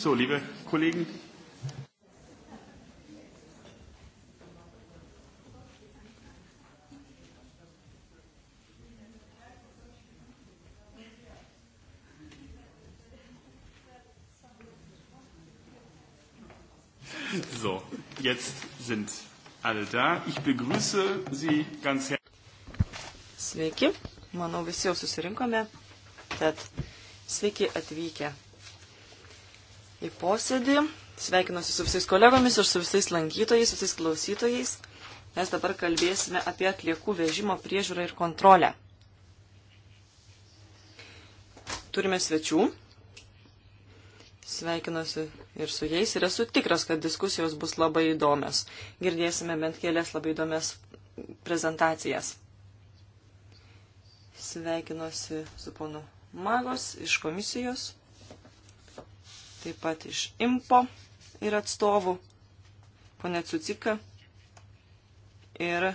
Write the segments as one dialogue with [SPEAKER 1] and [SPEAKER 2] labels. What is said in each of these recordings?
[SPEAKER 1] So, liebe Kollegen, So, jetzt sind alle da. Ich begrüße Sie ganz herzlich. Sveiki,
[SPEAKER 2] manau visi jau susirinkome, tad sveiki atvykę į posėdį. Sveikinuosi su visais kolegomis ir su visais lankytojais, visais klausytojais. Mes dabar kalbėsime apie atliekų vežimo priežiūrą ir kontrolę. Turime svečių. Sveikinuosi ir su jais ir esu tikras, kad diskusijos bus labai įdomios. Girdėsime bent kelias labai įdomias prezentacijas. Sveikinuosi su ponu Magos iš komisijos taip pat iš IMPO ir atstovų, ponė Cucika ir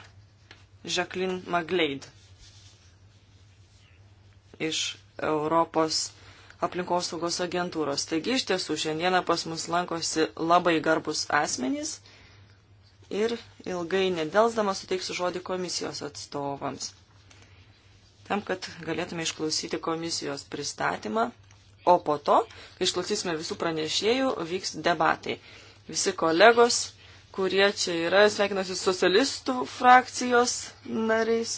[SPEAKER 2] Žaklin Magleid iš Europos aplinkosaugos agentūros. Taigi iš tiesų šiandieną pas mus lankosi labai garbus asmenys ir ilgai nedelsdama suteiksiu žodį komisijos atstovams. Tam, kad galėtume išklausyti komisijos pristatymą, o po to, kai išklausysime visų pranešėjų, vyks debatai. Visi kolegos, kurie čia yra, sveikinasi socialistų frakcijos nariais.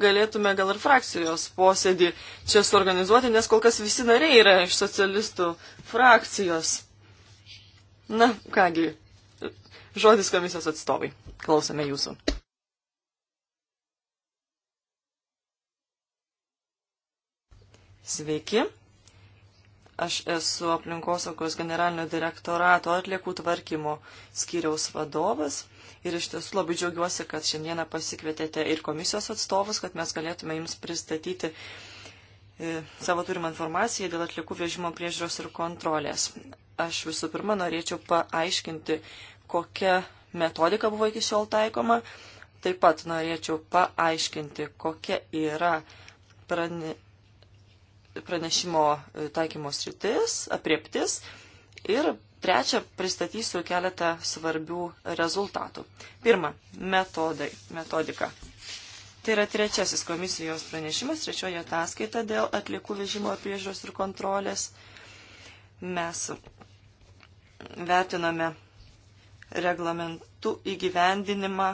[SPEAKER 2] Galėtume gal ir frakcijos posėdį čia suorganizuoti, nes kol kas visi nariai yra iš socialistų frakcijos. Na, kągi, žodis komisijos atstovai. Klausome jūsų. Sveiki. Aš esu aplinkosaugos generalinio direktorato atliekų tvarkymo skyriaus vadovas ir iš tiesų labai džiaugiuosi, kad šiandieną pasikvietėte ir komisijos atstovus, kad mes galėtume jums pristatyti e, savo turimą informaciją dėl atliekų vežimo priežiūros ir kontrolės. Aš visų pirma norėčiau paaiškinti, kokia metodika buvo iki šiol taikoma. Taip pat norėčiau paaiškinti, kokia yra prane pranešimo e, taikymo sritis, apriptis ir trečia, pristatysiu keletą svarbių rezultatų. Pirma, metodai, metodika. Tai yra trečiasis komisijos pranešimas, trečioji ataskaita dėl atliekų vežimo priežiūros ir kontrolės. Mes vertiname reglamentų įgyvendinimą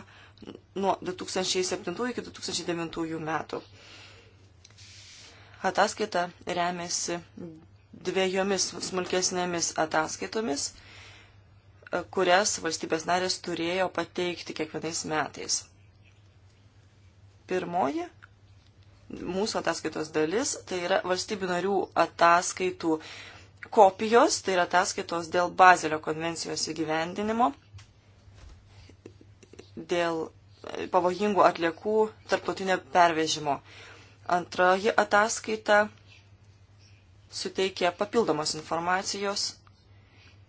[SPEAKER 2] nuo 2007 iki 2009 metų ataskaita remiasi dviejomis smulkesnėmis ataskaitomis, e, kurias valstybės narės turėjo pateikti kiekvienais metais. Pirmoji mūsų ataskaitos dalis tai yra valstybių narių ataskaitų kopijos, tai yra ataskaitos dėl Bazelio konvencijos įgyvendinimo, dėl pavojingų atliekų tarptautinio pervežimo. Antroji ataskaita suteikė papildomos informacijos,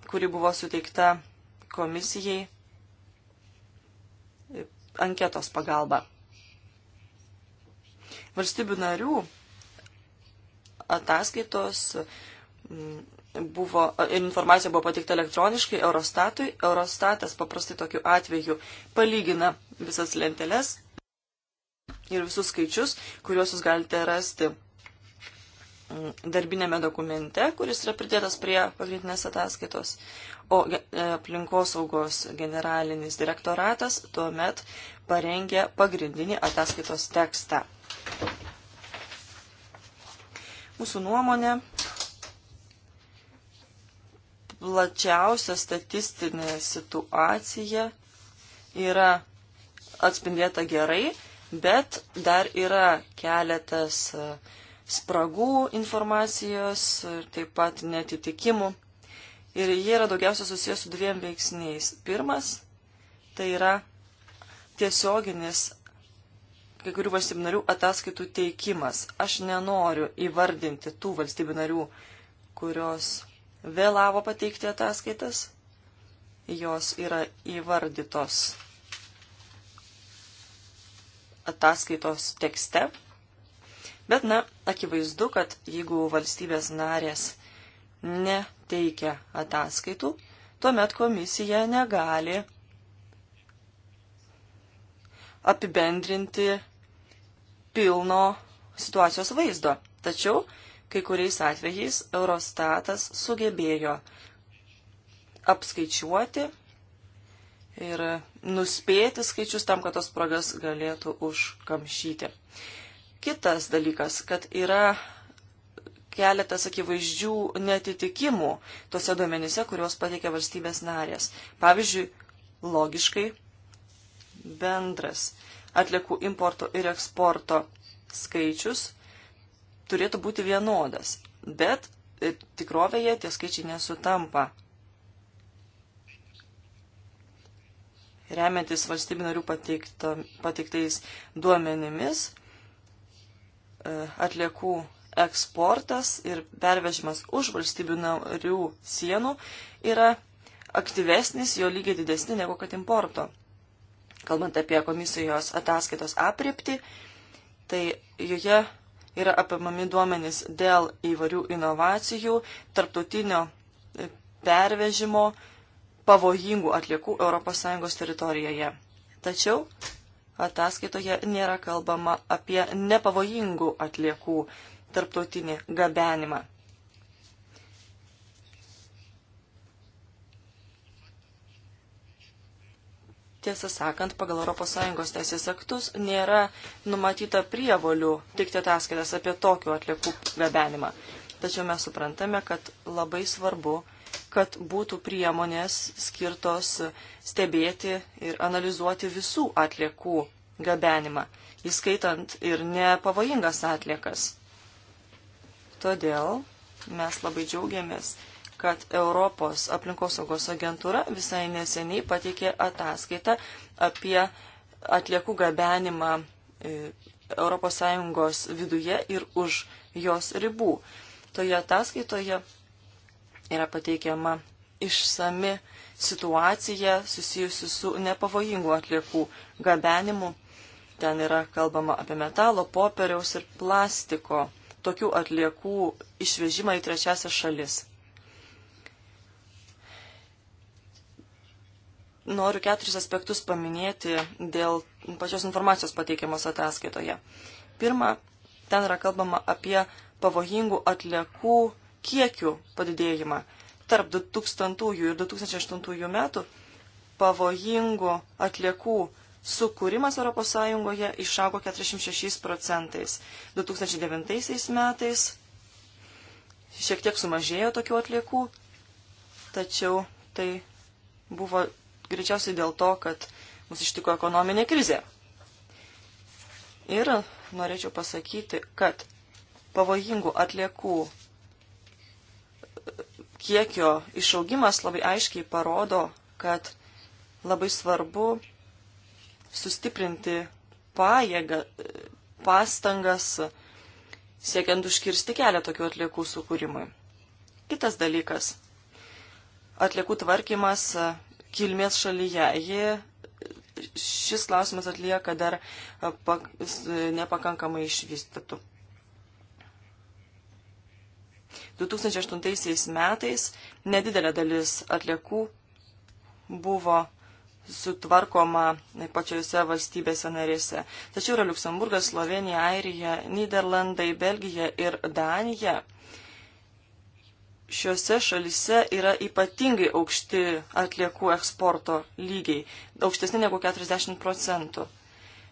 [SPEAKER 2] kuri buvo suteikta komisijai anketos pagalba. Valstybių narių ataskaitos mm, buvo, informacija buvo patikta elektroniškai Eurostatui. Eurostatas paprastai tokiu atveju palygina visas lenteles ir visus skaičius, kuriuos jūs galite rasti mm, darbinėme dokumente, kuris yra pridėtas prie pagrindinės ataskaitos, o e, aplinkosaugos generalinis direktoratas tuomet parengė pagrindinį ataskaitos tekstą. Mūsų nuomonė, plačiausia statistinė situacija yra atspindėta gerai bet dar yra keletas e, spragų informacijos ir taip pat netitikimų. Ir jie yra daugiausia susijęs su dviem veiksniais. Pirmas tai yra tiesioginis kai kurių valstybių narių ataskaitų teikimas. Aš nenoriu įvardinti tų valstybių narių, kurios vėlavo pateikti ataskaitas. Jos yra įvardytos ataskaitos tekste. Bet, na, akivaizdu, kad jeigu valstybės narės neteikia ataskaitų, tuomet komisija negali apibendrinti pilno situacijos vaizdo. Tačiau kai kuriais atvejais Eurostatas sugebėjo apskaičiuoti ir nuspėti skaičius tam, kad tos spragas galėtų užkamšyti. Kitas dalykas, kad yra keletas akivaizdžių netitikimų tose duomenyse, kuriuos pateikia valstybės narės. Pavyzdžiui, logiškai bendras atliekų importo ir eksporto skaičius turėtų būti vienodas, bet tikrovėje tie skaičiai nesutampa. remiantis valstybių narių pateikta, pateiktais duomenimis, e, atliekų eksportas ir pervežimas už valstybių narių sienų yra aktyvesnis, jo lygiai didesni negu kad importo. Kalbant apie komisijos ataskaitos apriepti, tai joje yra apimami duomenys dėl įvarių inovacijų, tarptautinio pervežimo, pavojingų atliekų ES teritorijoje. Tačiau ataskaitoje nėra kalbama apie nepavojingų atliekų tarptautinį gabenimą. Tiesą sakant, pagal ES teisės aktus nėra numatyta prievolių teikti ataskaitas apie tokių atliekų gabenimą. Tačiau mes suprantame, kad labai svarbu kad būtų priemonės skirtos stebėti ir analizuoti visų atliekų gabenimą, įskaitant ir nepavojingas atliekas. Todėl mes labai džiaugiamės, kad Europos aplinkosaugos agentūra visai neseniai pateikė ataskaitą apie atliekų gabenimą ES viduje ir už jos ribų. Toje ataskaitoje yra pateikiama išsami situacija susijusi su nepavojingų atliekų gabenimu. Ten yra kalbama apie metalo, popieriaus ir plastiko tokių atliekų išvežimą į trečiasias šalis. Noriu keturis aspektus paminėti dėl pačios informacijos pateikiamos ataskaitoje. Pirma, ten yra kalbama apie pavojingų atliekų kiekių padidėjimą. Tarp 2000 ir 2008 metų pavojingų atliekų sukūrimas ES išaugo 46 procentais. 2009 metais šiek tiek sumažėjo tokių atliekų, tačiau tai buvo greičiausiai dėl to, kad mus ištiko ekonominė krizė. Ir norėčiau pasakyti, kad pavojingų atliekų kiekio išaugimas labai aiškiai parodo, kad labai svarbu sustiprinti pajėgą, pastangas, siekiant užkirsti kelią tokių atliekų sukūrimui. Kitas dalykas - atliekų tvarkymas e, kilmės šalyje. Ji, šis klausimas atlieka dar e, nepakankamai išvystytų. 2008 metais nedidelė dalis atliekų buvo sutvarkoma pačiose valstybėse narėse. Tačiau yra Luksemburgas, Slovenija, Airija, Niderlandai, Belgija ir Danija. Šiuose šalise yra ypatingai aukšti atliekų eksporto lygiai, aukštesni negu 40 procentų.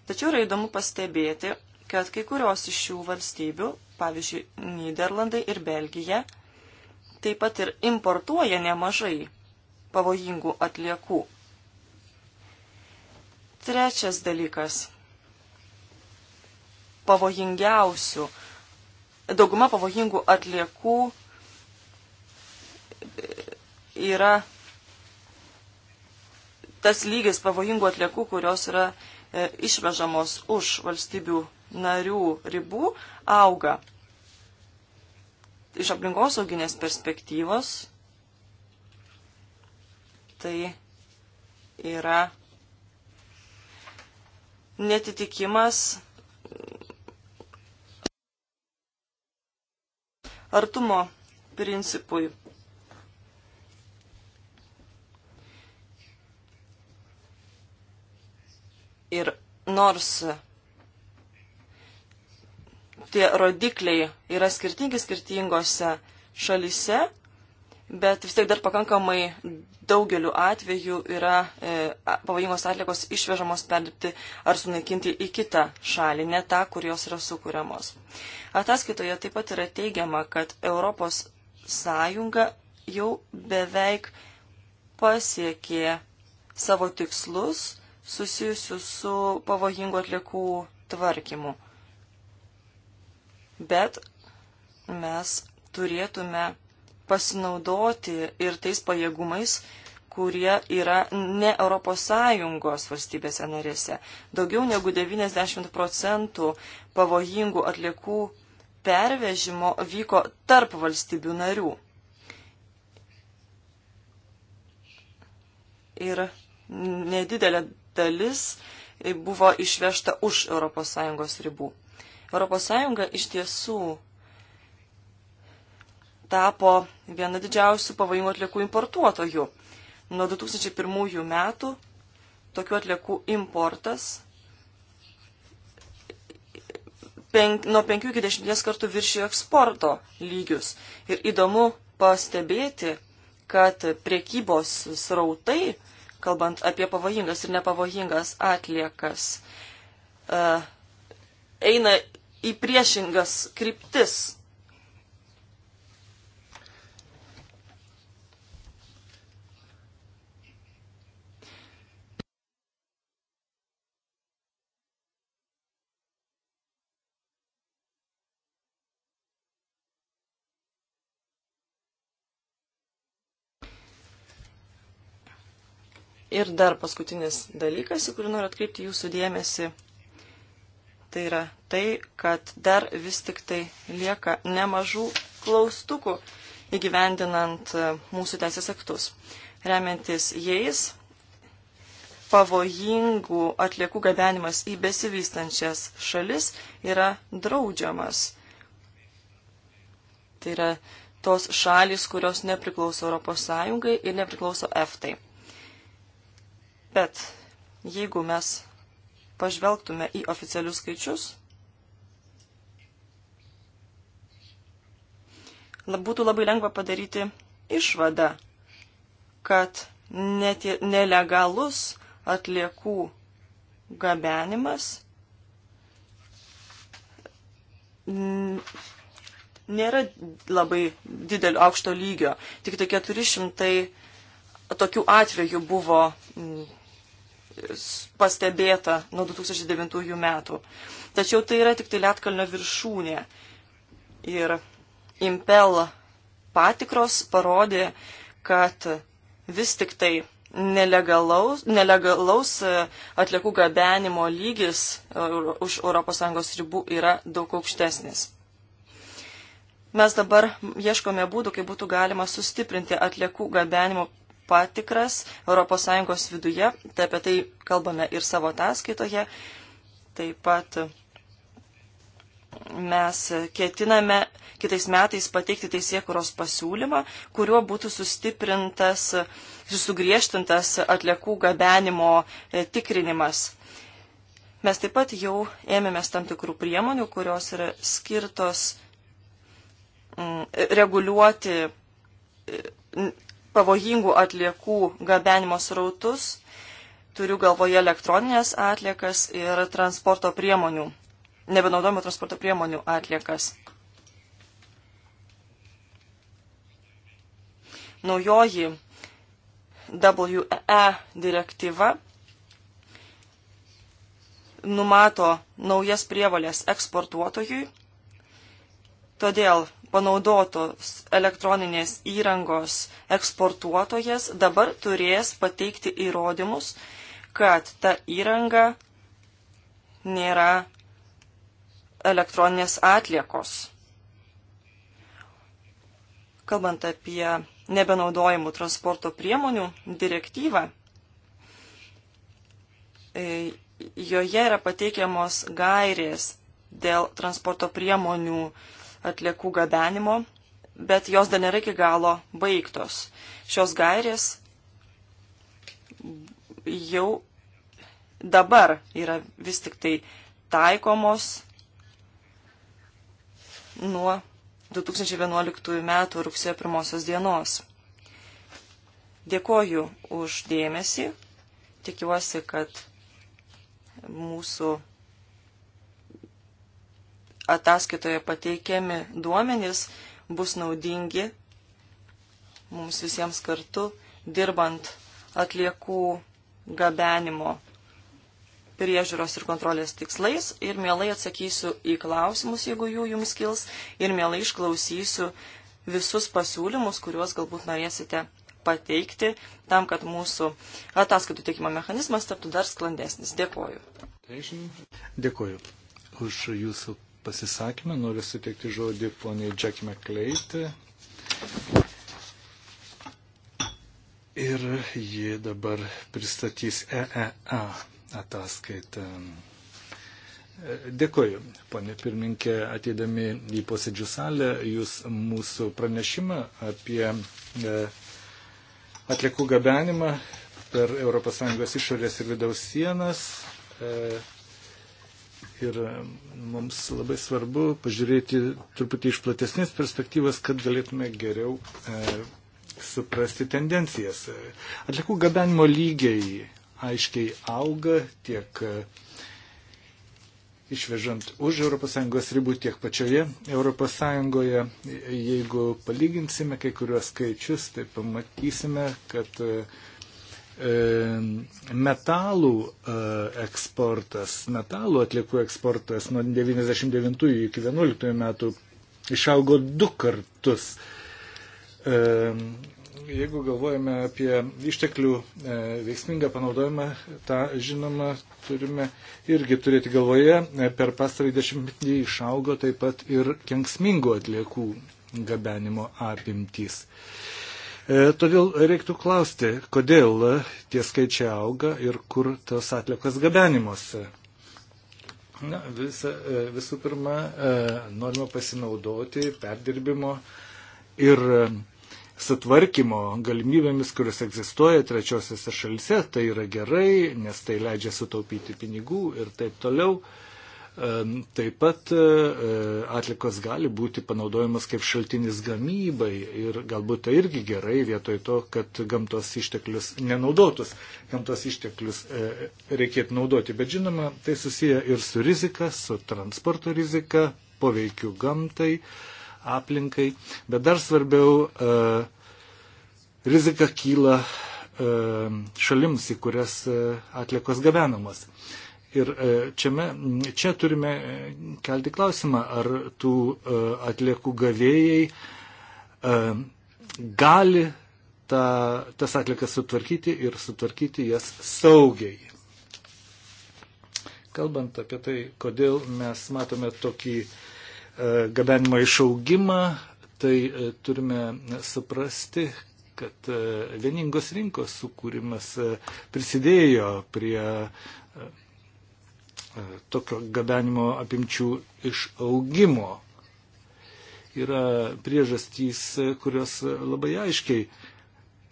[SPEAKER 2] Tačiau yra įdomu pastebėti, kad kai kurios iš šių valstybių pavyzdžiui, Niderlandai ir Belgija, taip pat ir importuoja nemažai pavojingų atliekų. Trečias dalykas. Pavojingiausių. Dauguma pavojingų atliekų e, yra tas lygis pavojingų atliekų, kurios yra e, išvežamos už valstybių narių ribų auga. Iš aplinkosauginės perspektyvos tai yra netitikimas artumo principui. Ir nors tie rodikliai yra skirtingi skirtingose šalise, bet vis tiek dar pakankamai daugeliu atveju yra e, pavojingos atlikos išvežamos perdirbti ar sunaikinti į kitą šalį, ne tą, kur jos yra sukūriamos. Ataskaitoje taip pat yra teigiama, kad Europos Sąjunga jau beveik pasiekė savo tikslus susijusius su pavojingų atliekų tvarkymu bet mes turėtume pasinaudoti ir tais pajėgumais, kurie yra ne ES valstybėse narėse. Daugiau negu 90 procentų pavojingų atliekų pervežimo vyko tarp valstybių narių. Ir nedidelė dalis buvo išvežta už ES ribų. ES iš tiesų tapo viena didžiausių pavojingų atliekų importuotojų. Nuo 2001 metų tokių atliekų importas penk, nuo 5 iki 10 kartų viršijo eksporto lygius. Ir įdomu pastebėti, kad priekybos srautai, kalbant apie pavojingas ir nepavojingas atliekas, uh, eina į priešingas kryptis. Ir dar paskutinis dalykas, į kurį noriu atkreipti jūsų dėmesį tai yra tai, kad dar vis tik tai lieka nemažų klaustukų įgyvendinant e, mūsų teisės aktus. Remiantis jais, pavojingų atliekų gabenimas į besivystančias šalis yra draudžiamas. Tai yra tos šalis, kurios nepriklauso ES ir nepriklauso EFTAI. Bet jeigu mes pažvelgtume į oficialius skaičius, būtų labai lengva padaryti išvadą, kad netie, nelegalus atliekų gabenimas nėra labai didelio aukšto lygio. Tik tai 400 tokių atvejų buvo pastebėta nuo 2009 metų. Tačiau tai yra tik tai Lietkalnio viršūnė. Ir Impel patikros parodė, kad vis tik tai nelegalaus, nelegalaus e, atliekų gabenimo lygis e, už ES ribų yra daug aukštesnis. Mes dabar ieškome būdų, kaip būtų galima sustiprinti atliekų gabenimo patikras ES viduje, tai apie tai kalbame ir savo ataskaitoje. Taip pat mes ketiname kitais metais pateikti teisėkuros pasiūlymą, kuriuo būtų sustiprintas, sugriežtintas atliekų gabenimo e, tikrinimas. Mes taip pat jau ėmėmės tam tikrų priemonių, kurios yra skirtos mm, e, reguliuoti e, pavojingų atliekų gabenimo srautus, turiu galvoje elektroninės atliekas ir transporto priemonių, nebenaudojimo transporto priemonių atliekas. Naujoji WE e direktyva numato naujas prievalės eksportuotojui, todėl panaudotos elektroninės įrangos eksportuotojas dabar turės pateikti įrodymus, kad ta įranga nėra elektroninės atliekos. Kalbant apie nebenaudojimų transporto priemonių direktyvą, e, joje yra pateikiamos gairės dėl transporto priemonių atliekų gabenimo, bet jos dar nėra iki galo baigtos. Šios gairės jau dabar yra vis tik tai taikomos nuo 2011 m. rugsėjo 1 dienos. Dėkoju už dėmesį, tikiuosi, kad mūsų ataskaitoje pateikiami duomenys bus naudingi mums visiems kartu, dirbant atliekų gabenimo priežiūros ir kontrolės tikslais ir mielai atsakysiu į klausimus, jeigu jų jums kils, ir mielai išklausysiu visus pasiūlymus, kuriuos galbūt norėsite pateikti, tam, kad mūsų ataskaitų teikimo mechanizmas taptų dar sklandesnis. Dėkoju.
[SPEAKER 1] Dėkoju už jūsų pasisakymą. Noriu suteikti žodį poniai Jackie McLeitė. Ir ji dabar pristatys EEA ataskaitą. Dėkoju, ponė pirminkė, ateidami į posėdžių salę, jūs mūsų pranešimą apie e, atliekų gabenimą per ES išorės ir vidaus sienas e, ir mums labai svarbu pažiūrėti truputį iš platesnės perspektyvas, kad galėtume geriau e, suprasti tendencijas. E, Atlikų gabenimo lygiai aiškiai auga tiek e, išvežant už ES ribų, tiek pačioje ES. Jeigu palyginsime kai kuriuos skaičius, tai pamatysime, kad e, E, metalų e, eksportas, metalų atlikų eksportas nuo 99 iki 11 metų išaugo du kartus. E, jeigu galvojame apie išteklių veiksmingą panaudojimą, tą žinoma turime irgi turėti galvoje. Per pastarąjį dešimtmetį išaugo taip pat ir kenksmingų atliekų gabenimo apimtys. E, E, todėl reiktų klausti, kodėl tie skaičiai auga ir kur tos atlikas gabenimuose. Na, visa, e, visų pirma, e, norime pasinaudoti perdirbimo ir sutvarkymo galimybėmis, kurios egzistuoja trečiosiose šalise. Tai yra gerai, nes tai leidžia sutaupyti pinigų ir taip toliau. Taip pat e, atlikos gali būti panaudojamas kaip šaltinis gamybai ir galbūt tai irgi gerai vietoj to, kad gamtos išteklius nenaudotus. Gamtos išteklius e, reikėtų naudoti, bet žinoma, tai susiję ir su rizika, su transporto rizika, poveikiu gamtai, aplinkai, bet dar svarbiau e, rizika kyla šalims, į kurias atlikos gabenamos. Ir e, čiame, čia turime kelti klausimą, ar tų e, atliekų gavėjai e, gali ta, tas atliekas sutvarkyti ir sutvarkyti jas saugiai. Kalbant apie tai, kodėl mes matome tokį gabenimo išaugimą, tai turime suprasti, kad vieningos rinkos sukūrimas prisidėjo prie E, tokio gabenimo apimčių išaugimo. Yra priežastys, kurios labai aiškiai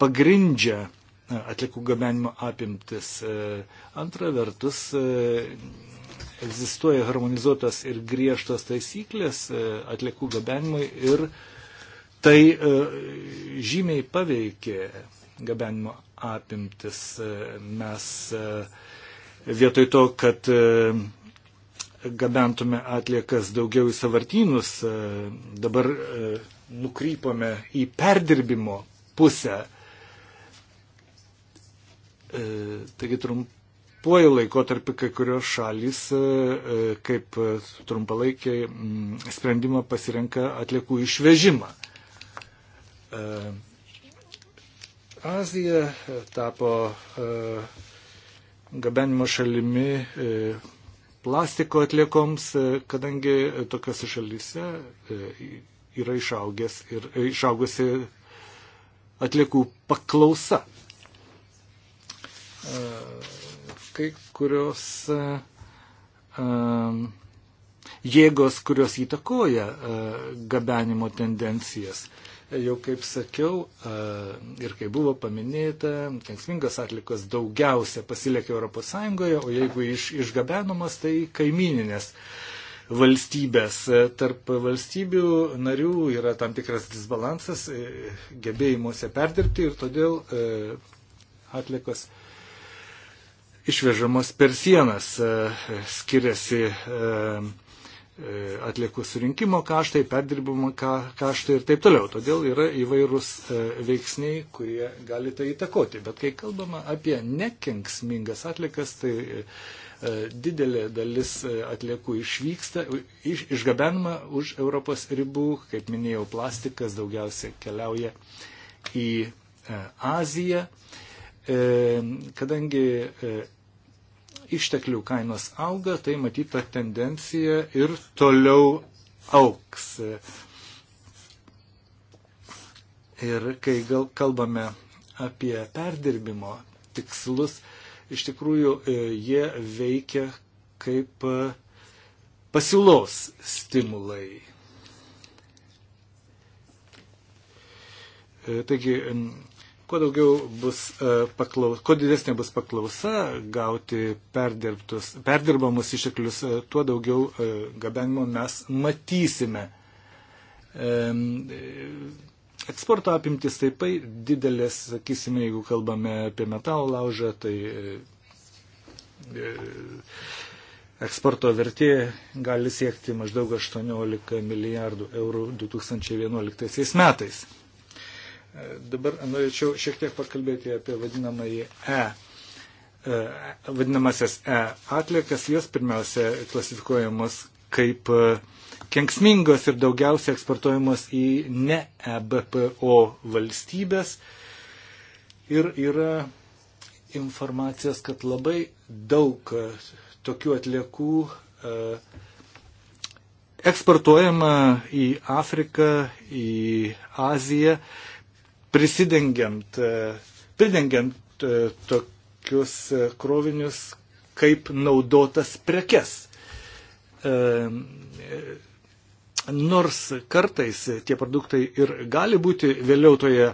[SPEAKER 1] pagrindžia e, atlikų gabenimo apimtis. E, antra vertus, egzistuoja harmonizuotas ir griežtas taisyklės atlikų gabenimui ir tai žymiai paveikė gabenimo apimtis. Mes Vietoj to, kad e, gabentume atliekas daugiau į savartynus, e, dabar e, nukrypome į perdirbimo pusę. Taigi trumpuoju laikotarpiu kai kurios šalis kaip trumpalaikiai mm, sprendimą pasirenka atliekų išvežimą. Azija tapo uh, gabenimo šalimi e, plastiko atliekoms, e, kadangi tokiuose šalyse e, yra išaugęs ir išaugusi atliekų paklausa. Kai kurios jėgos, kurios įtakoja gabenimo tendencijas, Jau kaip sakiau ir kaip buvo paminėta, kenksmingas atlikas daugiausia pasiliekia ES, o jeigu iš, išgabenamas, tai kaimininės valstybės. E, tarp valstybių narių yra tam tikras disbalansas e, gebėjimuose perdirbti ir todėl e, atlikos išvežamos per sienas skiriasi E, atliekų surinkimo kaštai, perdirbimo kaštai ir taip toliau. Todėl yra įvairūs e, veiksniai, kurie gali tai įtakoti. Bet kai kalbama apie nekenksmingas atlikas, tai e, didelė dalis atliekų išvyksta, iš, išgabenama už Europos ribų, kaip minėjau, plastikas daugiausia keliauja į Aziją. Kadangi išteklių kainos auga, tai matyta tendencija ir toliau auks. Ir kai gal kalbame apie perdirbimo tikslus, iš tikrųjų e, jie veikia kaip e, pasiūlos stimulai. E, taigi kuo daugiau bus e, paklaus, kuo didesnė bus paklausa gauti perdirbamus išteklius, e, tuo daugiau e, gabenimo mes matysime. Eksporto apimtis taip pat didelės, sakysime, jeigu kalbame apie metalo laužą, tai eksporto vertė gali siekti maždaug 18 milijardų eurų 2011 metais. Dabar norėčiau šiek tiek pakalbėti apie vadinamąjį E. e vadinamasis E atliekas, jos pirmiausia klasifikuojamos kaip e, kenksmingos ir daugiausia eksportuojamos į ne EBPO valstybės. Ir yra informacijos, kad labai daug e, tokių atliekų eksportuojama į Afriką, į Aziją prisidengiant, e, pridengiant e, tokius e, krovinius kaip naudotas prekes. Nors kartais tie produktai ir gali būti vėliau toje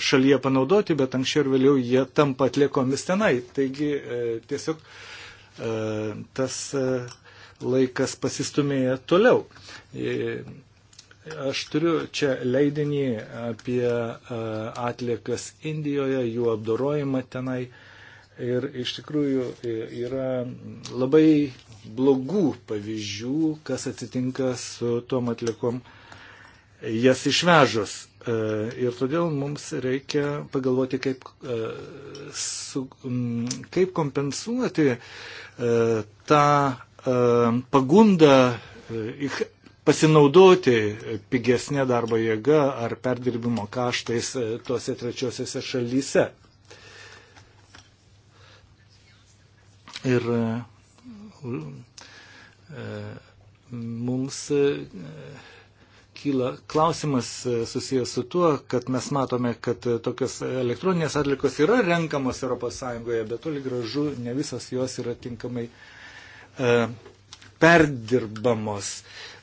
[SPEAKER 1] šalyje panaudoti, bet anksčiau ir vėliau jie tampa atliekomis tenai. Taigi tiesiog tas laikas pasistumėja toliau. Aš turiu čia leidinį apie e, atliekas Indijoje, jų apdorojimą tenai. Ir iš tikrųjų e, yra labai blogų pavyzdžių, kas atsitinka su tom atliekom jas išvežus. E, ir todėl mums reikia pagalvoti, kaip, su, kaip kompensuoti tą pagundą pasinaudoti pigesnė darbo jėga ar perdirbimo kaštais e, tose trečiosiose šalyse. Ir e, e, mums kyla klausimas susijęs su tuo, kad mes matome, kad tokios elektroninės atlikos yra renkamos ES, bet toli gražu ne visos jos yra tinkamai perdirbamos.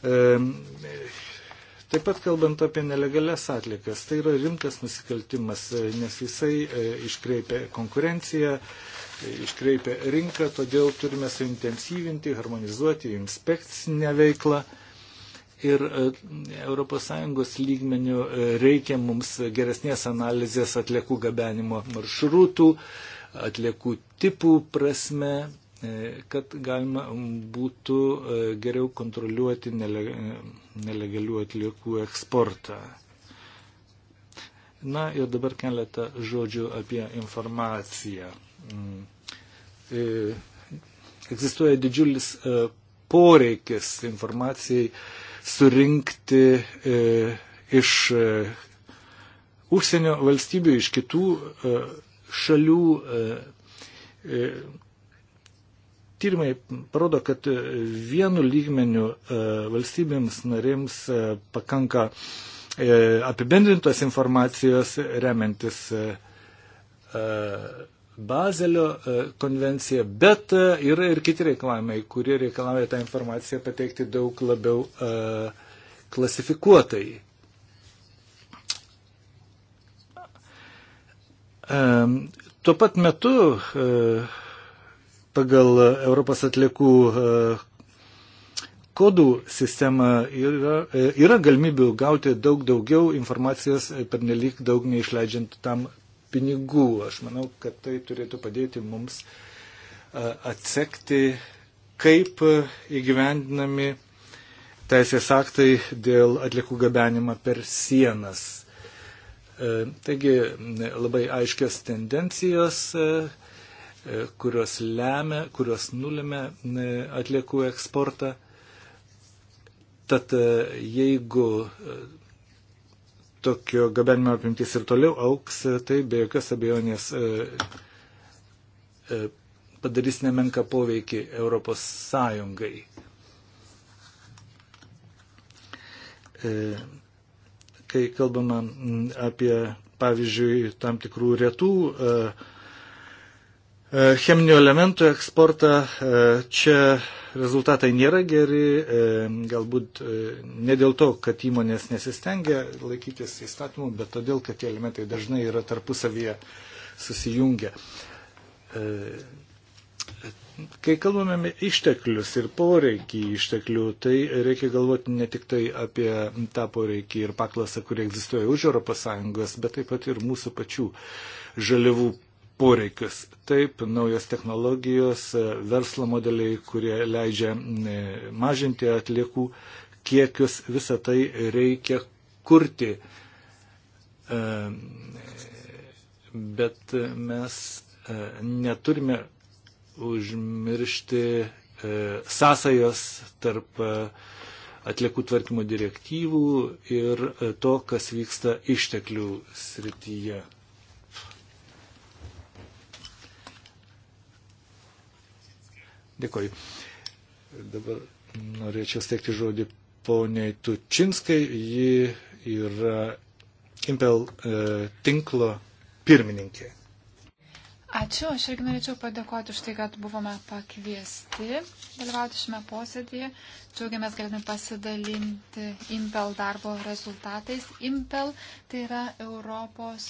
[SPEAKER 1] Taip pat kalbant apie nelegalias atlikas, tai yra rimtas nusikaltimas, e, nes jisai e, iškreipia konkurenciją, e, iškreipia rinką, todėl turime suintensyvinti, harmonizuoti inspekcinę veiklą. Ir ES lygmenių reikia mums geresnės analizės atliekų gabenimo maršrutų, atliekų tipų prasme, E, kad galima būtų e, geriau kontroliuoti e, nelegalių atliekų eksportą. Na ir dabar keletą žodžių apie informaciją. Mm. Egzistuoja didžiulis poreikis informacijai surinkti iš užsienio valstybių, iš kitų šalių Tyrimai parodo, kad vienu lygmeniu e, valstybėms narėms e, pakanka e, apibendrintos informacijos remiantis Bazelio konvencija, bet yra ir kiti reikalavimai, kurie reikalauja tą informaciją pateikti daug labiau klasifikuotai. Tuo pat metu uh, pagal Europos atliekų e, kodų sistemą yra, e, yra galimybių gauti daug daugiau informacijos e, per nelik daug neišleidžiant tam pinigų. Aš manau, kad tai turėtų padėti mums atsekti, kaip įgyvendinami teisės aktai dėl atliekų gabenimą per sienas. Taigi labai aiškios tendencijos E, kurios lemia, kurios nulėmė e, atliekų eksportą. Tad e, jeigu tokio gabenimo apimtis ir toliau auks, tai be jokios abejonės padarys nemenka poveikį Europos Sąjungai. Kai kalbama apie, pavyzdžiui, tam tikrų retų E, cheminių elementų eksportą. E, čia rezultatai nėra geri, e, galbūt ne dėl to, kad įmonės nesistengia laikytis įstatymų, bet todėl, kad tie elementai dažnai yra tarpusavyje susijungę. Kai kalbame apie išteklius ir poreikį išteklių, tai reikia galvoti ne tik tai apie tą poreikį ir paklasą, kurie egzistuoja už ES, bet taip pat ir mūsų pačių žaliavų poreikius. Taip, naujos technologijos, verslo modeliai, kurie leidžia e, mažinti atliekų kiekius, visą tai reikia kurti. E, bet mes e, neturime užmiršti sąsajos tarp atliekų tvarkymo direktyvų ir to, kas vyksta išteklių srityje. Dėkoju. Dabar norėčiau steikti žodį poniai Tučinskai. Ji yra Impel e, tinklo pirmininkė.
[SPEAKER 3] Ačiū, aš irgi norėčiau padėkoti už tai, kad buvome pakviesti dalyvauti šiame posėdėje. Džiaugiamės galime pasidalinti Impel darbo rezultatais. Impel tai yra Europos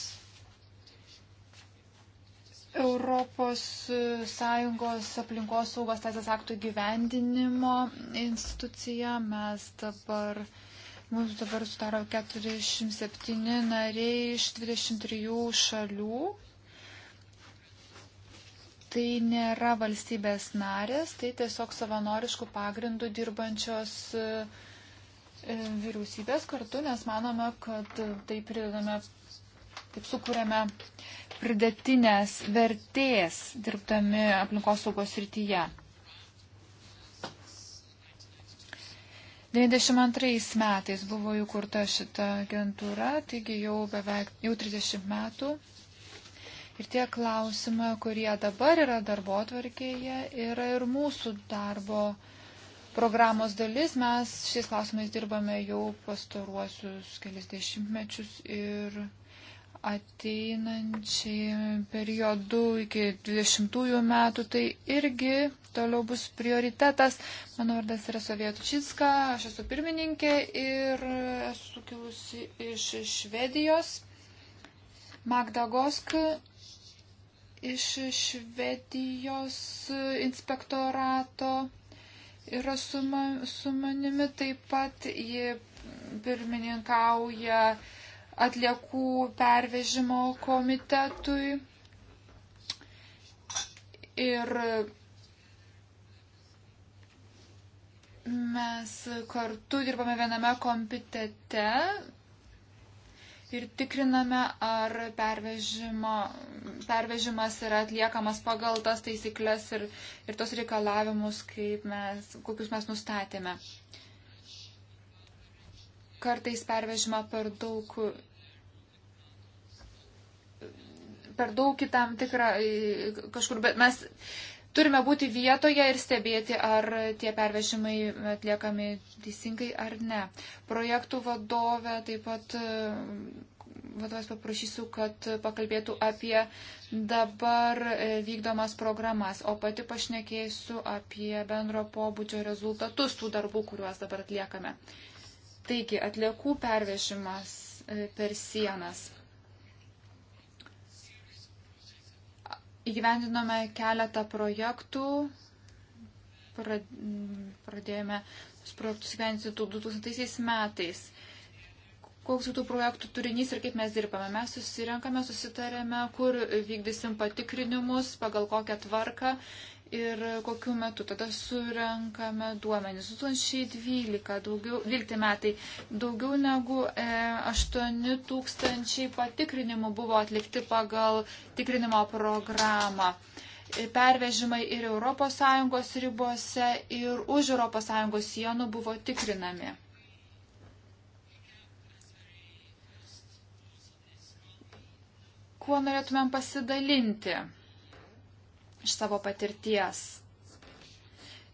[SPEAKER 3] ES e, aplinkos saugos teisės aktų gyvendinimo institucija. Mes dabar, mums dabar sudaro 47 nariai iš 23 šalių. Tai nėra valstybės narės, tai tiesiog savanoriškų pagrindų dirbančios e, vyriausybės kartu, nes manome, kad tai pridedame Taip sukūrėme pridėtinės vertės dirbdami aplinkosaugos rytyje. 92 metais buvo įkurta šita agentūra, taigi jau beveik jau 30 metų. Ir tie klausimai, kurie dabar yra darbo atvarkėje, yra ir mūsų darbo programos dalis. Mes šiais klausimais dirbame jau pastaruosius kelias dešimtmečius ir ateinančiai periodu iki 20 metų, tai irgi toliau bus prioritetas. Mano vardas yra Sovietučitska, aš esu pirmininkė ir esu kilusi iš Švedijos. Magda Gosk iš Švedijos inspektorato yra su, man, su manimi taip pat, ji pirmininkauja uh, atliekų pervežimo komitetui. Ir mes kartu dirbame viename komitete ir tikriname, ar pervežimas yra atliekamas pagal tas taisyklės ir, ir tos reikalavimus, mes, kokius mes nustatėme. Uh, kartais pervežima per daug per daug į tam tikrą kažkur, bet mes turime būti vietoje ir stebėti, ar tie pervežimai atliekami teisingai ar ne. Projektų vadovė taip pat vadovas paprašysiu, kad pakalbėtų apie dabar vykdomas programas, o pati pašnekėsiu apie bendro pobūdžio rezultatus tų darbų, kuriuos dabar atliekame. Uh, Taigi, atliekų pervežimas e, per sienas. Įgyvendinome keletą projektų, pradėjome projektus įgyvendinti 2000 metais koks tų projektų turinys ir kaip mes dirbame. Mes susirenkame, susitarėme, kur vykdysim patikrinimus, pagal kokią tvarką ir kokiu metu. Tada surenkame duomenys. 2012 daugiau, 12 metai daugiau negu e, 8 tūkstančiai patikrinimų buvo atlikti pagal tikrinimo programą. E, pervežimai ir ES ribose, ir už ES sienų buvo tikrinami. Kuo norėtumėm pasidalinti? iš savo patirties.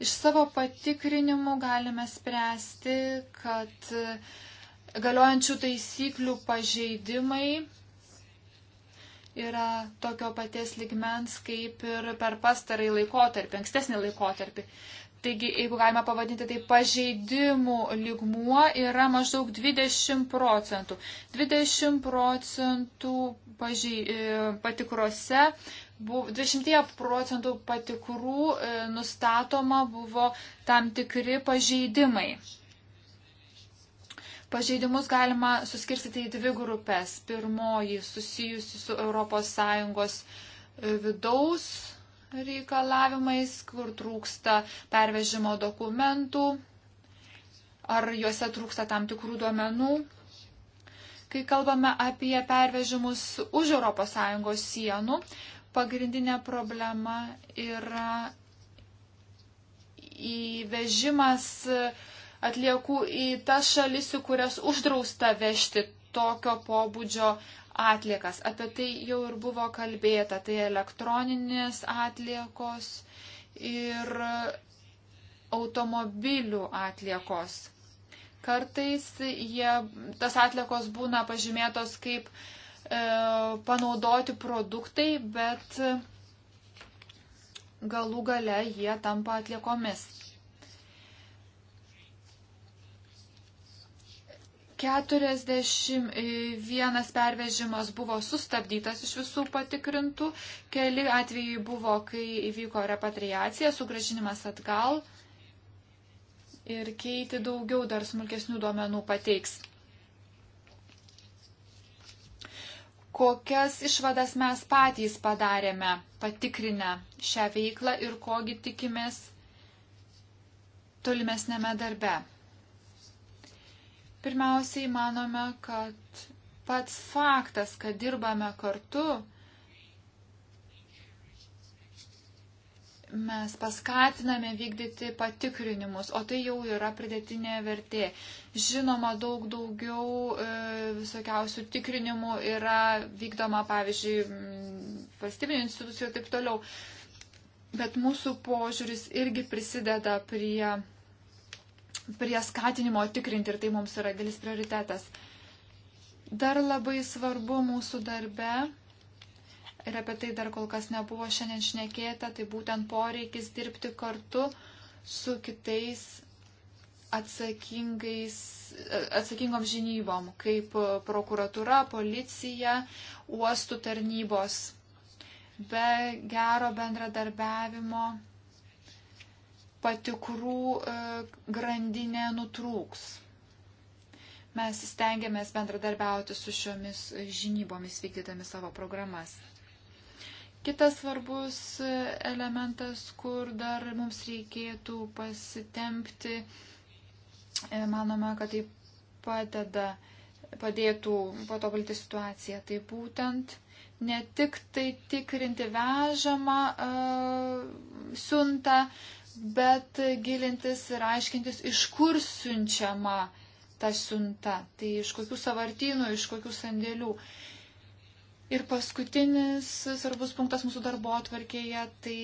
[SPEAKER 3] Iš savo patikrinimų galime spręsti, kad galiojančių taisyklių pažeidimai yra tokio paties ligmens kaip ir per pastarai laikotarpį, ankstesnį laikotarpį. Taigi, jeigu galima pavadinti tai pažeidimų ligmuo, yra maždaug 20 procentų. 20 procentų pažei, e, patikrose 20 procentų patikrų e, nustatoma buvo tam tikri pažeidimai. Pažeidimus galima suskirstyti į dvi grupės. Pirmoji susijusi su ES e, vidaus reikalavimais, kur trūksta pervežimo dokumentų, ar juose trūksta tam tikrų duomenų. Kai kalbame apie pervežimus už ES sienų, Pagrindinė problema yra įvežimas atliekų į tas šalis, į kurias uždrausta vežti tokio pobūdžio atliekas. Apie tai jau ir buvo kalbėta. Tai elektroninės atliekos ir automobilių atliekos. Kartais jie, tas atliekos būna pažymėtos kaip uh, E, panaudoti produktai, bet galų gale jie tampa atliekomis. 41 pervežimas buvo sustabdytas iš visų patikrintų, keli atvejai buvo, kai įvyko repatriacija, sugražinimas atgal ir keiti daugiau dar smulkesnių duomenų pateiks. kokias išvadas mes patys padarėme, patikrinę šią veiklą ir kogi tikimės tolimesnėme darbe. Pirmiausiai manome, kad pats faktas, kad dirbame kartu, mes paskatiname vykdyti patikrinimus, o tai jau yra pridėtinė vertė. Žinoma, daug daugiau e, visokiausių tikrinimų yra vykdoma, pavyzdžiui, valstybinių institucijų ir taip toliau. Bet mūsų požiūris irgi prisideda prie, prie skatinimo tikrinti ir tai mums yra dėlis prioritetas. Dar labai svarbu mūsų darbe ir apie tai dar kol kas nebuvo šiandien šnekėta, tai būtent poreikis dirbti kartu su kitais atsakingom žinybom, kaip prokuratura, policija, uostų tarnybos. Be gero bendradarbiavimo patikrų e, grandinė nutrūks. Mes stengiamės bendradarbiauti su šiomis žinybomis vykdydami savo programas. Kitas svarbus elementas, kur dar mums reikėtų pasitempti, e, manome, kad tai padeda, padėtų patobulinti situaciją. Tai būtent ne tik tai tikrinti vežamą uh, siuntą, bet gilintis ir aiškintis, iš kur siunčiama ta siunta, tai iš kokių savartynų, iš kokių sandėlių. Uh, Ir paskutinis svarbus punktas mūsų darbo atvarkėje - tai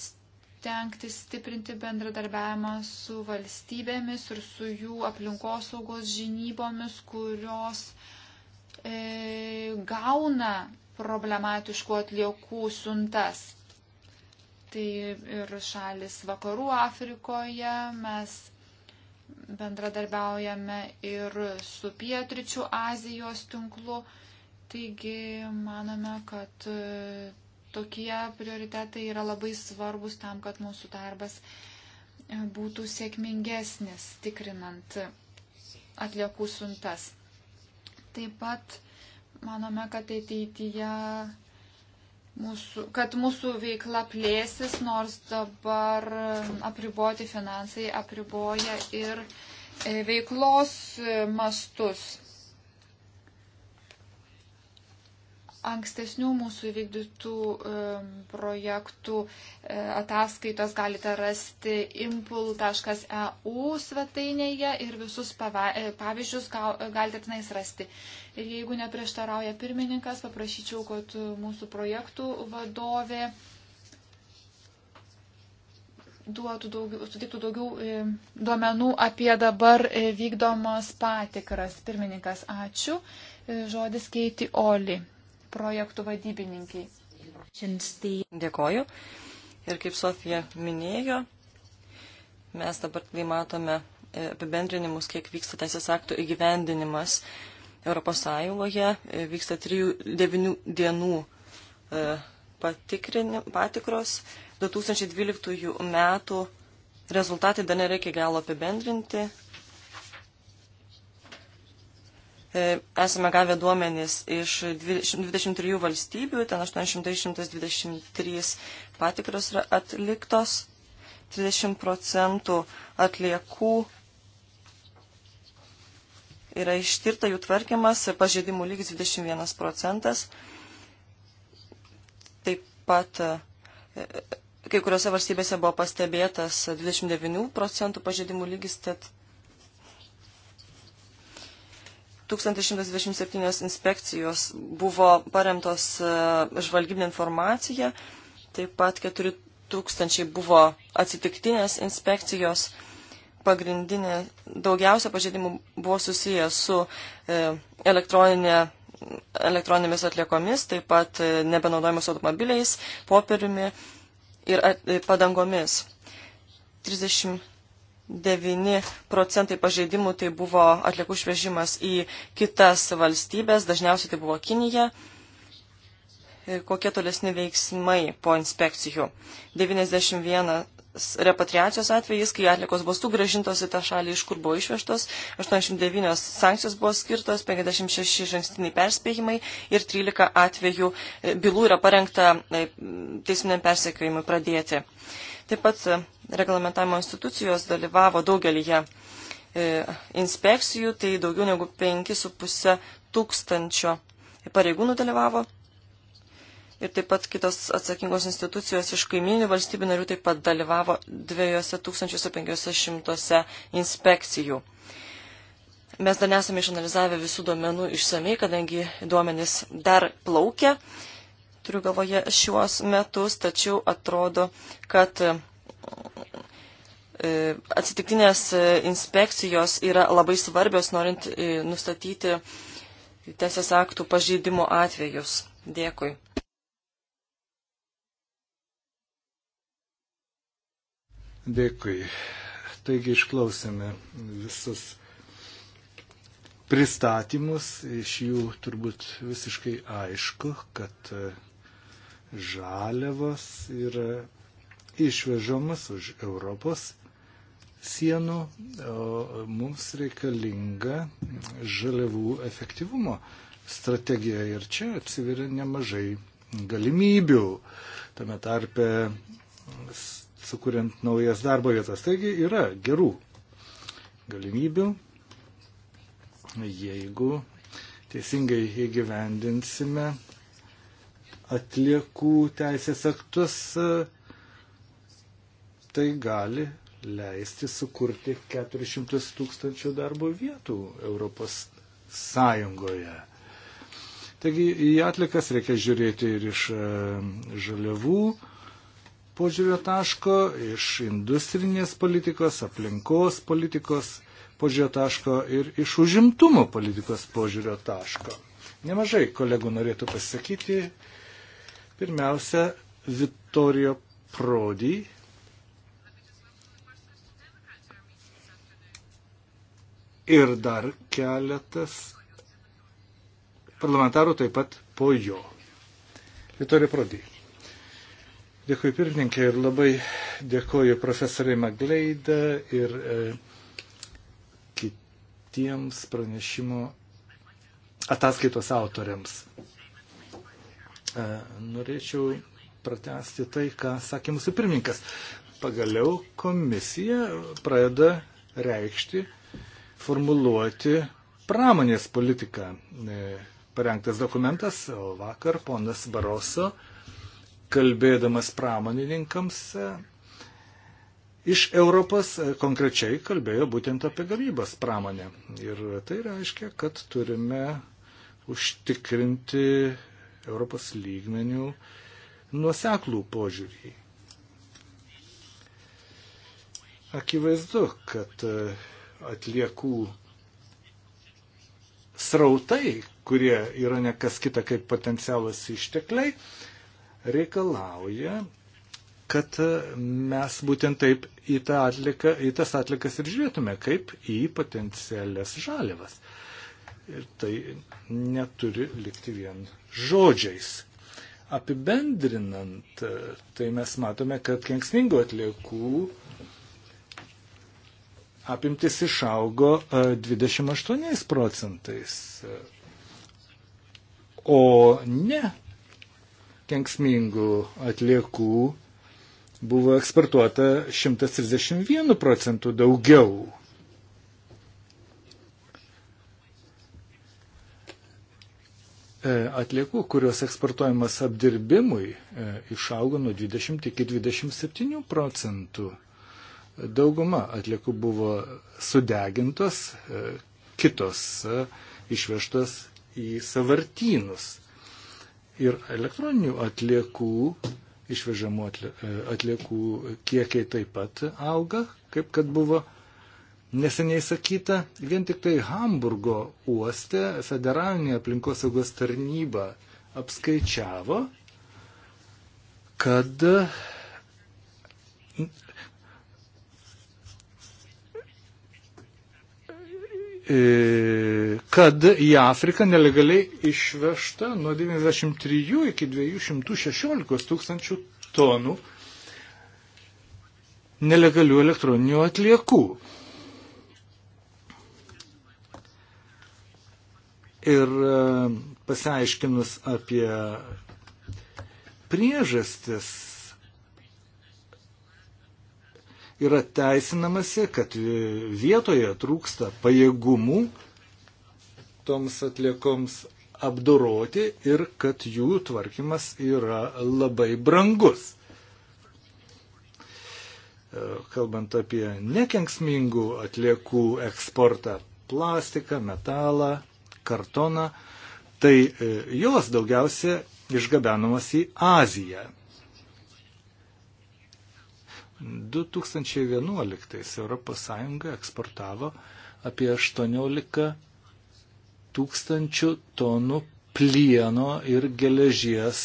[SPEAKER 3] stengtis stiprinti bendradarbiavimą su valstybėmis ir su jų aplinkosaugos žinybomis, kurios e, gauna problematiškų atliekų siuntas. Tai ir šalis vakarų Afrikoje mes bendradarbiaujame ir su pietričių Azijos tinklu. E, Taigi manome, kad e, tokie prioritetai yra labai svarbus tam, kad mūsų darbas e, būtų sėkmingesnis, tikrinant atliekų suntas. Taip pat manome, kad ateityje mūsų, kad mūsų veikla plėsis, nors dabar apriboti finansai apriboja ir e, veiklos mastus. ankstesnių mūsų įvykdytų projektų e, ataskaitos galite rasti impul.eu svetainėje ir visus e, pavyzdžius galite tenais rasti. Ir jeigu neprieštarauja pirmininkas, paprašyčiau, kad mūsų projektų vadovė duotų daugiau, sutiktų daugiau duomenų apie dabar e, vykdomas patikras. Pirmininkas, ačiū. Žodis keiti Oli projektų vadybininkai.
[SPEAKER 2] Dėkoju. Ir kaip Sofija minėjo, mes dabar tai matome e, apibendrinimus, kiek vyksta teisės aktų įgyvendinimas Europos Sąjungoje. E, vyksta 3-9 dienų e, patikros. 2012 metų rezultatai dar nereikia galo apibendrinti, E, esame gavę duomenis iš 23 valstybių, ten 823 patikros yra atliktos, 30 procentų atliekų yra ištirta jų tvarkymas, pažeidimų lygis 21 procentas. Taip pat e, e, kai kuriuose valstybėse buvo pastebėtas 29 procentų pažeidimų lygis, tad 1127 inspekcijos buvo paremtos e, žvalgybinė informacija, taip pat 4000 buvo atsitiktinės inspekcijos. Pagrindinė daugiausia pažeidimų buvo susijęs su e, elektroninė, elektroninėmis atliekomis, taip pat e, nebenaudojimus automobiliais, popieriumi ir padangomis. 30 9 procentai pažeidimų tai buvo atliekų išvežimas į kitas valstybės, dažniausiai tai buvo Kinija. Ir e, kokie tolesni veiksmai po inspekcijų? 91 repatriacijos atvejais, kai atlikos buvo sugražintos į tą šalį, iš kur buvo išvežtos, 89 sankcijos buvo skirtos, 56 žangstiniai perspėjimai ir 13 atvejų e, bylų yra parengta e, teisminiam persekiojimui pradėti. Taip pat reglamentavimo institucijos dalyvavo daugelįje e, inspekcijų, tai daugiau negu 5,5 tūkstančio pareigūnų dalyvavo. Ir taip pat kitos atsakingos institucijos iš kaiminių valstybių narių taip pat dalyvavo 2500 inspekcijų. Mes dar nesame išanalizavę visų duomenų išsamei, kadangi duomenys dar plaukia. Turiu galvoje šiuos metus, tačiau atrodo, kad E, atsitiktinės e, inspekcijos yra labai svarbios, norint e, nustatyti teisės aktų pažeidimo atvejus. Dėkui.
[SPEAKER 1] Dėkui. Taigi išklausėme visus pristatymus. Iš jų turbūt visiškai aišku, kad žaliavos yra išvežamas už Europos sienų, o mums reikalinga žaliavų efektyvumo strategija ir čia atsiveria nemažai galimybių, tame tarpe sukuriant naujas darbo vietas. Taigi yra gerų galimybių, jeigu teisingai įgyvendinsime atliekų teisės aktus tai gali leisti sukurti 400 tūkstančių darbo vietų Europos Sąjungoje. Taigi į atlikas reikia žiūrėti ir iš e, žaliavų požiūrio taško, iš industrinės politikos, aplinkos politikos požiūrio taško ir iš užimtumo politikos požiūrio taško. Nemažai kolegų norėtų pasakyti. Pirmiausia, Vittorio Prodi, ir dar keletas parlamentarų taip pat po jo. Vitorija Prodė. Dėkui pirmininkė ir labai dėkoju profesoriai Magleida ir e, kitiems pranešimo ataskaitos autoriams. E, norėčiau pratesti tai, ką sakė mūsų pirmininkas. Pagaliau komisija pradeda reikšti formuluoti pramonės politiką. E, parengtas dokumentas, o vakar ponas Baroso, kalbėdamas pramonininkams, e, iš Europos e, konkrečiai kalbėjo būtent apie gavybos pramonę. Ir tai reiškia, kad turime užtikrinti Europos lygmenių nuoseklų požiūrį. Akivaizdu, kad atliekų srautai, kurie yra ne kas kita kaip potencialas ištekliai, reikalauja, kad mes būtent taip į, tą atliką, į tas atlikas ir žiūrėtume, kaip į potencialias žalėvas. Ir tai neturi likti vien žodžiais. Apibendrinant, tai mes matome, kad kenksmingų atliekų uh, apimtis išaugo 28 e, procentais, o ne kenksmingų atliekų buvo eksportuota 131 procentų daugiau. E, atliekų, kurios eksportuojamas apdirbimui, e, išaugo nuo 20 iki 27 procentų. Dauguma atliekų buvo sudegintos, e, kitos e, išvežtos į savartynus. Ir elektroninių atliekų, išvežamų e, atliekų kiekiai taip pat auga, kaip kad buvo neseniai sakyta. Vien tik tai Hamburgo uoste federalinė aplinkosaugos tarnyba apskaičiavo, kad E, kad į Afriką nelegaliai išvežta nuo 93 iki 216 tūkstančių tonų nelegalių elektroninių atliekų. Ir e, pasiaiškinus apie priežastis yra teisinamasi, kad vietoje trūksta pajėgumų toms atliekoms apdoroti ir kad jų tvarkymas yra labai brangus. E, kalbant apie nekenksmingų atliekų eksportą - plastiką, metalą, kartoną, tai e, jos daugiausia išgabenamos į Aziją. 2011 ES eksportavo apie 18 tūkstančių tonų plieno ir geležies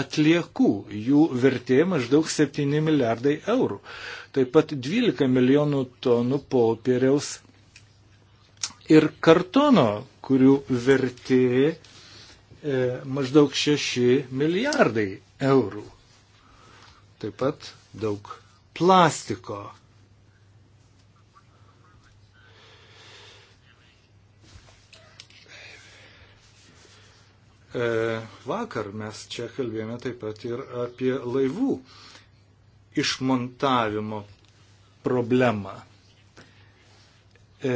[SPEAKER 1] atliekų. Jų vertė maždaug 7 milijardai eurų. Taip pat 12 milijonų tonų popieriaus ir kartono, kurių vertė e, maždaug 6 milijardai eurų. Taip pat daug plastiko. E, vakar mes čia kalbėjome taip pat ir apie laivų išmontavimo problemą. E,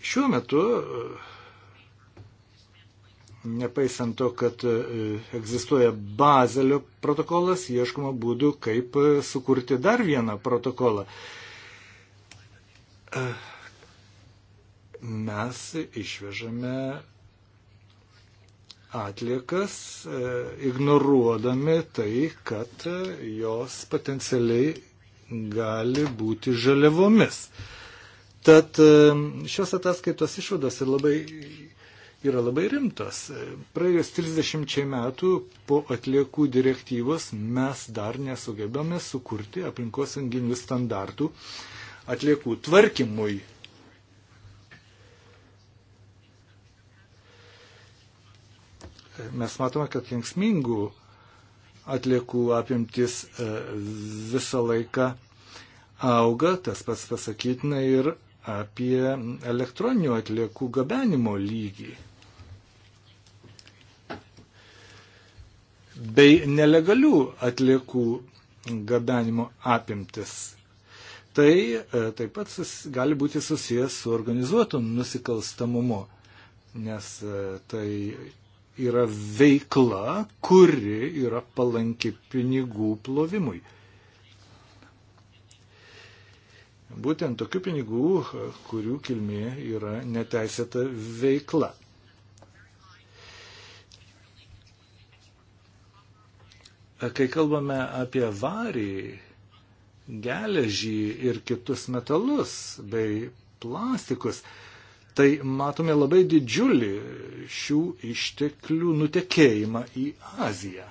[SPEAKER 1] šiuo metu nepaisant to, kad e, egzistuoja Bazelio protokolas, ieškoma būdų, kaip e, sukurti dar vieną protokolą. E, mes išvežame atliekas, ignoruodami tai, kad jos potencialiai gali būti žaliavomis. Tad šios ataskaitos išvados ir labai yra labai rimtas. Praėjus 30 metų po atliekų direktyvos mes dar nesugebame sukurti aplinkosauginių standartų atliekų tvarkymui. Mes matome, kad kenksmingų atliekų apimtis e, visą laiką auga, tas pats pasakytina ir apie elektroninių atliekų gabenimo lygį. bei nelegalių atliekų gabenimo apimtis. Tai e, taip pat sus, gali būti susijęs su organizuotu nusikalstamumu, nes e, tai yra veikla, kuri yra palanki pinigų plovimui. Būtent tokių pinigų, e, kurių kilmė yra neteisėta veikla. Kai kalbame apie varį, geležį ir kitus metalus bei plastikus, tai matome labai didžiulį šių išteklių nutekėjimą į Aziją.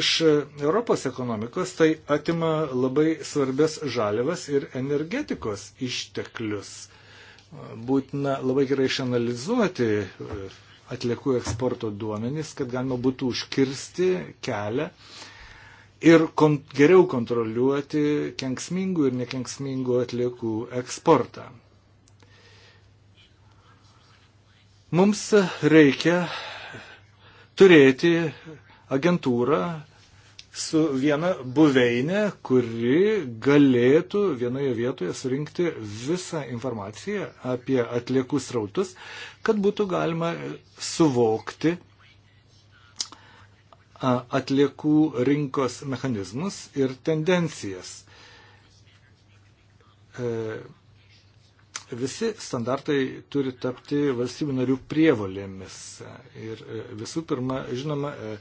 [SPEAKER 1] Iš Europos ekonomikos tai atima labai svarbės žalėvas ir energetikos išteklius. Būtina labai gerai išanalizuoti atliekų eksporto duomenys, kad galima būtų užkirsti kelią ir kon geriau kontroliuoti kenksmingų ir nekenksmingų atliekų eksportą. Mums reikia turėti agentūrą, su viena buveinė, kuri galėtų vienoje vietoje surinkti visą informaciją apie atliekų srautus, kad būtų galima suvokti atliekų rinkos mechanizmus ir tendencijas. E, visi standartai turi tapti valstybių narių prievolėmis. Ir e, visų pirma, žinoma, e,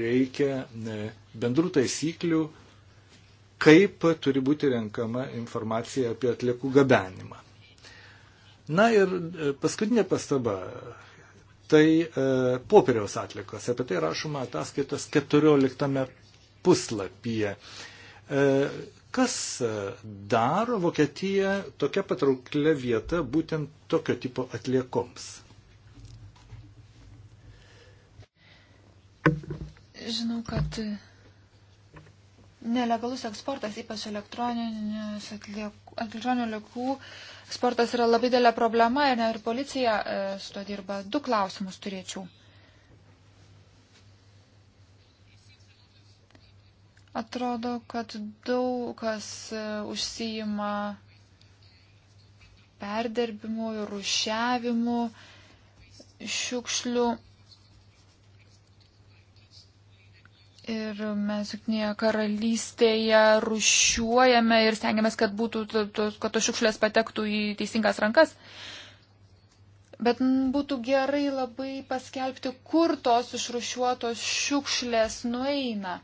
[SPEAKER 1] reikia e, bendrų taisyklių, kaip turi būti renkama informacija apie atliekų gabenimą. Na ir paskutinė pastaba. Tai e, popieriaus atlikos. Apie tai rašoma ataskaitos 14 puslapyje. E, kas e, daro Vokietiją tokia patrauklia vieta būtent tokio tipo atliekoms?
[SPEAKER 3] Žinau, kad nelegalus eksportas, ypač elektroninių liekų, eksportas yra labai dėlė problema ir, ne, ir policija e, su to dirba. Du klausimus turėčiau. Atrodo, kad daug kas e, užsijima perdirbimu ir rušiavimu šiukšlių. Ir mes juknėje karalystėje rušiuojame ir stengiamės, kad, būtų, kad tos šiukšlės patektų į teisingas rankas. Bet būtų gerai labai paskelbti, kur tos išrušiuotos šiukšlės nueina.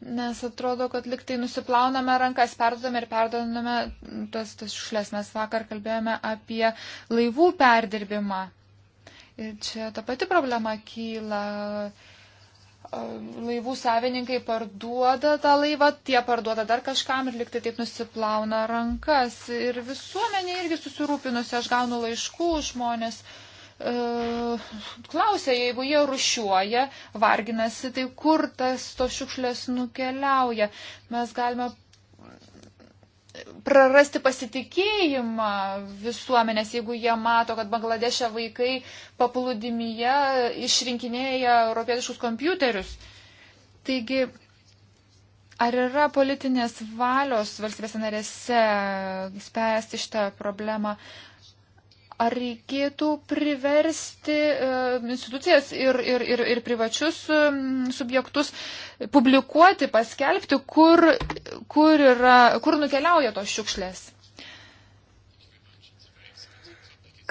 [SPEAKER 3] Nes atrodo, kad liktai nusiplauname rankas, perdodame ir perdodame tas, tas šiukšlės. Mes vakar kalbėjome apie laivų perdirbimą. Ir čia ta pati problema kyla. Laivų savininkai parduoda tą laivą, tie parduoda dar kažkam ir liktai taip nusiplauna rankas. Ir visuomenė irgi susirūpinusi, aš gaunu laiškų žmonės. Uh, E, klausia, jeigu jie rušiuoja, varginasi, tai kur tas to šiukšlės nukeliauja. Mes galime prarasti pasitikėjimą visuomenės, jeigu jie mato, kad Bangladeše vaikai paplūdimyje išrinkinėja europietiškus kompiuterius. Taigi, ar yra politinės valios valstybės narėse spręsti šitą problemą? Uh, Ar reikėtų priversti e, institucijas ir, ir, ir, ir privačius e, subjektus publikuoti, paskelbti, kur, kur, yra, kur nukeliauja tos šiukšlės?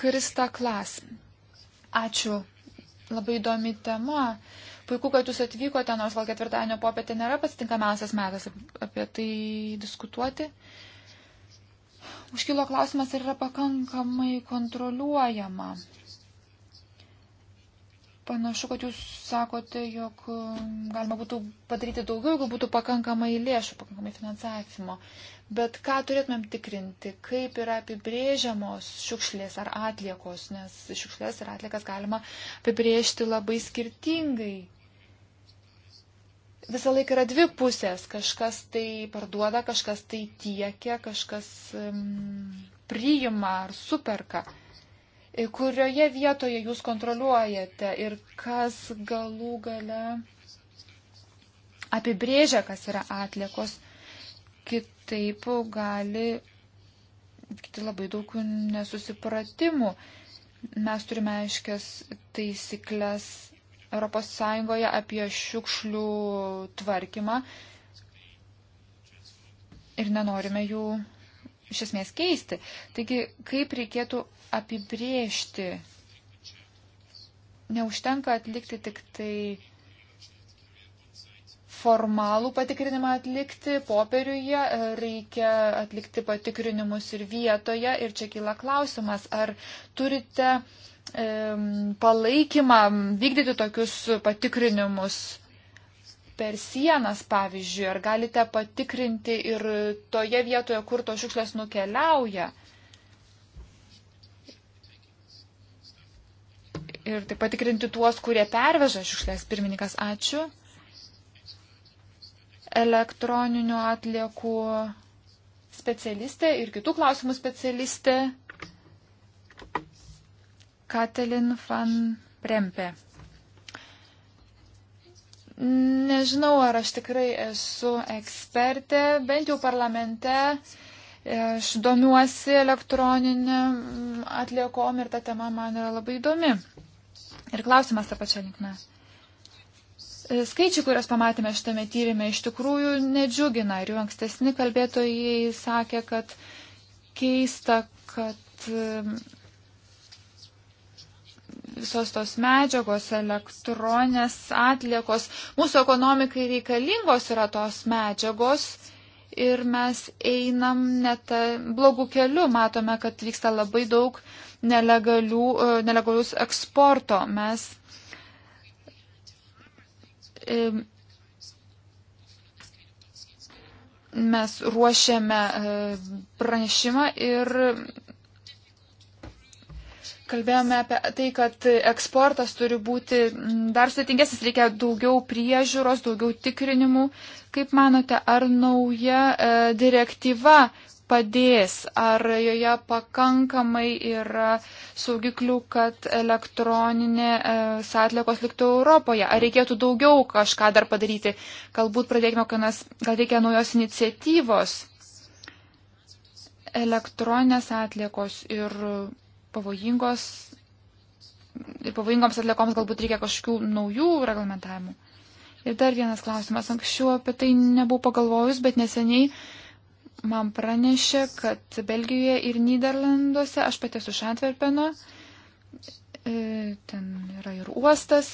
[SPEAKER 3] Krista Klas. Ačiū. Labai įdomi tema. Puiku, kad jūs atvykote, nors gal ketvirtadienio popietė nėra pats tinkamiausias metas apie tai diskutuoti. Uh, užkilo klausimas, ar yra pakankamai kontroliuojama. Panašu, kad jūs sakote, jog galima būtų padaryti daugiau, jeigu būtų pakankamai lėšų, pakankamai finansavimo. Bet ką turėtumėm tikrinti, kaip yra apibrėžiamos šiukšlės ar atliekos, nes šiukšlės ir atliekas galima apibrėžti labai skirtingai visą laiką yra dvi pusės. Kažkas tai parduoda, kažkas tai tiekia, kažkas um, priima ar superka. E, kurioje vietoje jūs kontroliuojate ir kas galų gale apibrėžia, kas yra atliekos. Kitaip gali kiti labai daug nesusipratimų. Mes turime aiškias taisyklės ES apie šiukšlių tvarkymą ir nenorime jų iš esmės keisti. Taigi, kaip reikėtų apibriežti, neužtenka atlikti tik tai formalų patikrinimą atlikti popieriuje, reikia atlikti patikrinimus ir vietoje. Ir čia kyla klausimas, ar turite palaikymą vykdyti tokius patikrinimus per sienas, pavyzdžiui, ar galite patikrinti ir toje vietoje, kur to šiukšlės nukeliauja. Ir taip patikrinti tuos, kurie perveža šiukšlės. Pirmininkas, ačiū. Elektroninių atliekų specialistė ir kitų klausimų specialistė Katelin van Prempe. Nežinau, ar aš tikrai esu ekspertė, bent jau parlamente aš domiuosi elektroninėm mm, atliekom ir ta tema man yra labai įdomi. Ir klausimas tą pačią linkmę. Skaičiai, kuriuos pamatėme šitame tyrimė, iš tikrųjų nedžiugina. Ir jų ankstesni kalbėtojai sakė, kad keista, kad mm, visos tos medžiagos, elektroninės atliekos. Mūsų ekonomikai reikalingos yra tos medžiagos ir mes einam net blogų kelių. Matome, kad vyksta labai daug e, nelegalius eksporto. Mes e, mes ruošiame e, pranešimą ir Kalbėjome apie tai, kad eksportas turi būti mm, dar sudėtingesnis, reikia daugiau priežiūros, daugiau tikrinimų. Kaip manote, ar nauja e, direktyva padės, ar joje pakankamai yra saugiklių, kad elektroninė e, atliekos liktų Europoje? Ar reikėtų daugiau kažką dar padaryti? Galbūt pradėkime, kad reikia naujos iniciatyvos elektroninės atliekos ir pavojingos ir pavojingoms atliekoms galbūt reikia kažkokių naujų reglamentavimų. Ir dar vienas klausimas. Anksčiau apie tai nebuvau pagalvojus, bet neseniai man pranešė, kad Belgijoje ir Niderlanduose, aš pati esu iš Antverpeno, e, ten yra ir uostas,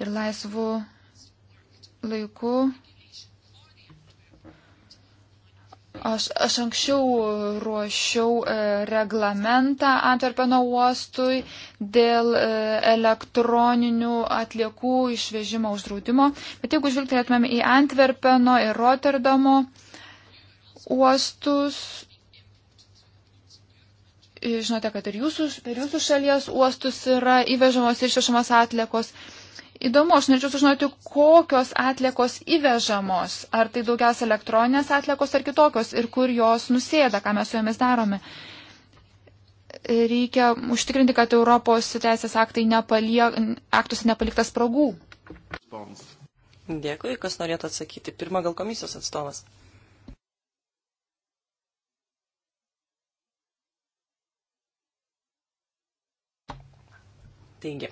[SPEAKER 3] ir laisvų laikų Aš, aš anksčiau ruošiau e, reglamentą Antverpeno uostui dėl e, elektroninių atliekų išvežimo uždraudimo, bet jeigu žvilgtumėm į Antverpeno ir Rotterdamo uostus, žinote, kad ir jūsų, per jūsų šalies uostus yra įvežamos ir išvešamos atliekos. Įdomu, aš norėčiau sužinoti, kokios atliekos įvežamos, ar tai daugiausia elektroninės atliekos ar kitokios ir kur jos nusėda, ką mes su jomis darome. Reikia užtikrinti, kad Europos teisės aktai nepaliek, aktuose nepaliktas spragų.
[SPEAKER 2] Dėkui, kas norėtų atsakyti. Pirma gal komisijos atstovas. Taigi,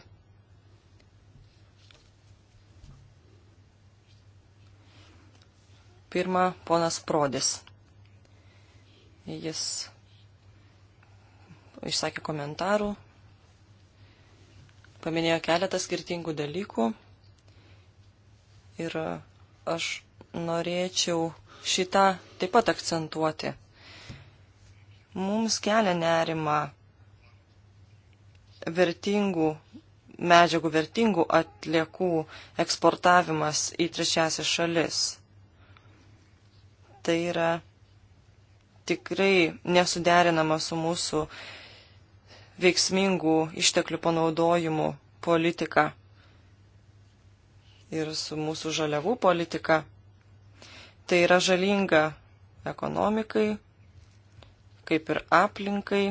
[SPEAKER 2] pirma, ponas Prodis. Jis išsakė komentarų, paminėjo keletą skirtingų dalykų ir aš norėčiau šitą taip pat akcentuoti. Mums kelia nerima vertingų medžiagų, vertingų atliekų eksportavimas į trečiasias šalis tai yra tikrai nesuderinama su mūsų veiksmingų išteklių panaudojimu politika ir su mūsų žaliavų politika. Tai yra žalinga ekonomikai, kaip ir aplinkai.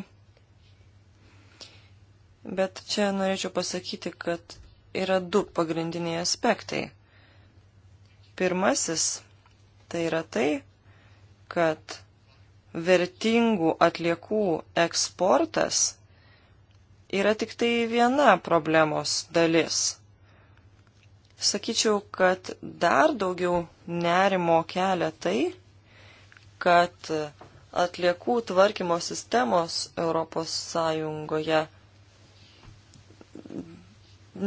[SPEAKER 2] Bet čia norėčiau pasakyti, kad yra du pagrindiniai aspektai. Pirmasis tai yra tai, kad vertingų atliekų eksportas yra tik tai viena problemos dalis. Sakyčiau, kad dar daugiau nerimo kelia tai, kad atliekų tvarkymo sistemos ES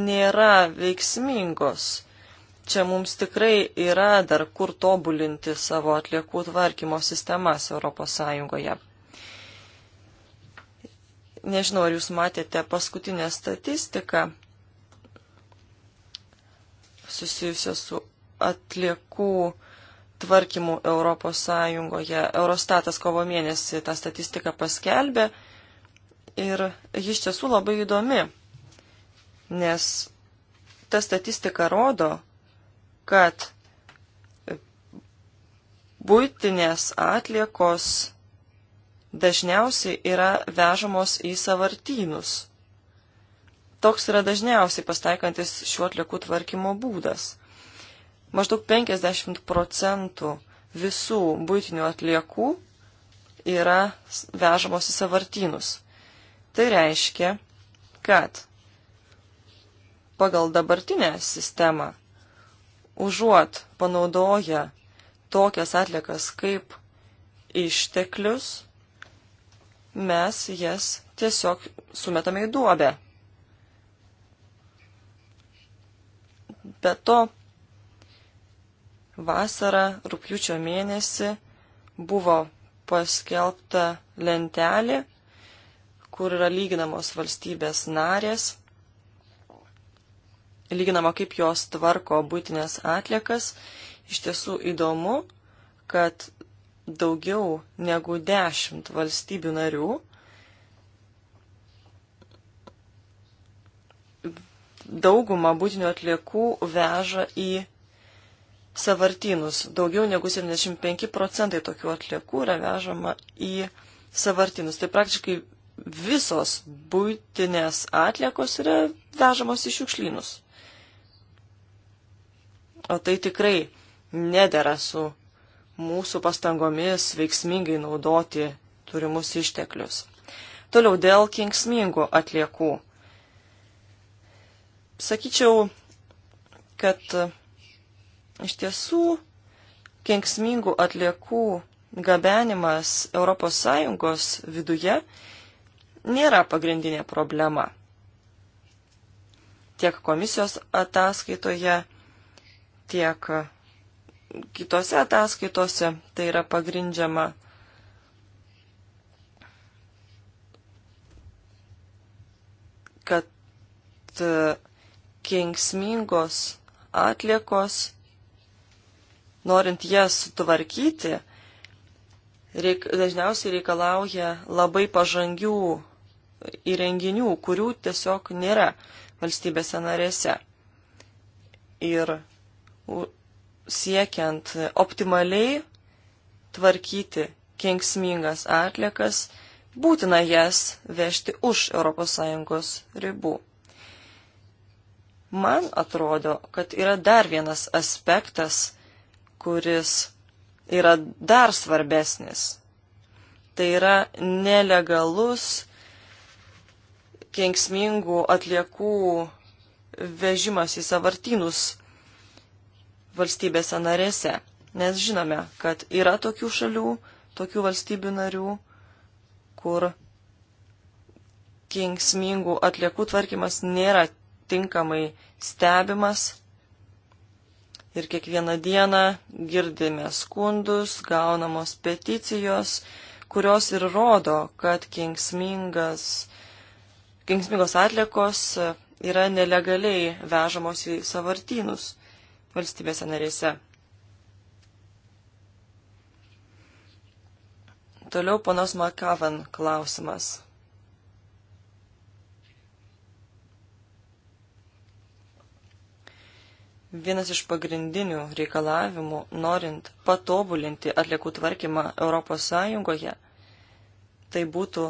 [SPEAKER 2] nėra veiksmingos čia mums tikrai yra dar kur tobulinti savo atliekų tvarkymo sistemas ES. Nežinau, ar jūs matėte paskutinę statistiką susijusią su atliekų tvarkymu ES. Eurostatas kovo mėnesį tą statistiką paskelbė ir ji iš tiesų labai įdomi, nes ta statistika rodo, kad būtinės atliekos dažniausiai yra vežamos į savartynus. Toks yra dažniausiai pastaikantis šių atliekų tvarkymo būdas. Maždaug 50 procentų visų būtinių atliekų yra vežamos į savartynus. Tai reiškia, kad pagal dabartinę sistemą užuot panaudoję tokias atlikas kaip išteklius, mes jas tiesiog sumetame į duobę. Be to, vasarą rūpjūčio mėnesį buvo paskelbta lentelė, kur yra lyginamos valstybės narės lyginama, kaip jos tvarko būtinės atliekas, iš tiesų įdomu, kad daugiau negu dešimt valstybių narių daugumą būtinių atliekų veža į savartynus. Daugiau negu 75 procentai tokių atliekų yra vežama į savartynus. Tai praktiškai visos būtinės atliekos yra vežamos į šiukšlynus. O tai tikrai nedėra su mūsų pastangomis veiksmingai naudoti turimus išteklius. Toliau dėl kenksmingų atliekų. Sakyčiau, kad iš tiesų kenksmingų atliekų gabenimas ES viduje nėra pagrindinė problema. Tiek komisijos ataskaitoje, tiek kitose ataskaitose tai yra pagrindžiama. kad e, kenksmingos atliekos, norint jas sutvarkyti, reik, dažniausiai reikalauja labai pažangių įrenginių, kurių tiesiog nėra valstybėse narėse. Ir siekiant optimaliai tvarkyti kenksmingas atliekas, būtina jas vežti už ES ribų. Man atrodo, kad yra dar vienas aspektas, kuris yra dar svarbesnis. Tai yra nelegalus kenksmingų atliekų vežimas į savartynus valstybėse narėse, nes žinome, kad yra tokių šalių, tokių valstybių narių, kur kingsmingų atliekų tvarkymas nėra tinkamai stebimas ir kiekvieną dieną girdime skundus, gaunamos peticijos, kurios ir rodo, kad kingsmingas, kingsmingos atliekos yra nelegaliai vežamos į savartynus valstybėse narėse. Toliau ponos Makavan klausimas. Vienas iš pagrindinių reikalavimų, norint patobulinti atliekų tvarkymą ES, tai būtų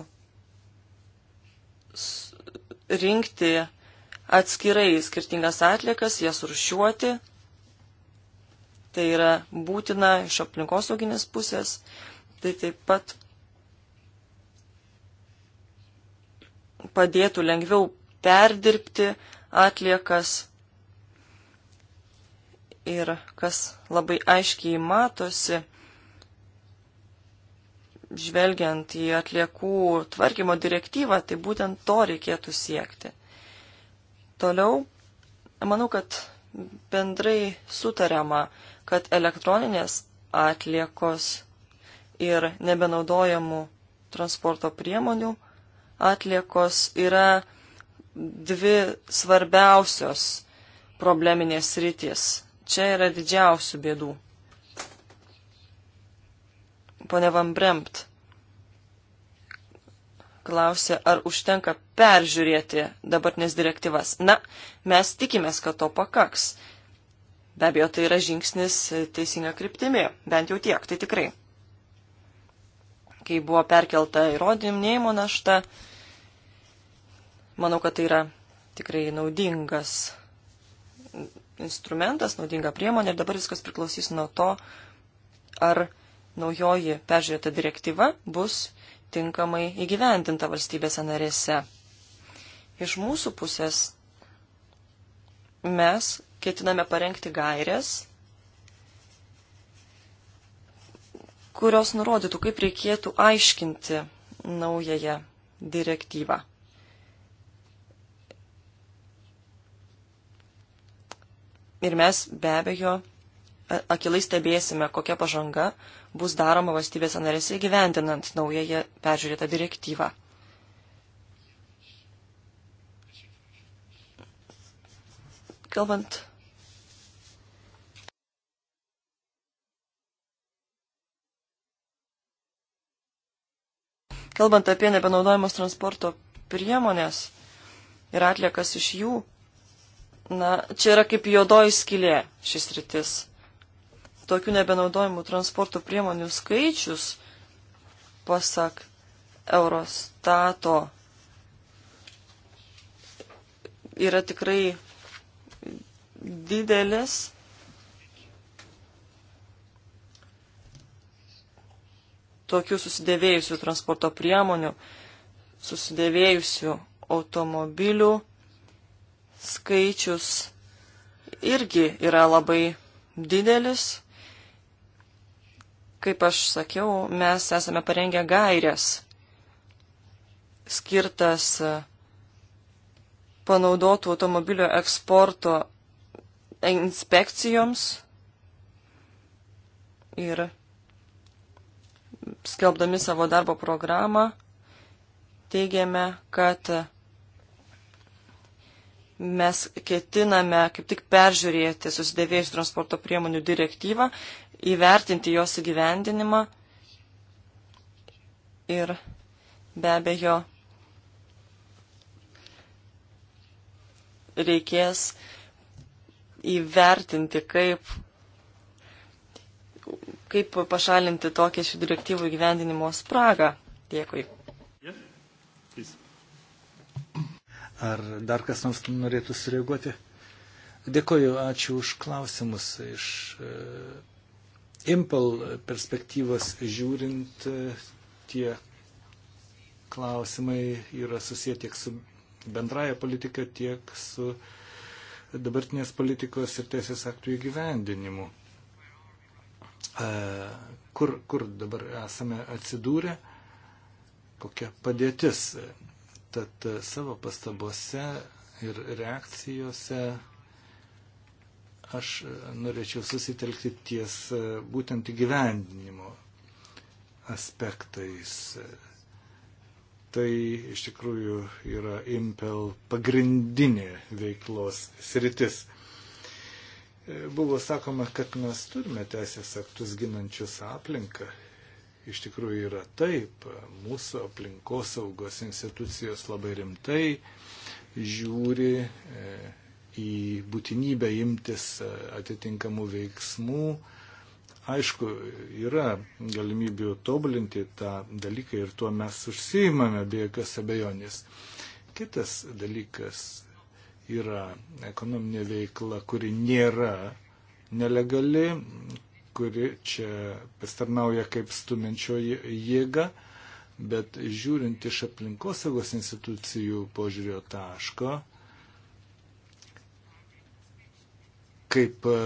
[SPEAKER 2] rinkti atskirai skirtingas atliekas, jas rušiuoti tai yra būtina iš aplinkosauginės pusės, tai taip pat padėtų lengviau perdirbti atliekas ir kas labai aiškiai matosi, žvelgiant į atliekų tvarkymo direktyvą, tai būtent to reikėtų siekti. Toliau, manau, kad bendrai sutariama kad elektroninės atliekos ir nebenaudojamų transporto priemonių atliekos yra dvi svarbiausios probleminės rytis. Čia yra didžiausių bėdų. Pone Vambremt klausė, ar užtenka peržiūrėti dabartinės direktyvas. Na, mes tikimės, kad to pakaks, Be abejo, tai yra žingsnis teisinga kryptimi, bent jau tiek, tai tikrai. Kai buvo perkelta įrodinėjimo našta, manau, kad tai yra tikrai naudingas instrumentas, naudinga priemonė ir dabar viskas priklausys nuo to, ar naujoji peržiūrėta direktyva bus tinkamai įgyvendinta valstybėse narėse. Iš mūsų pusės mes ketiname parengti gairias, kurios nurodytų, kaip reikėtų aiškinti naująją direktyvą. Ir mes be abejo akilai stebėsime, kokia pažanga bus daroma valstybės anarėse įgyvendinant naująją peržiūrėtą direktyvą. Kalbant Kalbant apie nebenaudojamas transporto priemonės ir atliekas iš jų, na, čia yra kaip juodoji skylė šis rytis. Tokių nebenaudojimų transporto priemonių skaičius, pasak Eurostato, yra tikrai didelis tokių susidėvėjusių transporto priemonių, susidėvėjusių automobilių skaičius irgi yra labai didelis. Kaip aš sakiau, mes esame parengę gairias skirtas panaudotų automobilio eksporto inspekcijoms ir skelbdami savo darbo programą, teigiame, kad mes ketiname kaip tik peržiūrėti susidėvėjusių transporto priemonių direktyvą, įvertinti jos įgyvendinimą ir be abejo reikės įvertinti, kaip kaip pašalinti tokią šių direktyvų įgyvendinimo spragą. Dėkui.
[SPEAKER 1] Ar dar kas nors norėtų sureaguoti? Dėkoju, ačiū už klausimus. Iš e, Impel perspektyvos žiūrint, e, tie klausimai yra susiję tiek su bendraja politika, tiek su dabartinės politikos ir teisės aktų įgyvendinimu. E, kur, kur dabar esame atsidūrę, kokia padėtis. Tad savo pastabose ir reakcijose aš norėčiau susitelkti ties būtent įgyvendinimo aspektais. Tai iš tikrųjų yra Impel pagrindinė veiklos sritis. Buvo sakoma, kad mes turime teisės aktus ginančius aplinką. Iš tikrųjų yra taip. Mūsų aplinkosaugos institucijos labai rimtai žiūri e, į būtinybę imtis e, atitinkamų veiksmų. Aišku, yra galimybių tobulinti tą dalyką ir tuo mes užsiimame be jokios abejonės. Kitas dalykas yra ekonominė veikla, kuri nėra nelegali, kuri čia pastarnauja kaip stumenčioji jėga, bet žiūrint iš aplinkosaugos institucijų požiūrio taško, kaip e,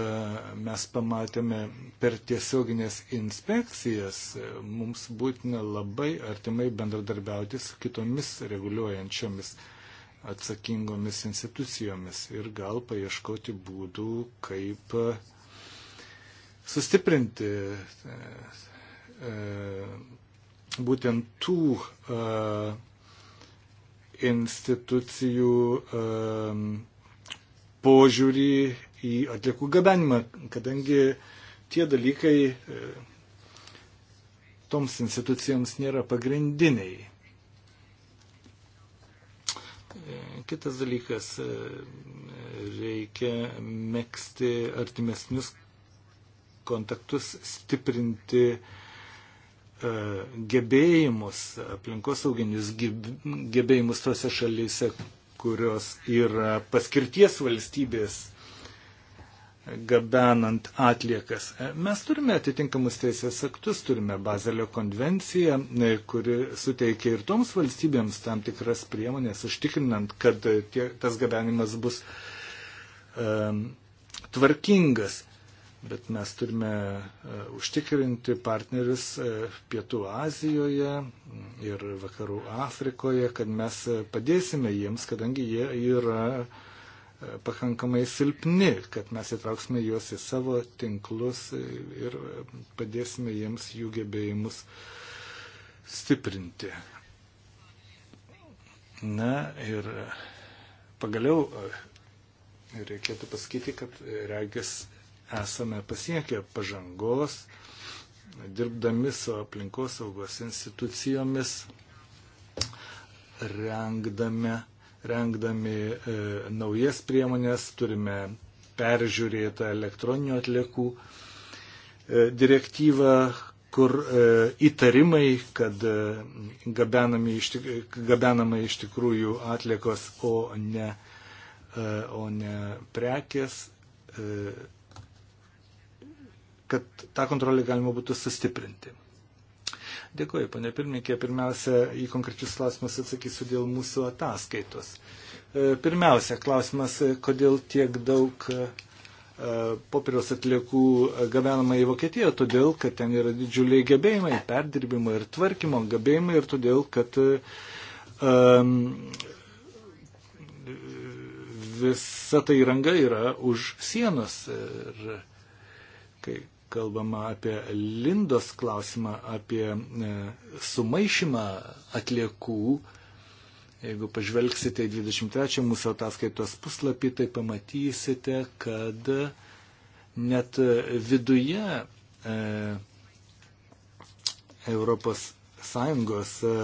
[SPEAKER 1] mes pamatėme per tiesioginės inspekcijas, e, mums būtina labai artimai bendradarbiauti su kitomis reguliuojančiomis institucijomis atsakingomis institucijomis ir gal paieškoti būdų, kaip e, sustiprinti e, e, būtent tų institucijų požiūrį į atliekų gabenimą, kadangi tie dalykai toms institucijoms nėra pagrindiniai. Kitas dalykas, e, reikia mėgsti artimesnius kontaktus, stiprinti e, gebėjimus, aplinkosauginius gebėjimus tose šalyse, kurios yra paskirties valstybės gabenant atliekas. E, mes turime atitinkamus teisės aktus, turime Bazelio konvenciją, e, kuri suteikia ir toms valstybėms tam tikras priemonės, užtikrinant, kad tie, tas gabenimas bus um, tvarkingas. Bet mes turime uh, užtikrinti partnerius uh, Pietų Azijoje ir Vakarų Afrikoje, kad mes padėsime jiems, kadangi jie yra uh, pakankamai silpni, kad mes įtrauksime juos į savo tinklus ir padėsime jiems jų gebėjimus stiprinti. Na ir pagaliau reikėtų pasakyti, kad regis esame pasiekę pažangos, dirbdami su aplinkosaugos institucijomis, rengdame rengdami e, naujas priemonės, turime peržiūrėtą elektroninių atliekų e, direktyvą, kur e, įtarimai, kad iš tik, gabenama iš tikrųjų atliekos, o ne, o ne prekės, kad tą kontrolę galima būtų sustiprinti. Dėkuoju, panė pirmininkė. Pirmiausia, į konkrečius klausimus atsakysiu dėl mūsų ataskaitos. E, pirmiausia, klausimas, e, kodėl tiek daug e, popieriaus atliekų gabenama į Vokietiją, todėl, kad ten yra didžiuliai gebėjimai, perdirbimo ir tvarkymo gebėjimai ir todėl, kad um, visa ta įranga yra už sienos. Ir kai, kalbama apie Lindos klausimą, apie e, sumaišymą atliekų. Jeigu pažvelgsite į 23 mūsų ataskaitos puslapį, tai pamatysite, kad net viduje e, Europos Sąjungos e,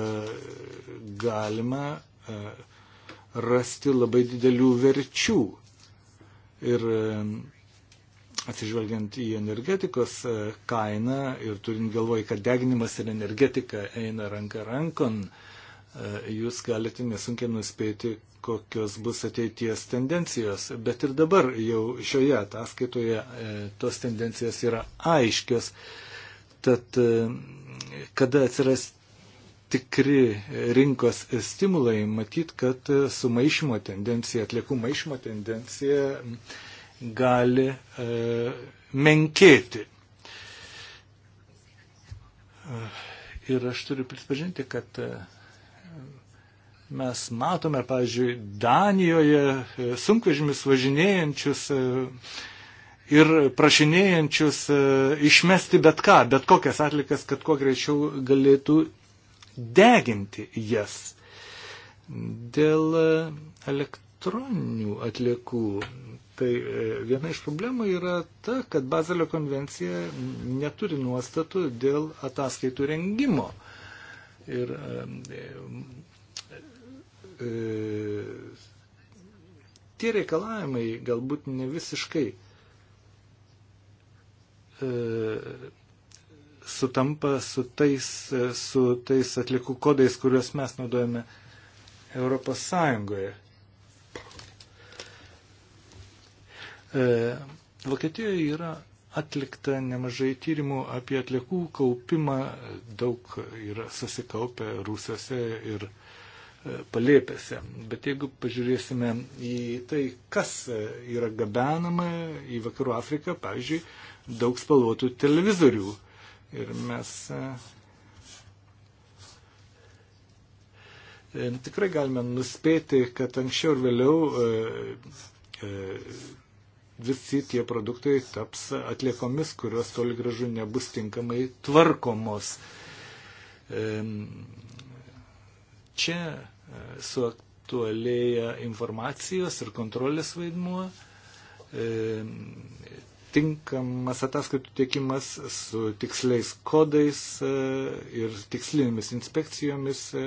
[SPEAKER 1] galima e, rasti labai didelių verčių. Ir e, atsižvelgiant į energetikos e, kainą ir turint galvoj, kad deginimas ir energetika eina ranka rankon, e, jūs galite nesunkiai nuspėti, kokios bus ateities tendencijos. Bet ir dabar jau šioje ataskaitoje e, tos tendencijos yra aiškios. Tad kada atsiras tikri rinkos stimulai, matyt, kad sumaišymo tendencija, atliekų maišymo tendencija, tendencija gali e, menkėti. E, ir aš turiu pripažinti, kad e, mes matome, pavyzdžiui, Danijoje e, sunkvežimis važinėjančius ir prašinėjančius išmesti bet ką, bet kokias atlikas, kad kuo greičiau galėtų deginti jas. Dėl elektroninių atliekų Tai e, viena iš problemų yra ta, kad Bazelio konvencija neturi nuostatų dėl ataskaitų rengimo. Ir e, e, tie reikalavimai galbūt ne visiškai e, sutampa su tais, e, su tais atlikų kodais, kuriuos mes naudojame Europos Sąjungoje. E, Vokietijoje yra atlikta nemažai tyrimų apie atliekų kaupimą, daug yra susikaupę rūsiuose ir e, palėpėse. Bet jeigu pažiūrėsime į tai, kas e, yra gabenama į Vakarų Afriką, pavyzdžiui, daug spalvotų televizorių. Ir mes tikrai galime nuspėti, kad anksčiau ir vėliau visi tie produktai taps atliekomis, kurios toli gražu nebus tinkamai tvarkomos. Čia e, suaktualėja informacijos ir kontrolės vaidmuo tinkamas ataskaitų tiekimas su tiksliais kodais e, ir tikslinėmis inspekcijomis e,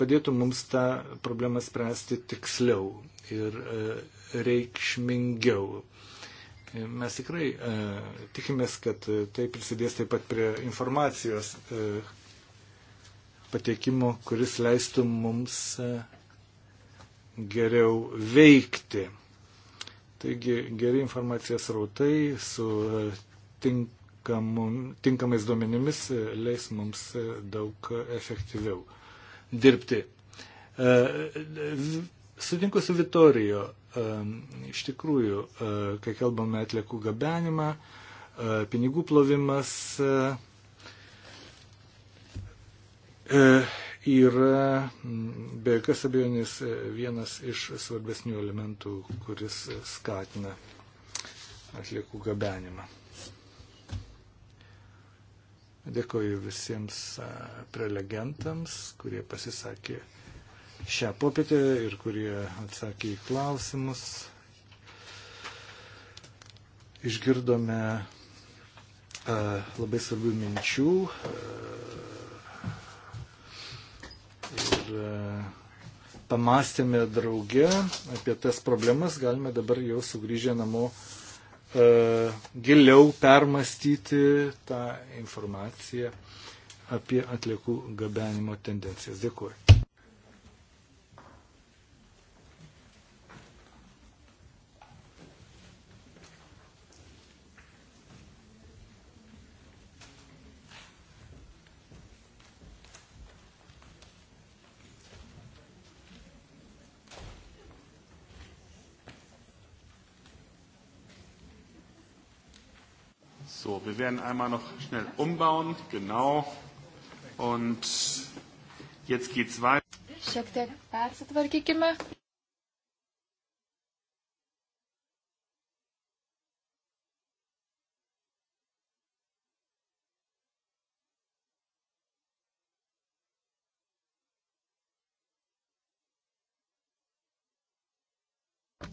[SPEAKER 1] padėtų mums tą problemą spręsti tiksliau. Ir reikšmingiau. Mes tikrai e, tikimės, kad e, tai prisidės taip pat prie informacijos e, patekimo, kuris leistų mums e, geriau veikti. Taigi geri informacijos rautai su e, tinkamu, tinkamais duomenimis e, leis mums e, daug efektyviau dirbti. E, sutinku su Vitorijo. Iš tikrųjų, e, kai kalbame atliekų gabenimą, e, pinigų plovimas e, yra be jokios abejonės vienas iš svarbesnių elementų, kuris skatina atliekų gabenimą. Dėkoju visiems prelegentams, kurie pasisakė šią popietę ir kurie atsakė į klausimus. Išgirdome e, labai svarbių minčių e, ir e, pamastėme drauge apie tas problemas, galime dabar jau sugrįžę namo giliau permastyti tą informaciją apie atliekų gabenimo tendencijas. Dėkuoju. So, wir werden einmal noch schnell umbauen. Genau. Und jetzt geht's weiter.
[SPEAKER 3] Šiek tiek persitvarkykime.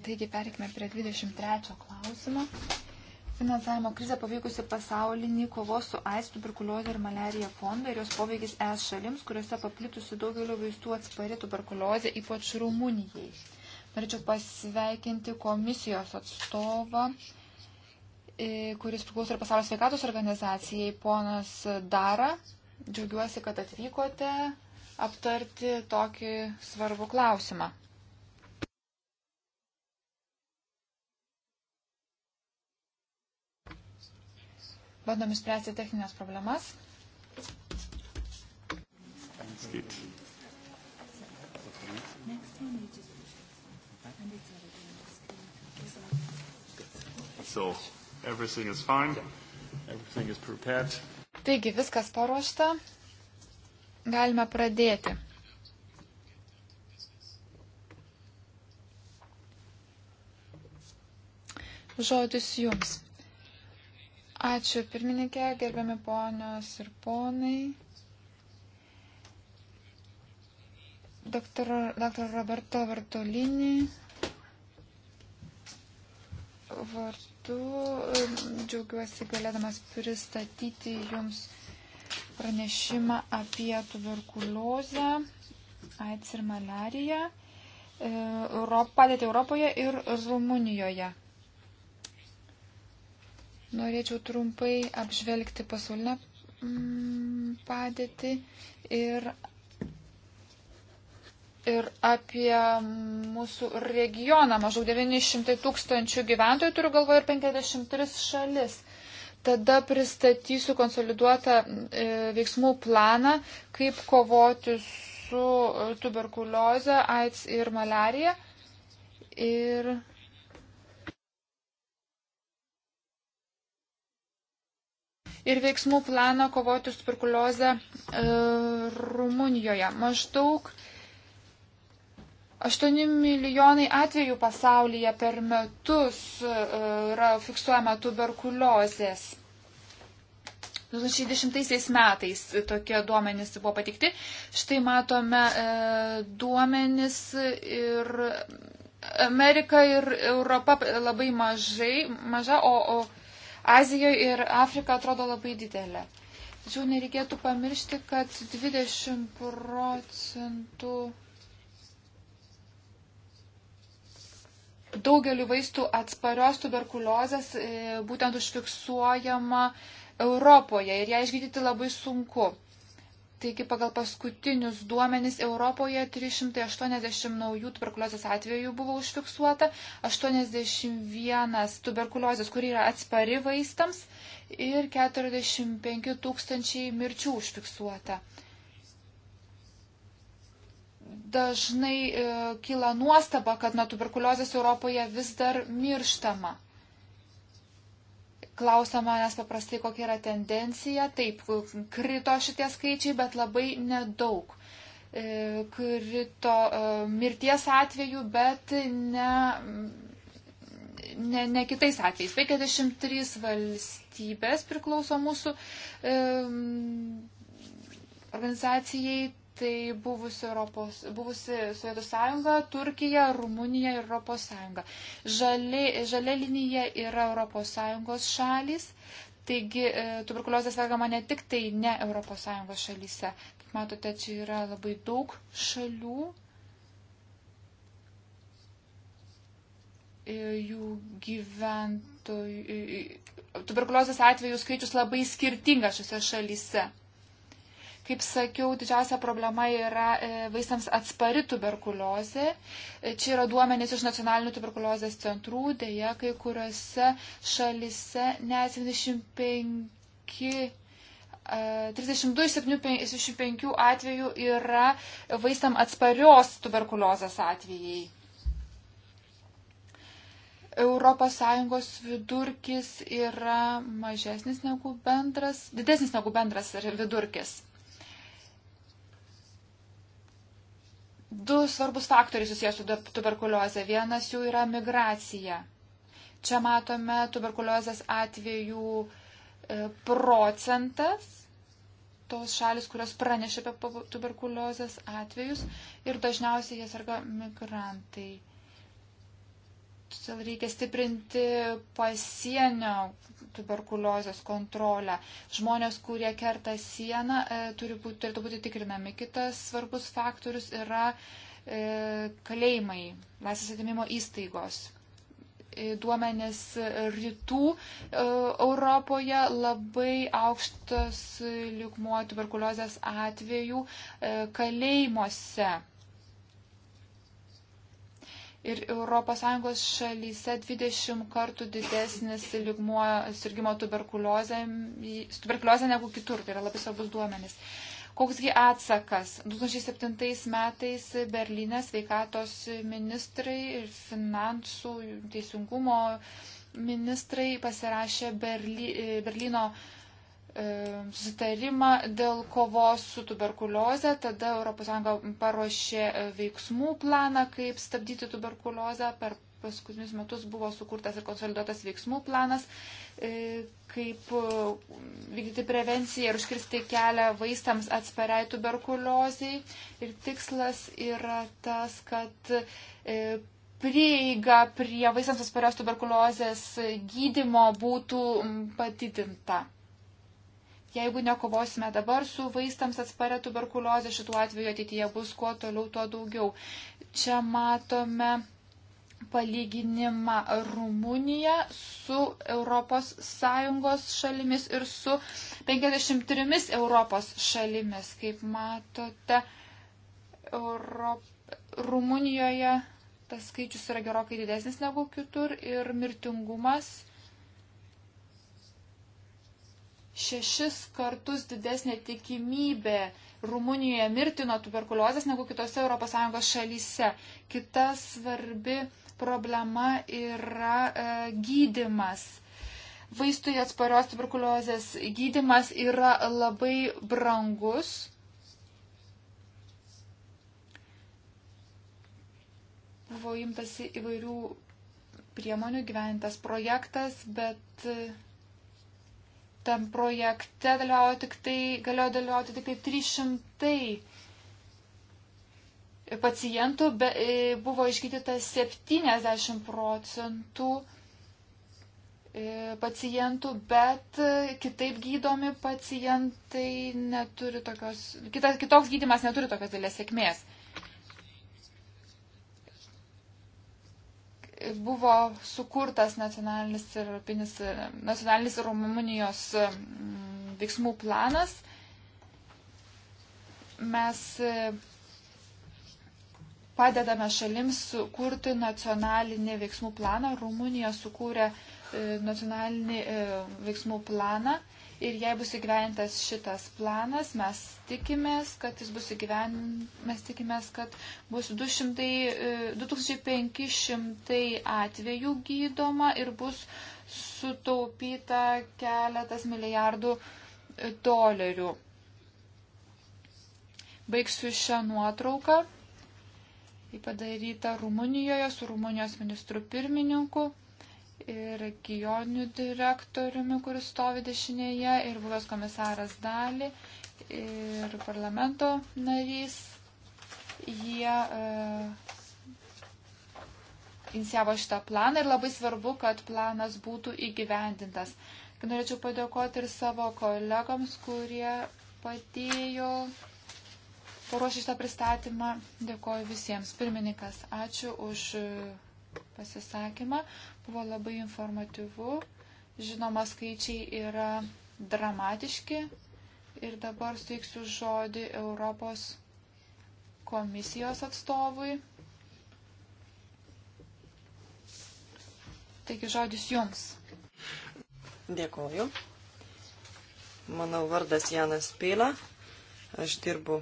[SPEAKER 3] Taigi perikime prie 23 klausimo finansavimo krizę paveikusi pasaulinį kovos su AIDS, tuberkuliozė ir malerija fondą ir jos poveikis es šalims, kuriuose paplitusi daugelio vaistų atspari tuberkuliozė, ypač Rumunijai. Norėčiau pasveikinti komisijos atstovą, e, kuris priklauso ir pasaulio sveikatos organizacijai, ponas Dara. Džiaugiuosi, kad atvykote aptarti tokį svarbų klausimą. bandom išspręsti techninės problemas.
[SPEAKER 1] So, everything is fine. Everything is prepared.
[SPEAKER 3] Taigi, viskas paruošta. Galime pradėti. Žodis jums. Ačiū pirmininkė, gerbiami ponios ir ponai. Dr. Dr. Roberto Vartolinį vardu džiaugiuosi galėdamas pristatyti jums pranešimą apie tuberkuliozę, AIDS ir malariją, e, padėtį Europoje ir Rumunijoje. Norėčiau trumpai apžvelgti pasaulinę mm, padėtį ir, ir apie mūsų regioną. Maždaug 900 tūkstančių gyventojų turiu galvoje ir 53 šalis. Tada pristatysiu konsoliduotą e, veiksmų planą, kaip kovoti su tuberkulioze, AIDS ir malarija. Ir ir veiksmų planą kovoti su tuberkulioze e, Rumunijoje. Maždaug 8 milijonai atvejų pasaulyje per metus e, yra fiksuojama tuberkuliozės. 2010 metais tokie duomenys buvo patikti. Štai matome e, duomenys ir Amerika ir Europa labai mažai, maža, o, o Azijoje ir Afrika atrodo labai didelė. Tačiau nereikėtų pamiršti, kad 20 procentų daugeliu vaistų atsparios tuberkuliozės e, būtent užfiksuojama Europoje ir ją išgydyti labai sunku. Taigi pagal paskutinius duomenys Europoje 380 naujų tuberkuliozės atvejų buvo užfiksuota, 81 tuberkuliozės, kuri yra atspari vaistams ir 45 tūkstančiai mirčių užfiksuota. Dažnai e, kyla nuostaba, kad nuo tuberkuliozės Europoje vis dar mirštama. Klausia manęs paprastai, kokia yra tendencija. Taip, krito šitie skaičiai, bet labai nedaug. E, krito e, mirties atveju, bet ne, ne, ne kitais atvejais. 53 valstybės priklauso mūsų e, organizacijai, tai buvusi, Europos, buvusi Sovietų sąjunga, Turkija, Rumunija ir Europos sąjunga. Žali, žalia linija yra Europos sąjungos šalis, taigi e, tuberkuliozės vergama ne tik tai ne Europos sąjungos šalyse. Kaip matote, čia yra labai daug šalių. E, jų gyventojų. E, tuberkuliozės atvejų skaičius labai skirtingas šiuose šalyse. Kaip sakiau, didžiausia problema yra e, vaistams atspari tuberkuliozė. E, čia yra duomenys iš nacionalinių tuberkuliozės centrų, dėja kai kuriuose šalise net 75. 32 e, iš 75 atvejų yra vaistam atsparios tuberkuliozės atvejai. ES vidurkis yra mažesnis negu bendras, didesnis negu bendras vidurkis. du svarbus faktoriai susijęs su tuberkulioze. Vienas jų yra migracija. Čia matome tuberkuliozės atvejų e, procentas, tos šalis, kurios pranešė apie tuberkuliozės atvejus ir dažniausiai jie sarga migrantai. Todėl reikia stiprinti pasienio tuberkuliozės kontrolę. Žmonės, kurie kerta sieną, e, turi būti, turėtų būti tikrinami. Kitas svarbus faktorius yra e, kalėjimai, laisvės atimimo įstaigos. E, Duomenės rytų Europoje labai aukštas likmuo tuberkuliozės atvejų kalėjimuose ir ES šalyse 20 kartų didesnis lygmuo sirgimo tuberkuliozė, tuberkuliozė negu kitur. Tai yra labai svarbus duomenis. Koksgi atsakas? 2007 metais Berlyne sveikatos ministrai ir finansų teisingumo ministrai pasirašė Berly, Berlyno E, susitarimą dėl kovos su tuberkulioze, tada ES paruošė e, veiksmų planą, kaip stabdyti tuberkuliozę. Per paskutinius metus buvo sukurtas ir konsoliduotas veiksmų planas, e, kaip vykdyti prevenciją ir užkirsti kelią vaistams atspariai tuberkuliozei. Ir tikslas yra tas, kad prieiga prie vaistams atsparios tuberkuliozės gydimo būtų padidinta. Jeigu nekovosime dabar su vaistams atsparę tuberkuliozę, šituo atveju ateityje bus kuo toliau, tuo daugiau. Čia matome palyginimą Rumuniją su ES šalimis ir su 53 Europos šalimis. Kaip matote, Europ... Rumunijoje tas skaičius yra gerokai didesnis negu kitur ir mirtingumas šešis kartus didesnė tikimybė Rumunijoje mirti nuo tuberkuliozės negu kitose ES šalyse. Kita svarbi problema yra e, gydimas. Vaistui atsparios tuberkuliozės gydimas yra labai brangus. Buvo imtasi įvairių priemonių gyventas projektas, bet tam projekte dalyvavo tik tai, galėjo dalyvauti tik tai 300 pacientų, be, e, buvo išgydyta 70 procentų e, pacientų, bet e, kitaip gydomi pacientai neturi tokios, kitas, kitoks gydimas neturi tokios dėlės sėkmės. buvo sukurtas nacionalinis ir, europinis, nacionalinis ir Rumunijos mm, veiksmų planas. Mes e, padedame šalims sukurti nacionalinį veiksmų planą. Rumunija sukūrė e, nacionalinį e, veiksmų planą Ir jei bus įgyventas šitas planas, mes tikimės, kad jis bus įgyventas, mes tikimės, kad bus 200, 2500 e, atvejų gydoma ir bus sutaupyta keletas milijardų e, dolerių. Baigsiu šią nuotrauką. Ji padaryta Rumunijoje su Rumunijos ministru pirmininku ir regioniniu direktoriumi, kuris stovi dešinėje, ir buvęs komisaras Dali, ir parlamento narys. Jie uh, inicijavo šitą planą ir labai svarbu, kad planas būtų įgyvendintas. Norėčiau padėkoti ir savo kolegoms, kurie padėjo paruošti šitą pristatymą. Dėkoju visiems. Pirmininkas, ačiū už. Uh, pasisakymą. Buvo labai informatyvu. Žinoma, skaičiai yra dramatiški. Ir dabar suteiksiu žodį Europos komisijos atstovui. Taigi žodis jums. Dėkuoju.
[SPEAKER 2] Mano vardas Janas Pila. Aš dirbu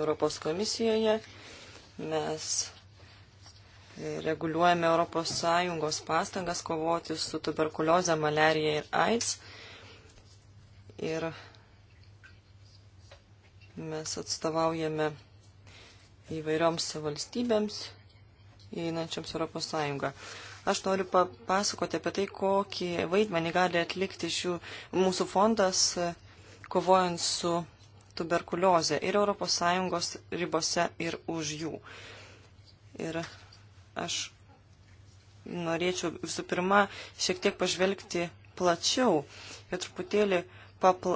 [SPEAKER 2] Europos komisijoje. Mes reguliuojame ES pastangas kovoti su tuberkulioze, malerija ir AIDS. Ir mes atstovaujame įvairioms valstybėms įeinančioms Europos Sąjungą. Aš noriu papasakoti apie tai, kokį vaidmenį gali atlikti šių mūsų fondas e, kovojant su tuberkuliozė ir Europos Sąjungos ribose ir už jų. Ir Aš norėčiau visų pirma šiek tiek pažvelgti plačiau ir truputėlį papl...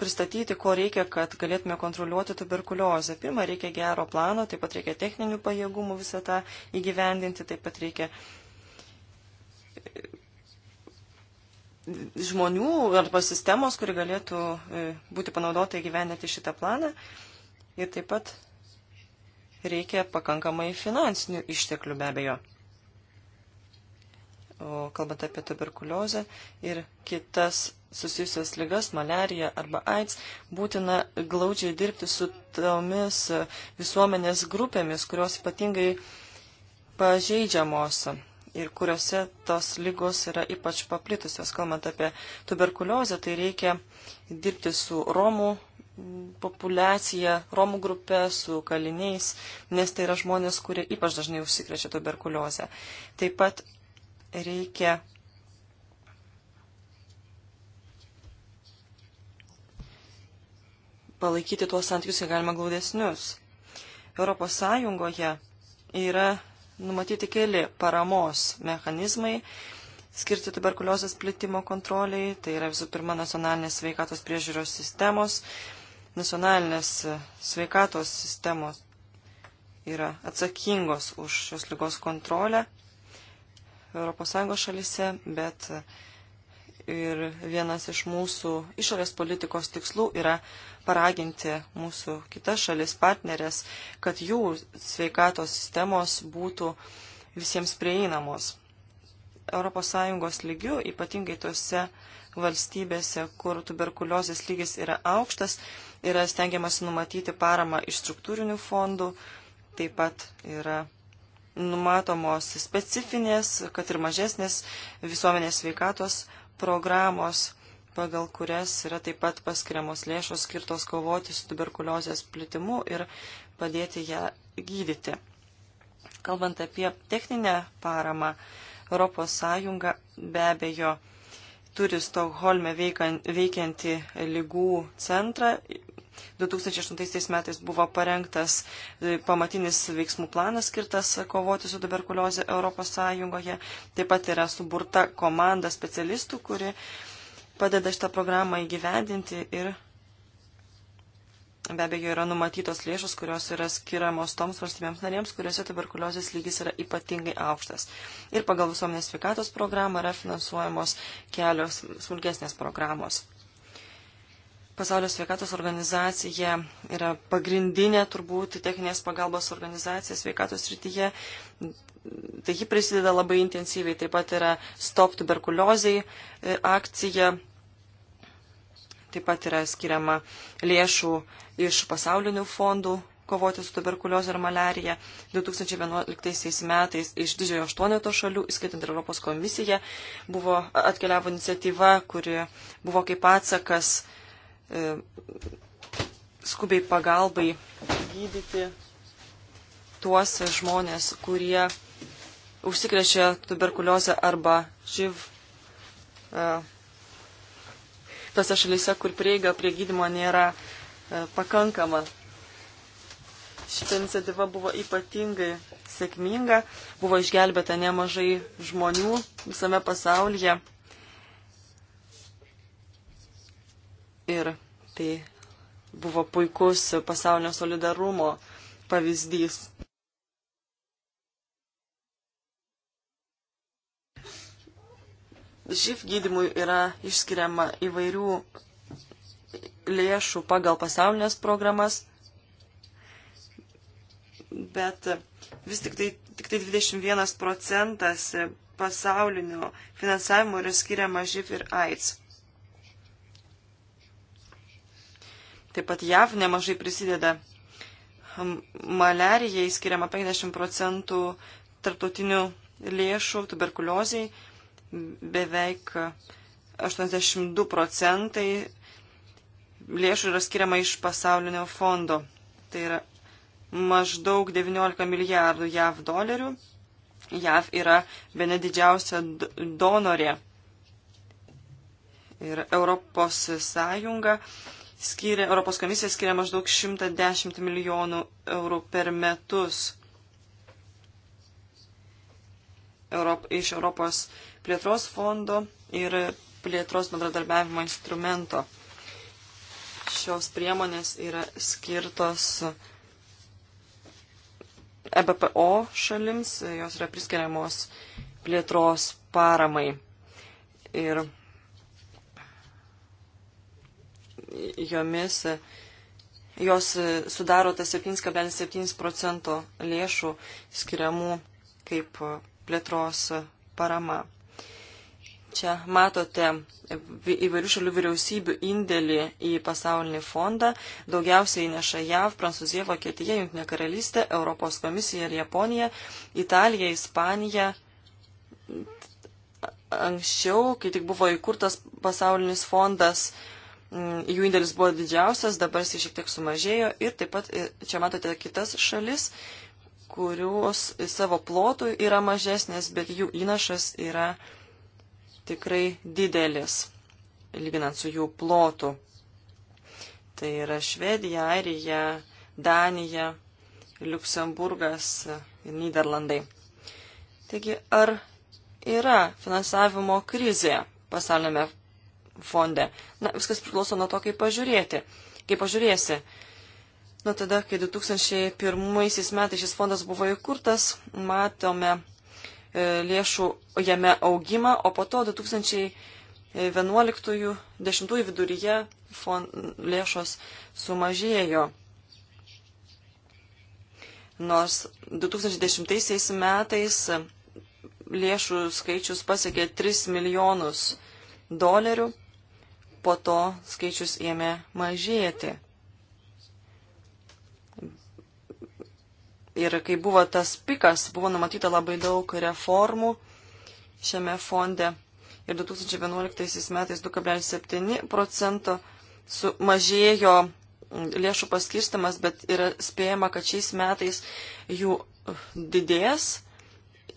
[SPEAKER 2] pristatyti, ko reikia, kad galėtume kontroliuoti tuberkuliozę. Pirma, reikia gero plano, taip pat reikia techninių pajėgumų visą tą įgyvendinti, taip pat reikia e, žmonių arba sistemos, kuri galėtų e, būti panaudota įgyvendinti šitą planą. Ir taip pat reikia pakankamai finansinių išteklių be abejo. O kalbant apie tuberkuliozę ir kitas susijusias lygas, malariją arba AIDS, būtina glaudžiai dirbti su tomis visuomenės grupėmis, kurios ypatingai pažeidžiamos ir kuriuose tos lygos yra ypač paplitusios. Kalbant apie tuberkuliozę, tai reikia dirbti su Romų populiaciją, romų grupę su kaliniais, nes tai yra žmonės, kurie ypač dažnai užsikrečia tuberkuliozę. Taip pat reikia palaikyti tuos santykius, kiek galima glaudesnius. Europos Sąjungoje yra numatyti keli paramos mechanizmai skirti tuberkuliozės plitimo kontroliai, tai yra visų pirma nacionalinės sveikatos priežiūros sistemos nacionalinės sveikatos sistemos yra atsakingos už šios lygos kontrolę ES šalyse, bet ir vienas iš mūsų išorės politikos tikslų yra paraginti mūsų kitas šalis partnerės, kad jų sveikatos sistemos būtų visiems prieinamos. ES lygių, ypatingai tose valstybėse, kur tuberkuliozės lygis yra aukštas, yra stengiamasi numatyti paramą iš struktūrinių fondų, taip pat yra numatomos specifinės, kad ir mažesnės visuomenės sveikatos programos, pagal kurias yra taip pat paskiriamos lėšos skirtos kovoti su tuberkuliozės plitimu ir padėti ją gydyti. Kalbant apie techninę paramą, ES be abejo turi Stokholme veikiantį lygų centrą, 2008 metais buvo parengtas e, pamatinis veiksmų planas skirtas kovoti su tuberkulioze Europos Sąjungoje. Taip pat yra suburta komanda specialistų, kuri padeda šitą programą įgyvendinti ir be abejo yra numatytos lėšos, kurios yra skiriamos toms valstybėms narėms, kuriuose tuberkuliozės lygis yra ypatingai aukštas. Ir pagal visuomenės sveikatos programą yra finansuojamos kelios smulkesnės programos. Pasaulio sveikatos organizacija yra pagrindinė turbūt techninės pagalbos organizacija sveikatos rytyje. Tai ji prisideda labai intensyviai. Taip pat yra Stop tuberkuliozai e, akcija. Taip pat yra skiriama lėšų iš pasaulinių fondų kovoti su tuberkulioze ir malerija. 2011 metais iš didžiojo aštuoneto šalių, įskaitant ir Europos komisiją, buvo atkeliavo iniciatyva, kuri buvo kaip atsakas uh, E, skubiai pagalbai gydyti tuos žmonės, kurie užsikrečia tuberkuliozę arba živ e, tose šalyse, kur prieiga prie gydimo nėra e, pakankama. Šitą iniciatyvą buvo ypatingai sėkminga, buvo išgelbėta nemažai žmonių visame pasaulyje. Ir tai buvo puikus pasaulinio solidarumo pavyzdys. živ gydimui yra išskiriama įvairių lėšų pagal pasaulinės programas, bet vis tik tai, tik tai 21 procentas pasaulinio finansavimo yra skiriama živ ir AIDS. Taip pat JAV nemažai prisideda. Malerijai skiriama 50 procentų tarptautinių lėšų, tuberkuliozijai beveik 82 procentai lėšų yra skiriama iš pasaulinio fondo. Tai yra maždaug 19 milijardų JAV dolerių. JAV yra viena didžiausia donorė. Ir Europos Sąjunga skyrė, Europos komisija skiria maždaug 110 milijonų eurų per metus Europ, iš Europos plėtros fondo ir plėtros bendradarbiavimo instrumento. Šios priemonės yra skirtos EBPO šalims, jos yra priskiriamos plėtros paramai. Ir jomis jos sudaro tas 7,7 procento lėšų skiriamų kaip plėtros parama. Čia matote įvairių šalių vyriausybių indėlį į pasaulinį fondą. Daugiausiai įneša JAV, Prancūzija, Vokietija, Junktinė karalystė, Europos komisija ir Japonija, Italija, Ispanija. Anksčiau, kai tik buvo įkurtas pasaulinis fondas, Mm, jų indėlis buvo didžiausias, dabar jis šiek tiek sumažėjo ir taip pat e, čia matote kitas šalis, kurios savo plotų yra mažesnės, bet jų įnašas yra tikrai didelis, lyginant su jų plotu. Tai yra Švedija, Airija, Danija, Luksemburgas ir Niderlandai. Taigi, ar yra finansavimo krizė pasaulėme fonde. Na, viskas priklauso nuo to, kaip pažiūrėti, kaip pažiūrėsi. Nuo tada, kai 2001 metais šis fondas buvo įkurtas, matome e, lėšų jame augimą, o po to 2011-2010 viduryje fond, lėšos sumažėjo. Nors 2010 metais lėšų skaičius pasiekė 3 milijonus dolerių po to skaičius ėmė mažėti. Ir kai buvo tas pikas, buvo numatyta labai daug reformų šiame fonde. Ir 2011 metais 2,7 procento sumažėjo lėšų paskirstimas, bet yra spėjama, kad šiais metais jų didės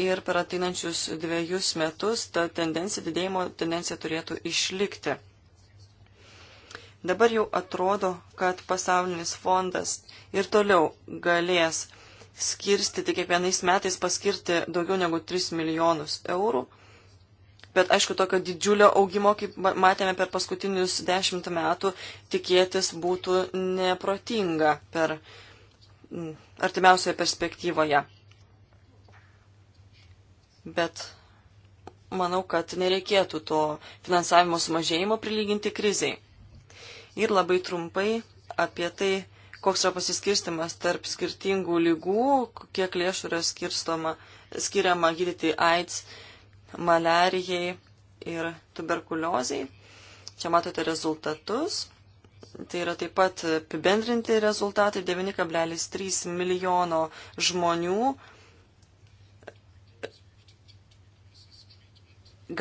[SPEAKER 2] ir per ateinančius dviejus metus ta tendencija didėjimo tendencija turėtų išlikti. Dabar jau atrodo, kad pasaulinis fondas ir toliau galės skirstyti kiekvienais metais paskirti daugiau negu 3 milijonus eurų. Bet aišku, tokio didžiulio augimo, kaip matėme per paskutinius dešimt metų, tikėtis būtų neprotinga per artimiausioje perspektyvoje. Bet manau, kad nereikėtų to finansavimo sumažėjimo prilyginti kriziai ir labai trumpai apie tai, koks yra pasiskirstimas tarp skirtingų lygų, kiek lėšų yra skirstoma, skiriama gydyti AIDS, malerijai ir tuberkuliozai. Čia matote rezultatus. Tai yra taip pat apibendrinti rezultatai 9,3 milijono žmonių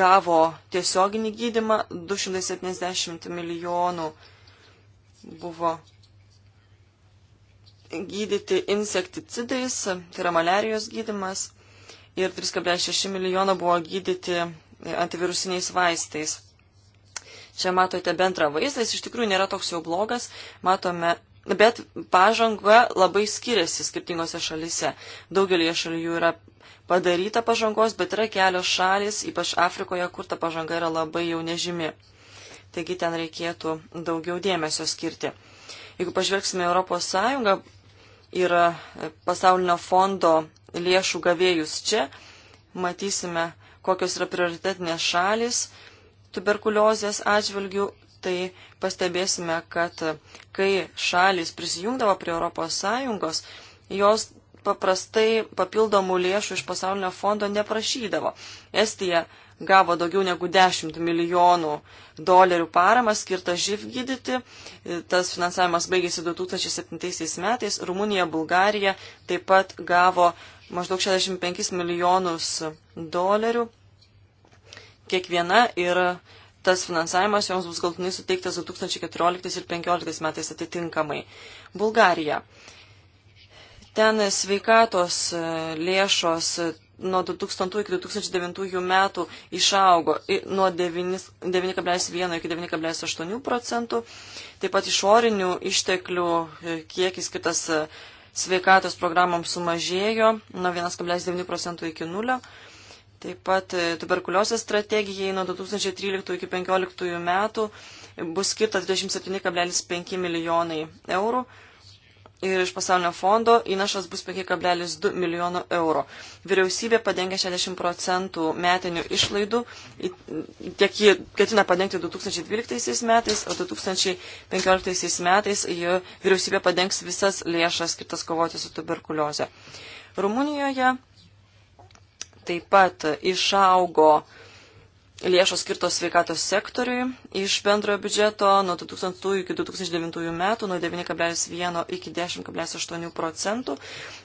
[SPEAKER 2] gavo tiesioginį gydimą, 270 milijonų žmonių buvo gydyti insekticidais, tai yra malerijos gydimas, ir 3,6 milijono buvo gydyti antivirusiniais vaistais. Čia matote bendrą vaizdą, jis iš tikrųjų nėra toks jau blogas, matome, bet pažanga labai skiriasi skirtingose šalise. Daugelį šalių yra padaryta pažangos, bet yra kelios šalis, ypač Afrikoje, kur ta pažanga yra labai jau nežymi taigi ten reikėtų daugiau dėmesio skirti. Jeigu pažvelgsime Europos Sąjungą ir pasaulinio fondo lėšų gavėjus čia, matysime, kokios yra prioritetinės šalis tuberkuliozės atžvilgių, tai pastebėsime, kad kai šalis prisijungdavo prie Europos Sąjungos, jos paprastai papildomų lėšų iš pasaulinio fondo neprašydavo. Estija gavo daugiau negu 10 milijonų dolerių paramą skirtą živ gydyti. Tas finansavimas baigėsi 2007 metais. Rumunija, Bulgarija taip pat gavo maždaug 65 milijonus dolerių kiekviena ir tas finansavimas joms bus galtinai suteiktas 2014 ir 2015 metais atitinkamai. Bulgarija. Ten sveikatos lėšos nuo 2000 iki 2009 metų išaugo nuo 9,1 iki 9,8 procentų. Taip pat išorinių išteklių e, kiekis kitas e, sveikatos programoms sumažėjo nuo 1,9 procentų iki 0. Taip pat e, tuberkuliozės strategijai nuo 2013 iki 2015 metų bus skirta 27,5 milijonai eurų ir iš pasaulio fondo įnašas bus 5,2 milijono eurų. Vyriausybė padengia 60 procentų metinių išlaidų, tiek ji ketina padengti 2012 metais, o 2015 metais ji vyriausybė padengs visas lėšas skirtas kovoti su tuberkulioze. Rumunijoje taip pat išaugo uh, lėšos skirtos sveikatos sektoriui iš bendrojo biudžeto nuo 2000 iki 2009 metų nuo 9,1 iki 10,8 procentų.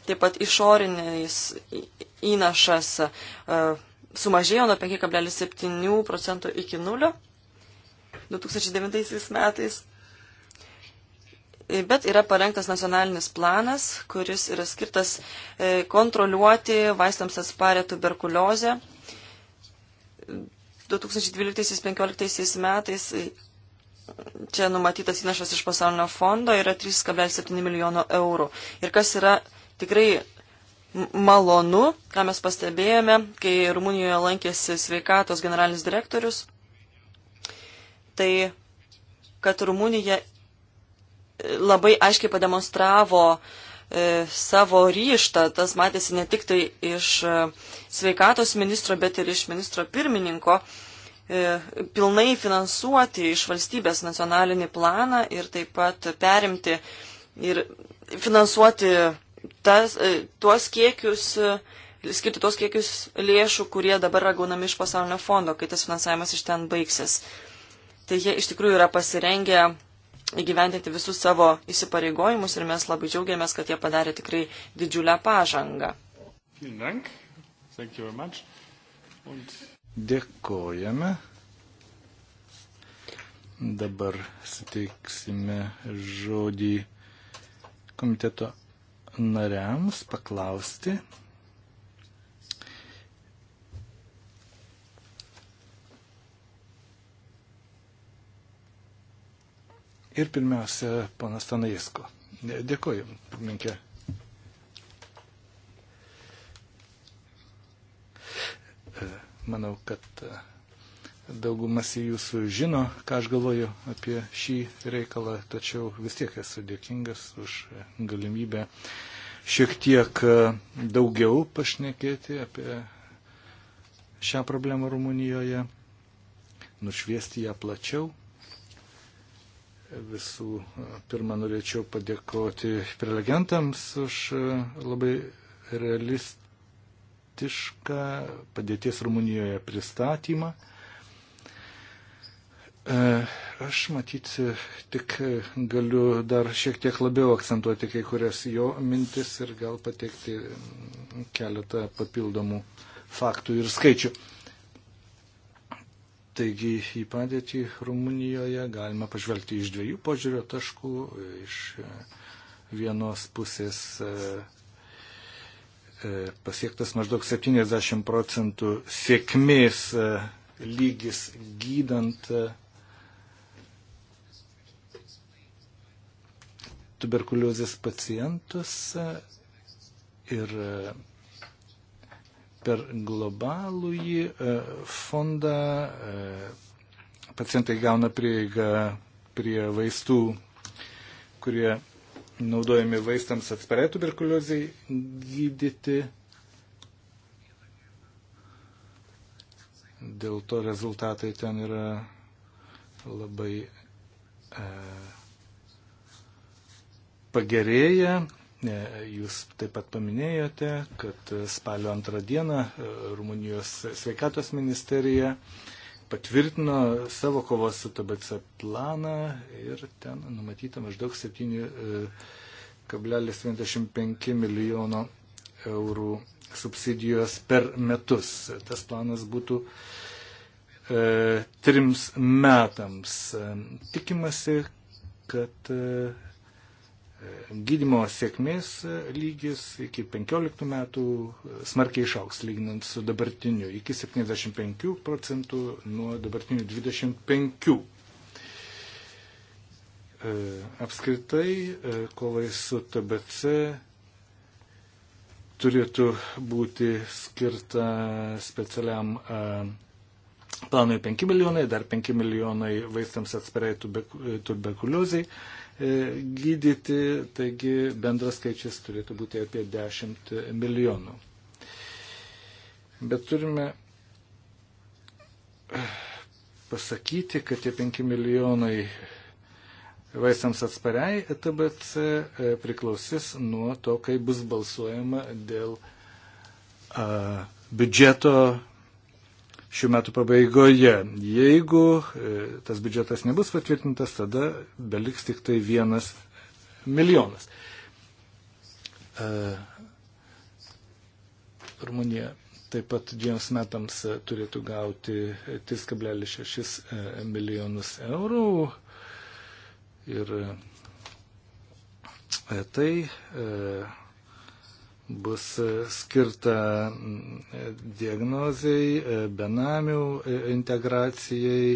[SPEAKER 2] Taip pat išorinis įnašas e, sumažėjo nuo 5,7 procentų iki 0 2009 metais. E, bet yra parengtas nacionalinis planas, kuris yra skirtas e, kontroliuoti vaistams atsparę tuberkuliozę 2012-2015 metais čia numatytas įnašas iš pasaulinio fondo yra 3,7 milijono eurų. Ir kas yra tikrai malonu, ką mes pastebėjome, kai Rumunijoje lankėsi sveikatos generalinis direktorius, tai kad Rumunija labai aiškiai pademonstravo uh, E, savo ryštą. Tas matėsi ne tik tai iš e, sveikatos ministro, bet ir iš ministro pirmininko e, pilnai finansuoti iš valstybės nacionalinį planą ir taip pat perimti ir finansuoti tas, tuos kiekius, skirti tuos kiekius lėšų, kurie dabar yra gaunami iš pasaulinio fondo, kai tas finansavimas iš ten baigsis. Tai jie iš tikrųjų yra pasirengę įgyventinti visus savo įsipareigojimus ir mes labai džiaugiamės, kad jie padarė tikrai didžiulę pažangą.
[SPEAKER 1] Dėkojame. Dabar suteiksime žodį komiteto nariams paklausti Ir pirmiausia, panas Tanaisko. Dėkoju, pirminkė. Manau, kad daugumas jūsų žino, ką aš galvoju apie šį reikalą, tačiau vis tiek esu dėkingas už galimybę šiek tiek daugiau pašnekėti apie šią problemą Rumunijoje, nušviesti ją plačiau. Visų pirma, norėčiau padėkoti prelegentams už e, labai realistišką padėties Rumunijoje pristatymą. E, aš matyt, tik galiu dar šiek tiek labiau akcentuoti kai kurias jo mintis ir gal pateikti keletą papildomų faktų ir skaičių. Taigi į padėtį Rumunijoje galima pažvelgti iš dviejų požiūrio taškų. Iš e, vienos pusės e, e, pasiektas maždaug 70 procentų sėkmės lygis gydant tuberkuliozės pacientus ir per globalųjį e, fondą e, pacientai gauna prieigą prie vaistų, kurie naudojami vaistams atspariai tuberkuliozai gydyti. Dėl to rezultatai ten yra labai e, pagerėję. Jūs taip pat paminėjote, kad spalio antrą dieną e, Rumunijos sveikatos ministerija patvirtino savo kovos su TBC planą ir ten numatyta maždaug 7,75 e, milijono eurų subsidijos per metus. Tas planas būtų e, trims metams. Tikimasi, kad e, gydimo sėkmės lygis iki 15 metų smarkiai išauks, lyginant su dabartiniu, iki 75 procentų nuo dabartinių 25. E, apskritai, e, kovai su TBC turėtų būti skirta specialiam e, planui 5 milijonai, dar 5 milijonai vaistams atspariai tuberkuliozai. Tube E, gydyti, taigi bendras skaičius turėtų būti apie 10 milijonų. Bet turime e, pasakyti, kad tie 5 milijonai vaistams atspariai e TBC priklausys nuo to, kai bus balsuojama dėl a, biudžeto šių metų pabaigoje. Jeigu e, tas biudžetas nebus patvirtintas, tada beliks tik tai vienas milijonas. E, Rumunija taip pat dviems metams e, turėtų gauti 3,6 milijonus eurų. Ir tai bus e, skirta diagnozijai, e, benamių e, integracijai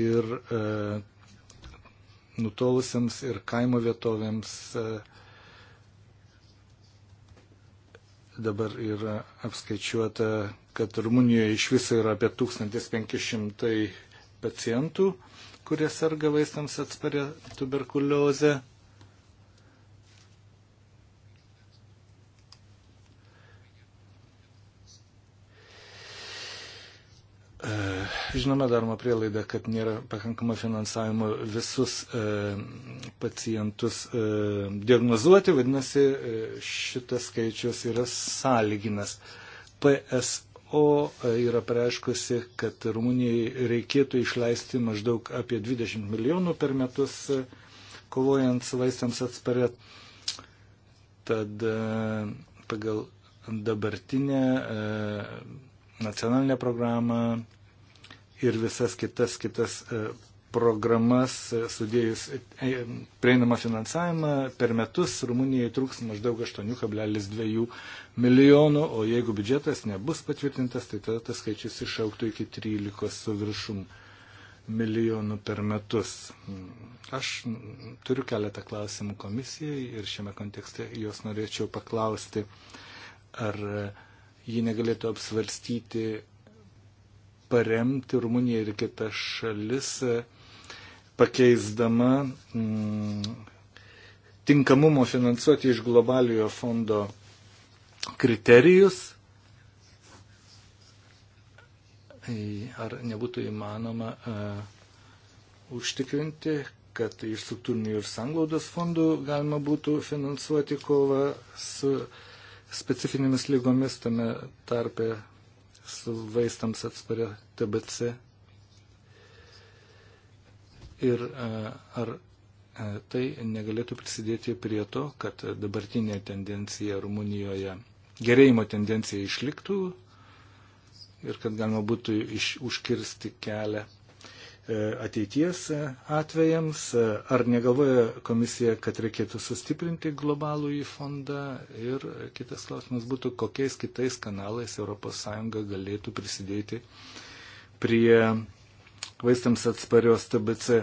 [SPEAKER 1] ir nutolusiems ir kaimo vietovėms dabar yra apskaičiuota, kad Rumunijoje iš viso yra apie 1500 pacientų, kurie serga vaistams atsparę tuberkuliozę. E, žinoma, daroma prielaida, kad nėra pakankama finansavimo visus e, pacientus e, diagnozuoti, vadinasi, šitas skaičius yra sąlyginas. PSO yra pareiškusi, kad Rumunijai reikėtų išleisti maždaug apie 20 milijonų per metus kovojant su vaistams atsparė. Tad pagal dabartinę nacionalinę programą ir visas kitas, kitas e, programas e, sudėjus e, prieinamą finansavimą per metus Rumunijai trūks maždaug 8,2 milijonų, o jeigu biudžetas nebus patvirtintas, tai tada tas skaičius išauktų iki 13 su viršum milijonų per metus. Aš turiu keletą klausimų komisijai ir šiame kontekste jos norėčiau paklausti, ar uh, ji negalėtų apsvarstyti paremti Rumuniją ir kitas šalis, e, pakeisdama mm, tinkamumo finansuoti iš globaliojo fondo kriterijus, tai ar nebūtų įmanoma uh, užtikrinti, kad iš struktūrinių ir sanglaudos fondų galima būtų finansuoti kovą su uh, specifinėmis lygomis, tame tarpe su vaistams atsparia TBC. Ir e, ar e, tai negalėtų prisidėti prie to, kad dabartinė tendencija Rumunijoje, gerėjimo tendencija išliktų ir kad galima būtų iš, užkirsti kelią E, ateities atvejams. Ar negalvoja komisija, kad reikėtų sustiprinti globalų į fondą? Ir kitas klausimas būtų, kokiais kitais kanalais ES galėtų prisidėti prie vaistams atsparios TBC.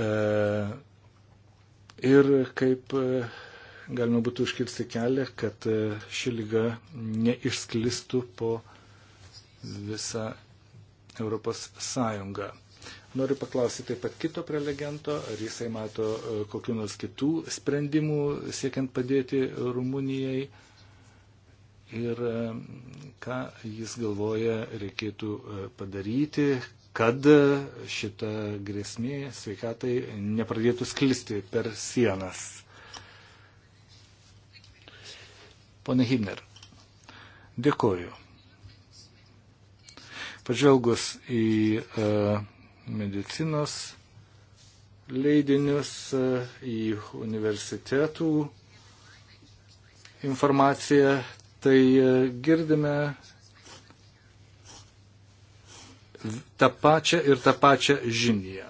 [SPEAKER 1] E, ir kaip e, galima būtų užkirsti kelią, kad ši lyga neišsklistų po visą Europos Sąjungą. Noriu paklausyti taip pat kito prelegento, ar jisai mato e, kokiu nors kitų sprendimų siekiant padėti Rumunijai ir e, ką jis galvoja reikėtų e, padaryti, kad šita grėsmė sveikatai nepradėtų sklisti per sienas. Pone Himner, dėkoju. Pažvelgus į e, medicinos leidinius, e, į universitetų informaciją, tai e, girdime tą pačią ir tą pačią žinią.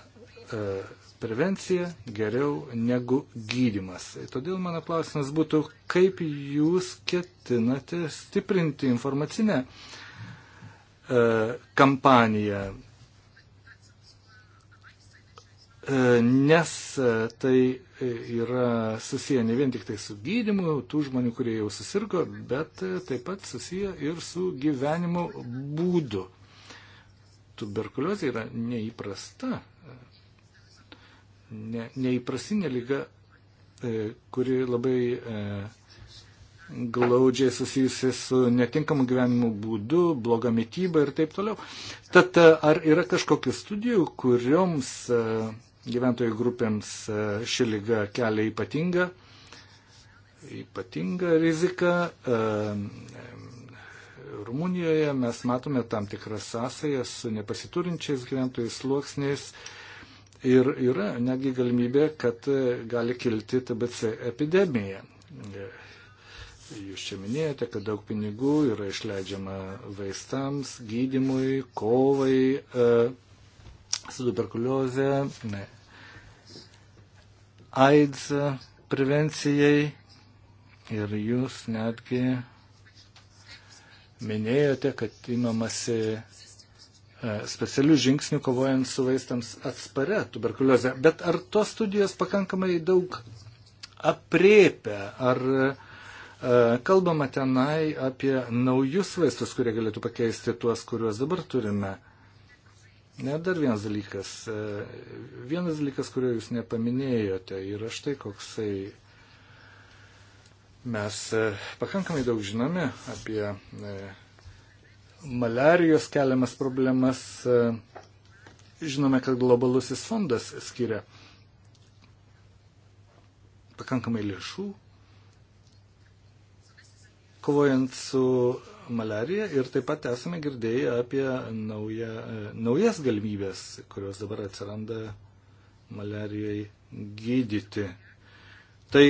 [SPEAKER 1] Prevencija geriau negu gydimas. Tai todėl mano klausimas būtų, kaip jūs ketinate stiprinti informacinę uh, E, kampaniją, e, nes e, tai yra susiję ne vien tik tai su gydimu tų žmonių, kurie jau susirgo, bet taip pat susiję ir su gyvenimo būdu. Tuberkuliozė yra neįprasta, ne, neįprasinė lyga, kuri labai glaudžiai susijusi su netinkamu gyvenimo būdu, bloga mytyba ir taip toliau. Tad e, ar yra kažkokių studijų, kurioms e, gyventojų grupėms e, ši lyga kelia ypatingą, ypatingą riziką? Rumunijoje mes matome tam tikras sąsajas su nepasiturinčiais gyventojais sluoksniais. Ir yra netgi galimybė, kad gali kilti TBC epidemija. Jūs čia minėjote, kad daug pinigų yra išleidžiama vaistams, gydimui, kovai e, su tuberkulioze, ne, AIDS prevencijai ir jūs netgi minėjote, kad imamasi e, specialių žingsnių kovojant su vaistams atsparia tuberkulioze. Bet ar tos studijos pakankamai daug apriepia? Ar uh, E, kalbama tenai apie naujus vaistus, kurie galėtų pakeisti tuos, kuriuos dabar turime. Ne, dar vienas dalykas. E, vienas dalykas, kurio jūs nepaminėjote, yra štai koksai. Mes e, pakankamai daug žinome apie malerijos keliamas problemas. Žinome, kad globalusis fondas skiria pakankamai lėšų kovojant su malarija ir taip pat esame girdėję apie nauja, e, naujas galimybės, kurios dabar atsiranda malarijai gydyti. Tai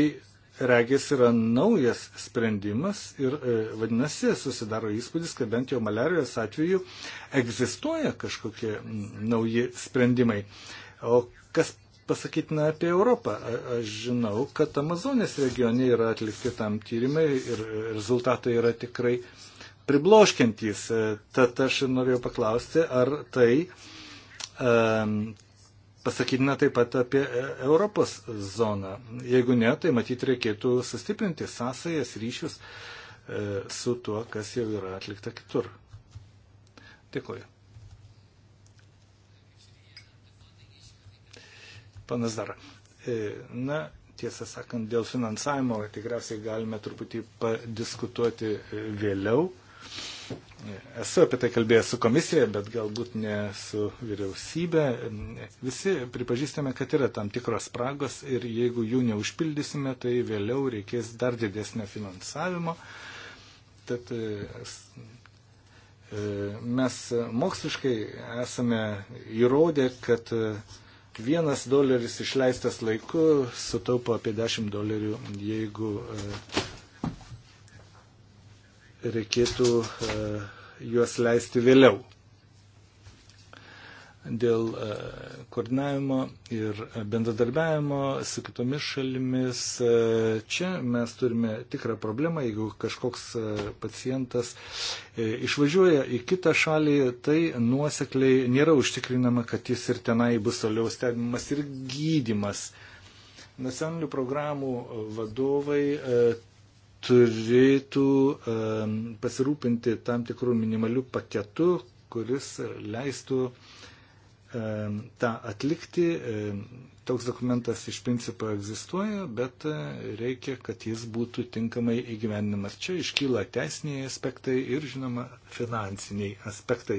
[SPEAKER 1] regis yra naujas sprendimas ir e, vadinasi susidaro įspūdis, kad bent jau malarijos atveju egzistuoja kažkokie nauji sprendimai. O kas pasakytina apie Europą. Aš žinau, kad Amazonės regione yra atlikti tam tyrimai ir rezultatai yra tikrai pribloškiantys. E, Tad aš norėjau paklausti, ar tai um, pasakytina taip pat apie e, Europos zoną. Jeigu ne, tai matyt reikėtų sustiprinti sąsajas, ryšius e, su tuo, kas jau yra atlikta kitur. Dėkuoju. Panas dar. E, na, tiesą sakant, dėl finansavimo tikriausiai galime truputį padiskutuoti e, vėliau. E, esu apie tai kalbėjęs su komisija, bet galbūt ne su vyriausybė. Visi pripažįstame, kad yra tam tikros spragos ir jeigu jų neužpildysime, tai vėliau reikės dar didesnio finansavimo. Tad mes moksliškai esame įrodę, kad Vienas doleris išleistas laiku sutaupo apie 10 dolerių, jeigu e, reikėtų e, juos leisti vėliau dėl e, koordinavimo ir bendradarbiavimo su kitomis šalimis. E, čia mes turime tikrą problemą, jeigu kažkoks e, pacientas išvažiuoja į kitą šalį, tai nuosekliai nėra užtikrinama, kad jis ir tenai bus toliau stebimas ir gydimas. Nacionalinių programų vadovai turėtų pasirūpinti tam tikrų minimalių paketų, kuris leistų uh, tą atlikti. Toks dokumentas iš principo egzistuoja, bet e, reikia, kad jis būtų tinkamai įgyvenimas. Čia iškyla teisiniai aspektai ir, žinoma, finansiniai aspektai.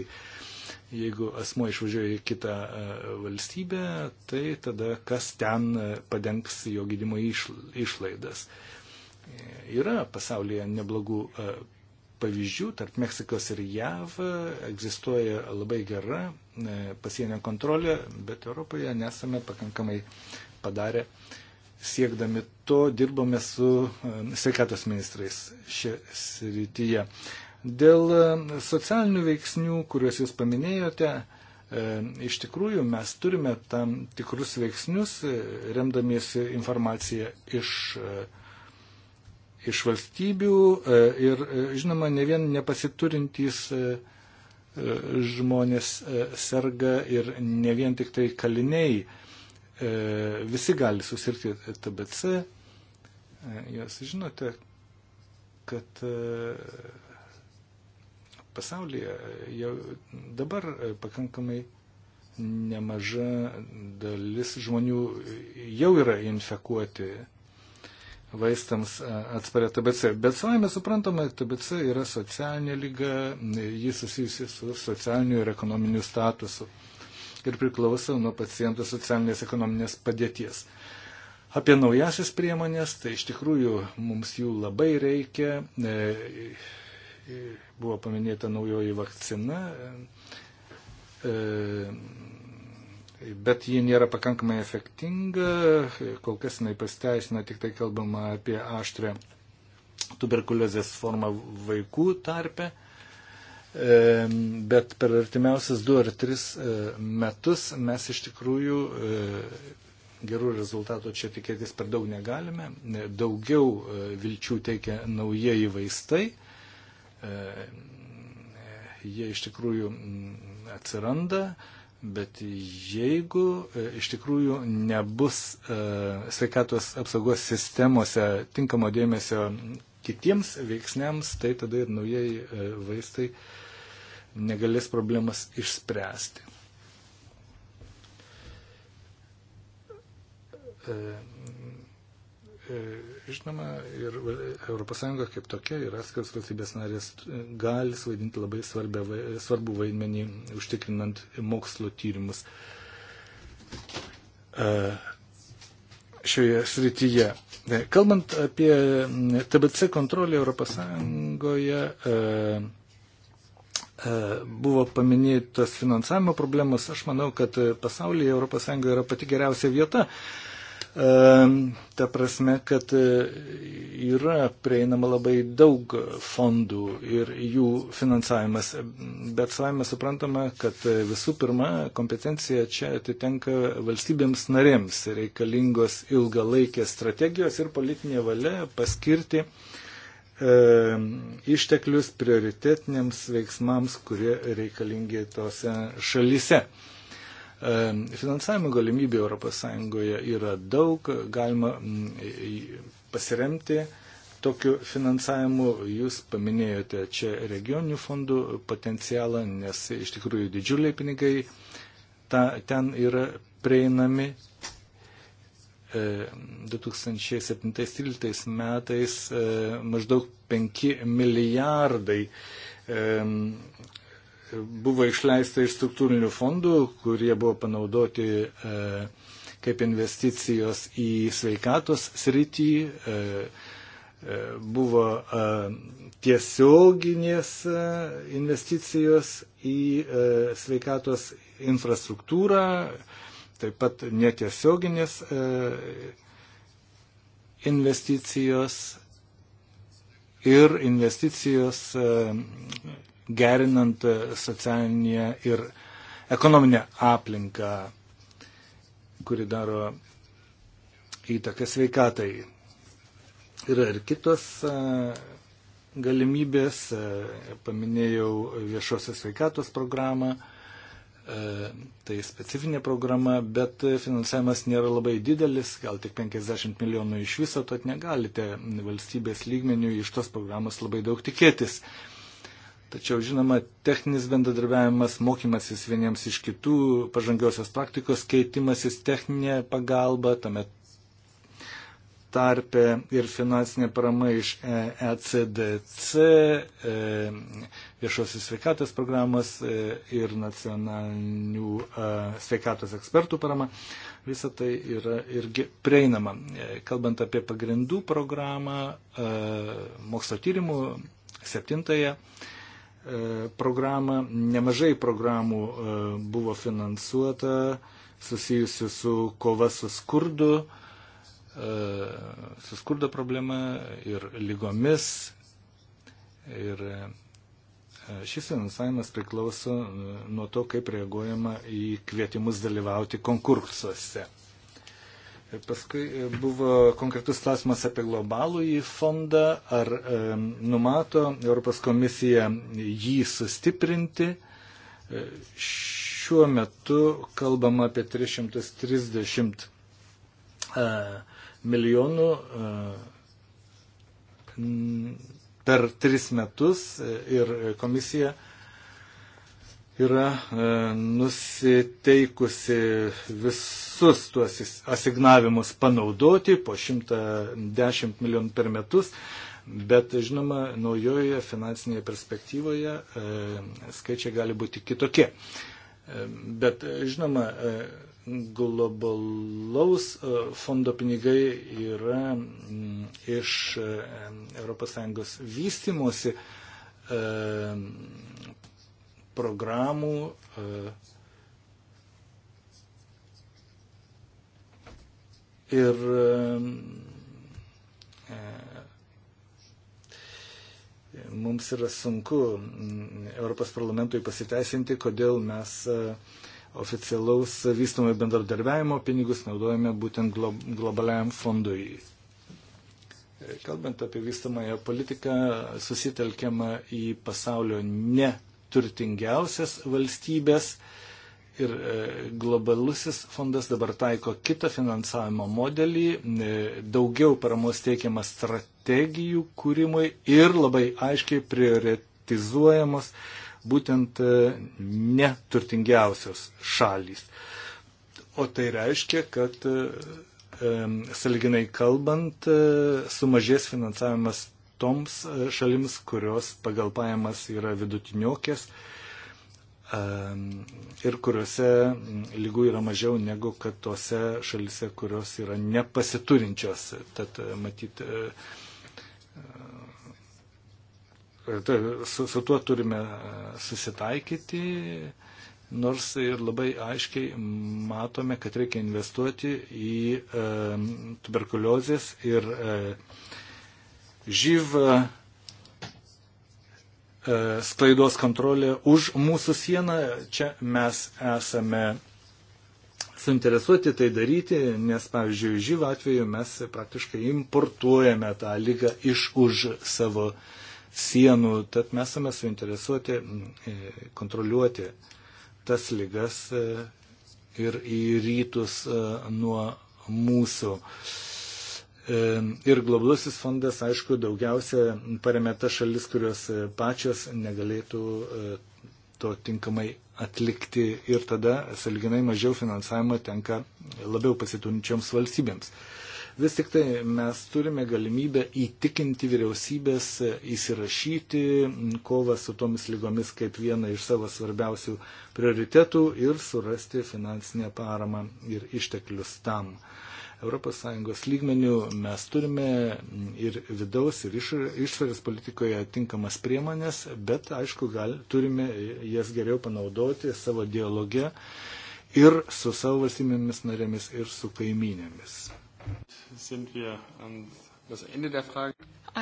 [SPEAKER 1] Jeigu asmo išvažiuoja į kitą e, valstybę, tai tada kas ten e, padengs jo gydimo išlaidas. Yra pasaulyje neblagų pavyzdžių tarp Meksikos ir JAV egzistuoja labai gera e, pasienio kontrolė, bet Europoje nesame pakankamai padarę. Siekdami to dirbame su e, sveikatos ministrais šią srityje. Dėl e, socialinių veiksnių, kuriuos jūs paminėjote, iš tikrųjų mes turime tam tikrus veiksnius, remdamiesi informaciją iš iš valstybių e, ir, e, žinoma, ne vien nepasiturintys e, žmonės serga ir ne vien tik tai kaliniai. Visi gali susirgti TBC. Jūs žinote, kad pasaulyje jau dabar pakankamai nemaža dalis žmonių jau yra infekuoti vaistams e, atsparia TBC. Bet savame suprantama, TBC yra socialinė lyga, ji susijusi su socialiniu ir ekonominiu statusu ir priklauso nuo paciento socialinės ekonominės padėties. Apie naujasis priemonės, tai iš tikrųjų mums jų labai reikia. E, e, buvo paminėta naujoji vakcina bet ji nėra pakankamai efektinga, kol kas jinai pasteisina, tik tai kalbama apie aštrę tuberkuliozės formą vaikų tarpe, bet per artimiausias du ar tris e, metus mes iš tikrųjų e, gerų rezultatų čia tikėtis per daug negalime. E, daugiau vilčių teikia naujieji vaistai. Jie iš tikrųjų atsiranda. Bet jeigu e, iš tikrųjų nebus e, sveikatos apsaugos sistemose tinkamo dėmesio kitiems veiksniams, tai tada ir naujai e, vaistai negalės problemas išspręsti. E, žinoma, ir ES kaip tokia ir atskiras valstybės narės gali suvaidinti labai svarbę, svarbų vaidmenį užtikrinant mokslo tyrimus e, šioje srityje. E, kalbant apie TBC kontrolę ES, buvo paminėtas finansavimo problemas, aš manau, kad pasaulyje ES yra pati geriausia vieta Ta prasme, kad e, yra prieinama labai daug fondų ir jų finansavimas, bet savame suprantama, kad visų pirma kompetencija čia atitenka valstybėms narėms, reikalingos ilgalaikės strategijos ir politinė valia paskirti išteklius prioritetiniams veiksmams, kurie reikalingi tose šalise. Finansavimo galimybių ES yra daug, galima mm, pasiremti tokiu finansavimu. Jūs paminėjote čia regioninių fondų potencialą, nes iš tikrųjų didžiuliai pinigai ta, ten yra prieinami. 2017-2013 metais maždaug 5 milijardai buvo išleista iš struktūrinių fondų, kurie buvo panaudoti e, kaip investicijos į sveikatos sritį, e, e, buvo tiesioginės investicijos į sveikatos infrastruktūrą, taip pat netiesioginės investicijos ir investicijos gerinant e, socialinę ir ekonominę aplinką, kuri daro įtaką sveikatai. Yra ir kitos e, galimybės, e, paminėjau viešosios sveikatos programą, tai specifinė programa, bet finansavimas nėra labai didelis, gal tik 50 milijonų iš viso, tad negalite valstybės lygmenių iš tos programos labai daug tikėtis. Tačiau, žinoma, techninis bendradarbiavimas, mokymasis vieniems iš kitų, pažangiosios praktikos keitimasis, techninė pagalba, tame tarpe ir finansinė parama iš ECDC, e, e, viešosios sveikatos programos e, ir nacionalinių sveikatos ekspertų parama. Visa tai yra irgi prieinama. Kalbant apie pagrindų programą, mokslo tyrimų septintąją, E, programą. Nemažai programų e, buvo finansuota susijusių su kova su skurdu, e, su skurdo problema ir lygomis. Ir šis finansavimas priklauso nuo to, kaip reaguojama į kvietimus dalyvauti konkursuose. Ir paskui e, buvo konkretus klausimas apie globalų į fondą, ar e, numato Europos komisija jį sustiprinti. E, šiuo metu kalbama apie 330 e, milijonų e, per tris metus e, ir komisija e, yra e, nusiteikusi visus tuos asignavimus panaudoti po 110 milijonų per metus, bet žinoma, naujoje finansinėje perspektyvoje e, skaičiai gali būti kitokie. E, bet žinoma, globalaus fondo pinigai yra mm, iš ES vystimosi programų. E, ir e, e, mums yra sunku mm, Europos parlamentui pasiteisinti, kodėl mes oficialaus vystomo bendradarbiavimo pinigus naudojame būtent glo globaliam fondui. Kalbant apie vystamąją politiką, susitelkiama į pasaulio ne turtingiausias valstybės ir e, globalusis fondas dabar taiko kitą finansavimo modelį, e, daugiau paramos teikiama strategijų kūrimui ir labai aiškiai prioritizuojamos būtent e, neturtingiausios šalys. O tai reiškia, kad salginai kalbant, sumažės finansavimas toms e, šalims, kurios pagal pajamas yra vidutiniokės e, ir kuriuose lygų yra mažiau negu kad tose šalise, kurios yra nepasiturinčios. Tad e, matyt, tai su, su tuo turime susitaikyti, nors ir labai aiškiai matome, kad reikia investuoti į tuberkuliozės ir živ e, sklaidos kontrolė už mūsų sieną. Čia mes esame suinteresuoti tai daryti, nes, pavyzdžiui, živ atveju mes praktiškai importuojame tą lygą iš už savo sienų, tad mes esame suinteresuoti e, kontroliuoti tas lygas e, ir į rytus nuo mūsų. Uh, E, ir globlusis fondas, aišku, daugiausia paremė tas šalis, kurios e, pačios negalėtų e, to tinkamai atlikti ir tada salginai mažiau finansavimo tenka labiau pasiturinčioms valstybėms. Vis tik tai mes turime galimybę įtikinti vyriausybės įsirašyti kovą su tomis lygomis kaip vieną iš savo svarbiausių prioritetų ir surasti finansinę paramą ir išteklius tam. ES lygmenių mes turime ir vidaus, ir išorės politikoje tinkamas priemonės, bet aišku, gal, turime jas geriau panaudoti savo dialoge ir su savo valstybėmis narėmis, ir su kaiminėmis.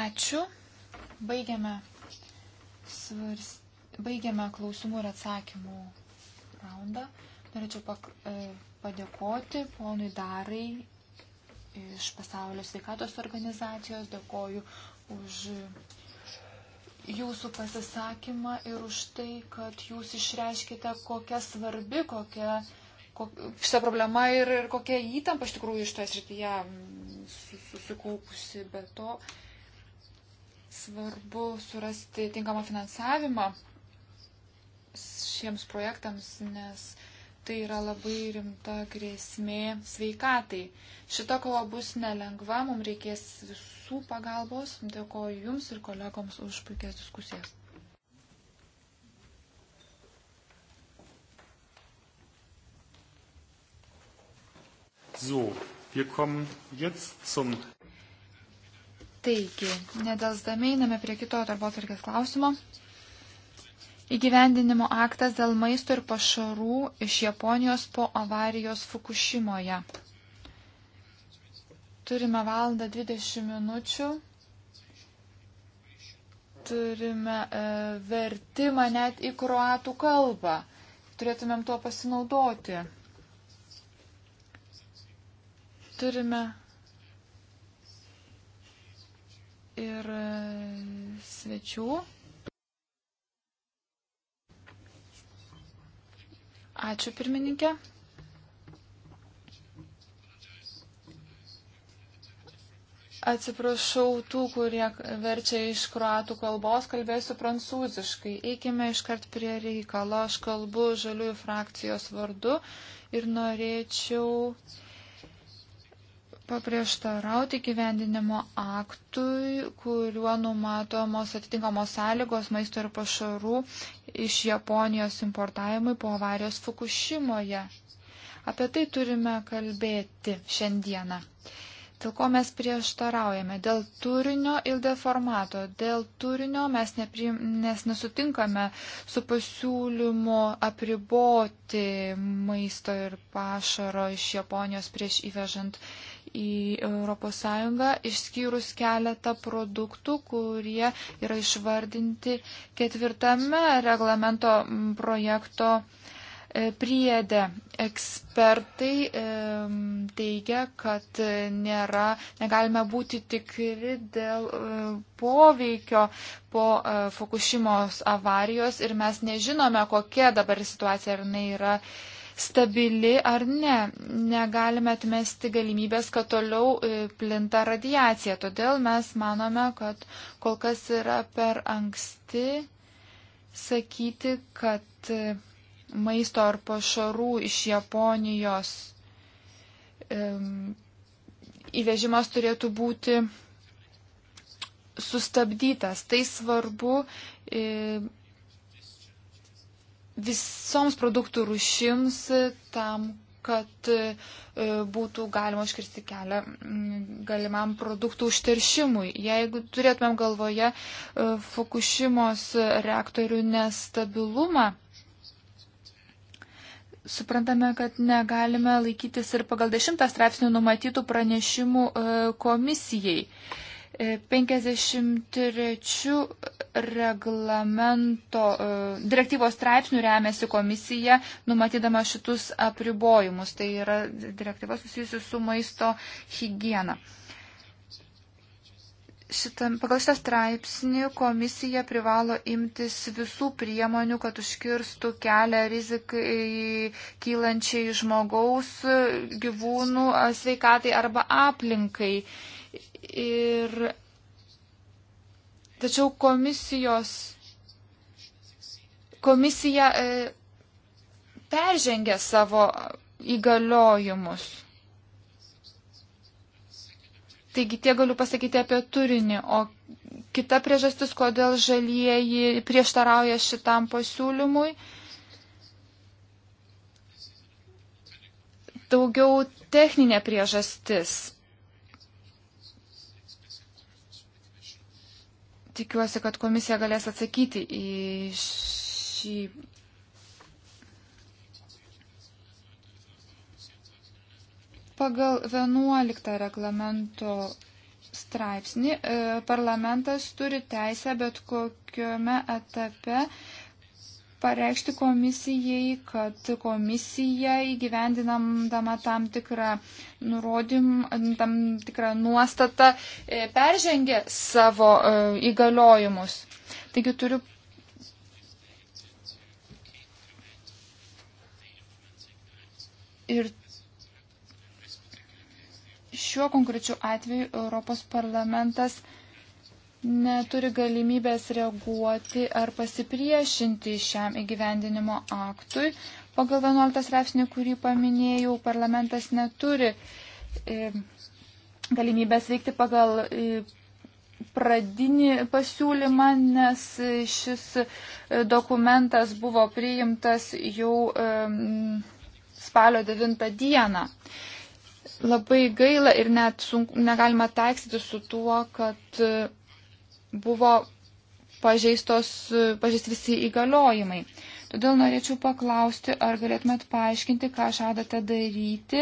[SPEAKER 3] Ačiū. Baigiame, svars... Baigiame klausimų ir atsakymų raundą. Norėčiau pak... E, padėkoti ponui Darai iš Pasaulio sveikatos organizacijos. Dėkoju už jūsų pasisakymą ir už tai, kad jūs išreiškite, kokia svarbi, kokia kok, šita problema ir, ir kokia įtampa iš tikrųjų iš toje srityje mm, susikaupusi. Be to svarbu surasti tinkamą finansavimą šiems projektams, nes Tai yra labai rimta grėsmė sveikatai. Šita kova bus nelengva, mums reikės visų pagalbos. Dėkoju Jums ir kolegoms už puikias diskusijas.
[SPEAKER 1] So, wir kommen jetzt zum.
[SPEAKER 3] Taigi, nedelsdami einame prie kito darbo atvarkės klausimo. Įgyvendinimo aktas dėl maisto ir pašarų iš Japonijos po avarijos Fukushimoje. Turime valandą 20 minučių. Turime e, vertimą net į kroatų kalbą. Turėtumėm tuo pasinaudoti. Turime ir e, svečių. Ačiū pirmininkė. Atsiprašau tų, kurie verčia iš kruatų kalbos, kalbėsiu prancūziškai. Eikime iškart prie reikalo. Aš kalbu žaliųjų frakcijos vardu ir norėčiau paprieštarauti gyvendinimo aktui, kuriuo numatomos atitinkamos sąlygos maisto ir pašarų iš Japonijos importavimui po avarijos Fukushimoje. Apie tai turime kalbėti šiandieną. Dėl ko mes prieštaraujame? Dėl turinio ir dėl formato. Dėl turinio mes neprim, nes nesutinkame su pasiūlymu apriboti maisto ir pašaro iš Japonijos prieš įvežant uh, į ES, išskyrus keletą produktų, kurie yra išvardinti ketvirtame reglamento projekto e, priedė. Ekspertai e, teigia, kad nėra, negalime būti tikri dėl e, poveikio po Fukushimos avarijos ir mes nežinome, kokia dabar situacija, ar jinai yra stabili ar ne. Negalime atmesti galimybės, kad toliau e, plinta radiacija. Todėl mes manome, kad kol kas yra per anksti sakyti, kad e, maisto ar pašarų iš Japonijos įvežimas turėtų būti sustabdytas. Tai svarbu e, visoms produktų rušims tam, kad e, būtų galima užkirsti kelią galimam produktų užteršimui. Jeigu turėtumėm galvoje e, Fukushimos reaktorių nestabilumą, suprantame, kad negalime laikytis ir pagal dešimtą straipsnių numatytų pranešimų e, komisijai. 53 reglamento e, direktyvos straipsnių remiasi komisija, numatydama šitus apribojimus. Tai yra direktyva susijusi su maisto higiena. Šitam, pagal šitą straipsnį komisija privalo imtis visų priemonių, kad užkirstų kelią rizikai kylančiai žmogaus, gyvūnų sveikatai arba aplinkai. E, Ir tačiau komisijos, komisija e, peržengė savo įgaliojimus. Taigi tie galiu pasakyti apie turinį, o kita priežastis, kodėl žalieji prieštarauja šitam pasiūlymui, daugiau techninė priežastis tikiuosi, kad komisija galės atsakyti į šį. Pagal 11 reglamento straipsnį e, parlamentas turi teisę bet kokiame etape pareikšti komisijai, kad komisija įgyvendinama tam tikrą nurodym, tam tikrą nuostatą e, peržengė savo e, įgaliojimus. Taigi turiu. Ir šiuo konkrečiu atveju Europos parlamentas uh, neturi galimybės reaguoti ar pasipriešinti šiam įgyvendinimo aktui. Pagal 11 straipsnį, kurį paminėjau, parlamentas neturi e, galimybės veikti pagal e, pradinį pasiūlymą, nes šis e, dokumentas buvo priimtas jau spalio 9 dieną. Labai gaila ir net sunku, negalima taiksyti su tuo, kad buvo pažeistos, pažeisti visi įgaliojimai. Todėl norėčiau paklausti, ar galėtumėt paaiškinti, ką žadate daryti,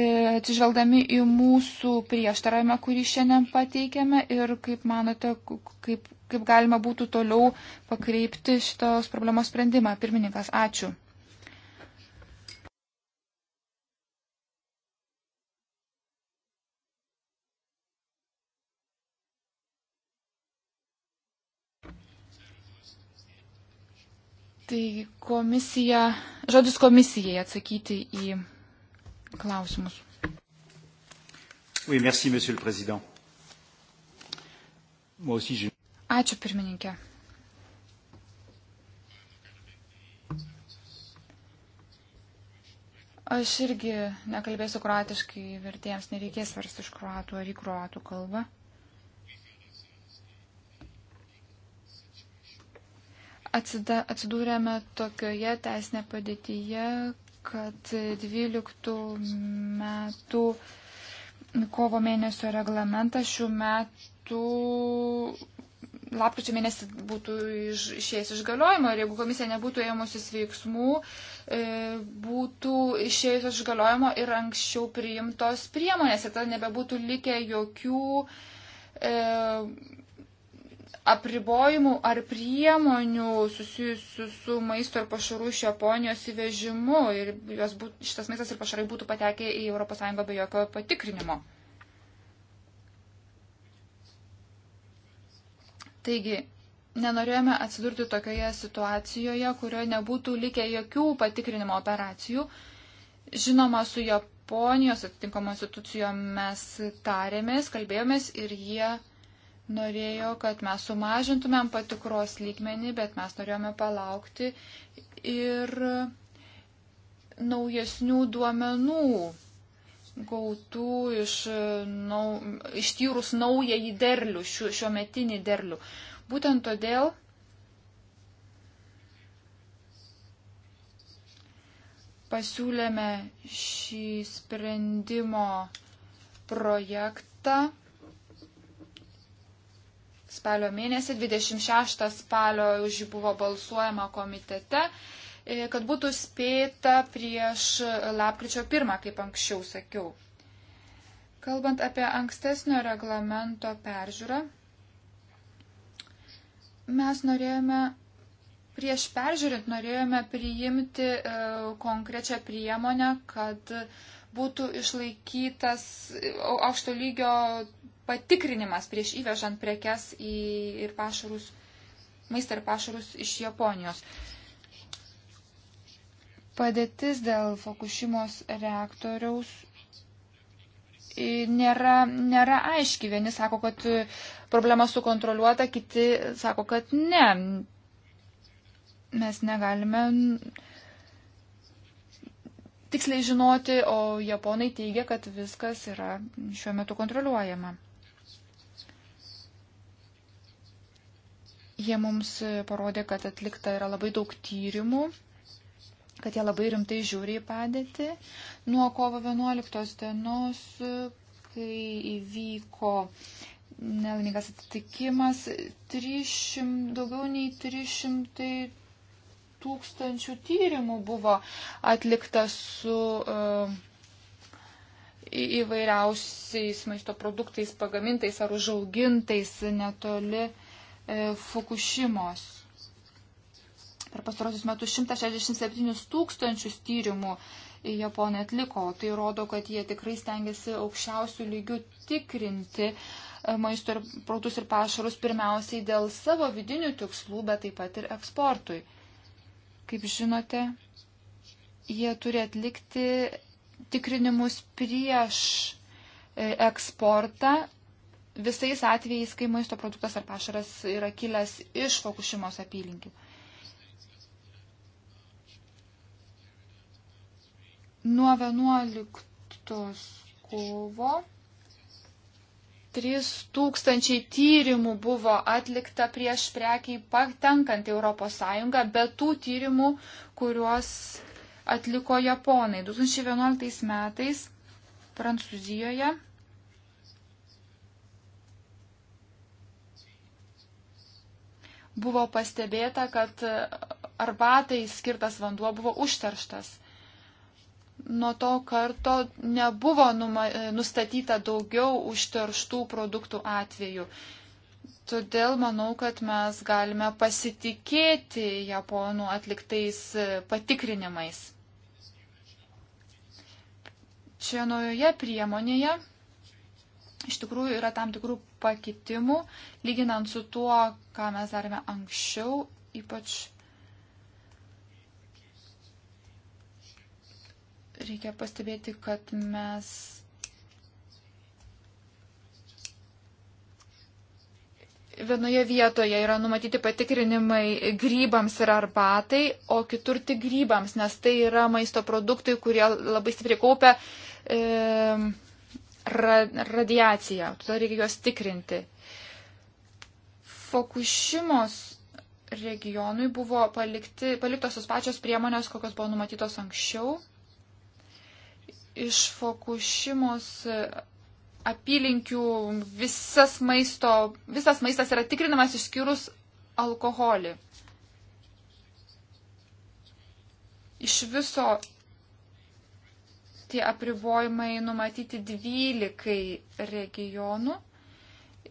[SPEAKER 3] e, atsižvelgdami į mūsų prieštaravimą, kurį šiandien pateikėme ir kaip manote, kaip, kaip galima būtų toliau pakreipti šitos problemos sprendimą. Pirmininkas, ačiū. Tai komisija, žodis komisijai atsakyti į klausimus. Oui, merci, monsieur le
[SPEAKER 1] président. Moi aussi, je...
[SPEAKER 3] Ačiū pirmininkė. Aš irgi nekalbėsiu kroatiškai, vertėjams nereikės versti iš kroatų ar į kroatų kalbą. atsida, atsidūrėme tokioje teisinė padėtyje, kad 12 metų kovo mėnesio reglamentas šių metų lapkričio mėnesį būtų iš, išėjęs iš galiojimo ir jeigu komisija nebūtų ėmusis veiksmų, e, būtų išėjęs iš galiojimo ir anksčiau priimtos priemonės ir tada nebebūtų likę jokių e, apribojimų ar priemonių susijusių su maisto ir pašarų iš Japonijos įvežimu ir būt, šitas maistas ir pašarai būtų patekę į ES be jokio patikrinimo. Taigi, nenorėjome atsidurti tokioje situacijoje, kurioje nebūtų likę jokių patikrinimo operacijų. Žinoma, su Japonijos atitinkamo institucijom mes tarėmės, kalbėjomės ir jie norėjo, kad mes sumažintumėm patikros lygmenį, bet mes norėjome palaukti ir naujesnių duomenų gautų iš, nau, ištyrus naują į derlių, šiuo, šiuo metinį derlių. Būtent todėl pasiūlėme šį sprendimo projektą spalio mėnesį, 26 spalio už jį buvo balsuojama komitete, e, kad būtų spėta prieš lapkričio pirmą, kaip anksčiau sakiau. Kalbant apie ankstesnio reglamento peržiūrą, mes norėjome, prieš peržiūrint norėjome priimti e, konkrečią priemonę, kad būtų išlaikytas e, aukšto lygio patikrinimas prieš įvežant prekes į, ir pašarus, maistą ir pašarus iš Japonijos. Padėtis dėl Fukushimos reaktoriaus e, nėra, nėra aiški. Vieni sako, kad problema sukontroliuota, kiti sako, kad ne. Mes negalime tiksliai žinoti, o japonai teigia, kad viskas yra šiuo metu kontroliuojama. Jie mums parodė, kad atlikta yra labai daug tyrimų, kad jie labai rimtai žiūri į padėtį. Nuo kovo 11 dienos, kai įvyko nelaimingas atsitikimas, 300, daugiau nei 300 tūkstančių tyrimų buvo atlikta su uh, įvairiausiais maisto produktais pagamintais ar užaugintais netoli uh, E, Fukushimos. Per pastarosius metus 167 tūkstančius tyrimų Japonai atliko. Tai rodo, kad jie tikrai stengiasi aukščiausių lygių tikrinti e, maisto ir protus ir pašarus pirmiausiai dėl savo vidinių tikslų, bet taip pat ir eksportui. Kaip žinote, jie turi atlikti tikrinimus prieš e, eksportą visais atvejais, kai maisto produktas ar pašaras yra kilęs iš Fukushimos apylinkių. Nuo 11 kovo 3000 tyrimų buvo atlikta prieš prekiai patenkant Europos Sąjungą, bet tų tyrimų, kuriuos atliko Japonai 2011 metais Prancūzijoje buvo pastebėta, kad arbatai skirtas vanduo buvo užterštas. Nuo to karto nebuvo numa, nustatyta daugiau užterštų produktų atvejų. Todėl manau, kad mes galime pasitikėti Japonų atliktais e, patikrinimais. Čia naujoje priemonėje iš tikrųjų yra tam tikrų pakitimų, lyginant su tuo, ką mes darėme anksčiau, ypač reikia pastebėti, kad mes vienoje vietoje yra numatyti patikrinimai grybams ir arbatai, o kitur tik grybams, nes tai yra maisto produktai, kurie labai stipriai kaupia e, ra radiaciją, todėl reikia juos tikrinti. Fukushimos regionui buvo palikti, paliktos tos pačios priemonės, kokios buvo numatytos anksčiau. Iš Fukushimos apylinkių visas, maisto, visas maistas yra tikrinamas išskyrus alkoholį. Iš viso tie apribojimai numatyti 12 regionų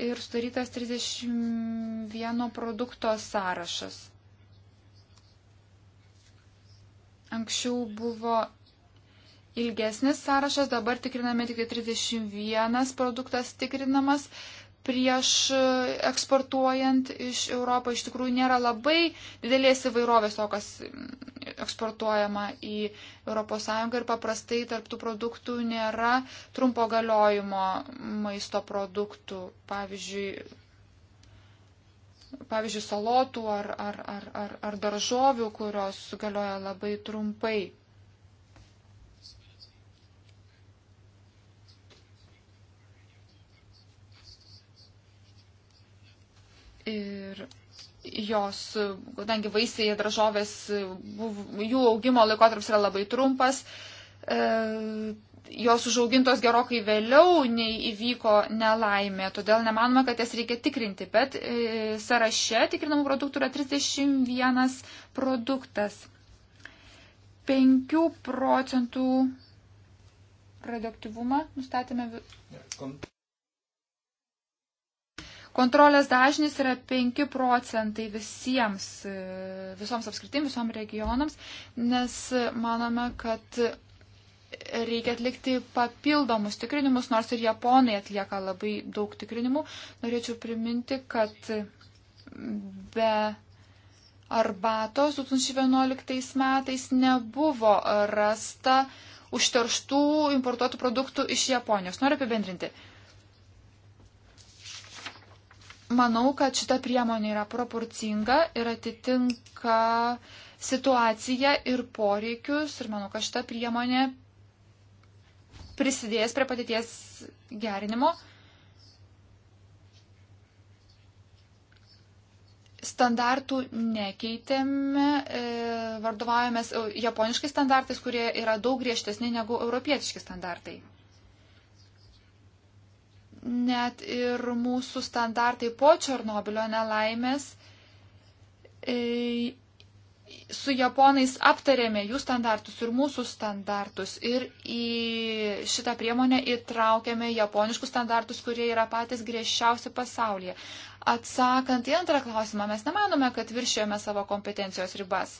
[SPEAKER 3] ir sudarytas 31 produkto sąrašas. Anksčiau buvo ilgesnis sąrašas, dabar tikriname tik 31 tai produktas tikrinamas prieš e, eksportuojant iš Europą iš tikrųjų nėra labai didelės įvairovės to, kas mm, eksportuojama į ES ir paprastai tarptų produktų nėra trumpo galiojimo maisto produktų, pavyzdžiui, pavyzdžiui salotų ar, ar, ar, ar, ar daržovių, kurios galioja labai trumpai. Ir jos, kadangi vaisiai, dražovės, jų augimo laikotarpis yra labai trumpas, e, jos užaugintos gerokai vėliau nei įvyko nelaimė, todėl nemanoma, kad jas reikia tikrinti, bet e, sąraše tikrinamų produktų yra 31 produktas. 5 procentų radioaktyvumą nustatėme. Kontrolės dažnis yra 5 procentai visiems, e, visoms apskritim, visom regionams, nes manome, kad reikia atlikti papildomus tikrinimus, nors ir japonai atlieka labai daug tikrinimų. Norėčiau priminti, kad be arbatos 2011 metais nebuvo rasta užterštų importuotų produktų iš Japonijos. Noriu apibendrinti manau, kad šita priemonė yra proporcinga ir atitinka situaciją ir poreikius ir manau, kad šita priemonė prisidės prie patyties gerinimo. Standartų nekeitėme, e, vadovavomės e, japoniškais standartais, kurie yra daug griežtesni negu europietiški standartai net ir mūsų standartai po Černobilio nelaimės. E, su japonais aptarėme jų standartus ir mūsų standartus ir į šitą priemonę įtraukėme japoniškus standartus, kurie yra patys griežčiausi pasaulyje. Atsakant į antrą klausimą, mes nemanome, kad viršėjome savo kompetencijos ribas.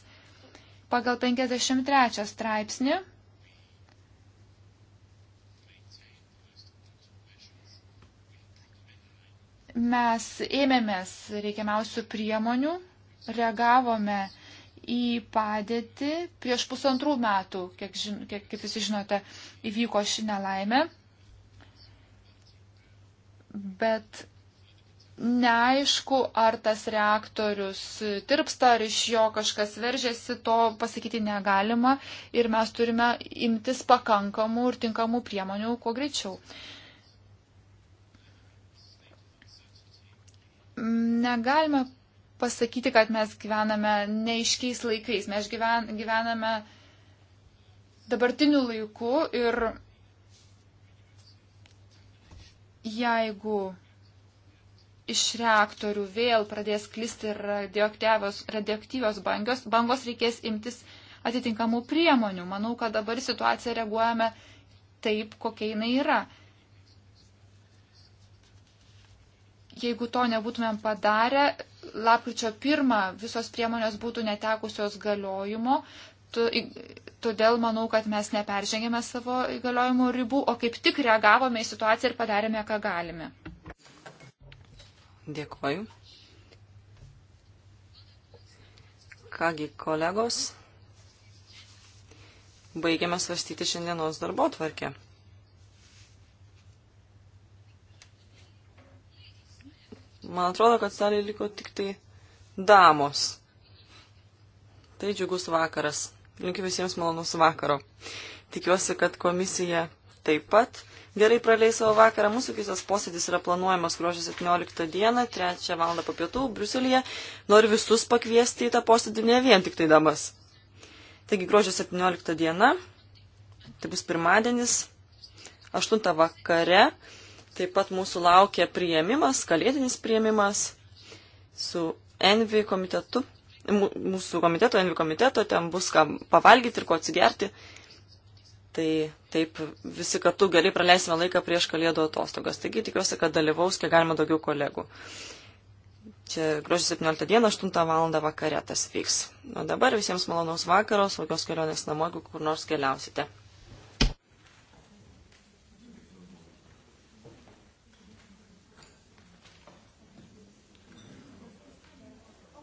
[SPEAKER 3] Pagal 53 straipsnį mes ėmėmės reikiamiausių priemonių, reagavome į padėtį prieš pusantrų metų, kiek, žin, kiek kaip visi žinote, įvyko ši nelaimė. Bet neaišku, ar tas reaktorius tirpsta, ar iš jo kažkas veržiasi, to pasakyti negalima ir mes turime imtis pakankamų ir tinkamų priemonių kuo greičiau. Uh, negalime pasakyti, kad mes gyvename neiškiais laikais. Mes gyven, gyvename dabartiniu laiku ir jeigu iš reaktorių vėl pradės klisti radioaktyvios, radioaktyvios bangos, bangos reikės imtis atitinkamų priemonių. Manau, kad dabar situaciją reaguojame taip, kokia jinai yra. Jeigu to nebūtumėm padarę, lapkričio pirmą visos priemonės būtų netekusios galiojimo, todėl manau, kad mes neperžengėme savo įgaliojimų ribų, o kaip tik reagavome į situaciją ir padarėme, ką galime.
[SPEAKER 2] Dėkuoju. Kągi, kolegos, baigiame svarstyti šiandienos darbo tvarkę. Man atrodo, kad salėje liko tik tai damos. Tai džiugus vakaras. Linkiu visiems malonus vakaro. Tikiuosi, kad komisija taip pat gerai praleis savo vakarą. Mūsų visas posėdis yra planuojamas gruodžio 17 dieną, 3 val. po pietų, Bruselėje. Noriu visus pakviesti į tą posėdį, ne vien tik tai damas. Taigi gruodžio 17 diena, tai bus pirmadienis, 8 vakare. Taip pat mūsų laukia prieimimas, kalėdinis prieimimas su Envi komitetu, mūsų komiteto, Envi komiteto, ten bus ką pavalgyti ir ko atsigerti. Tai taip visi kartu gerai praleisime laiką prieš kalėdų atostogas. Taigi tikiuosi, kad dalyvaus kiek galima daugiau kolegų. Čia gruodžio 17 dieną 8 val. vakare tas vyks. O dabar visiems malonaus vakaros, saugios kelionės namo, jeigu kur nors keliausite.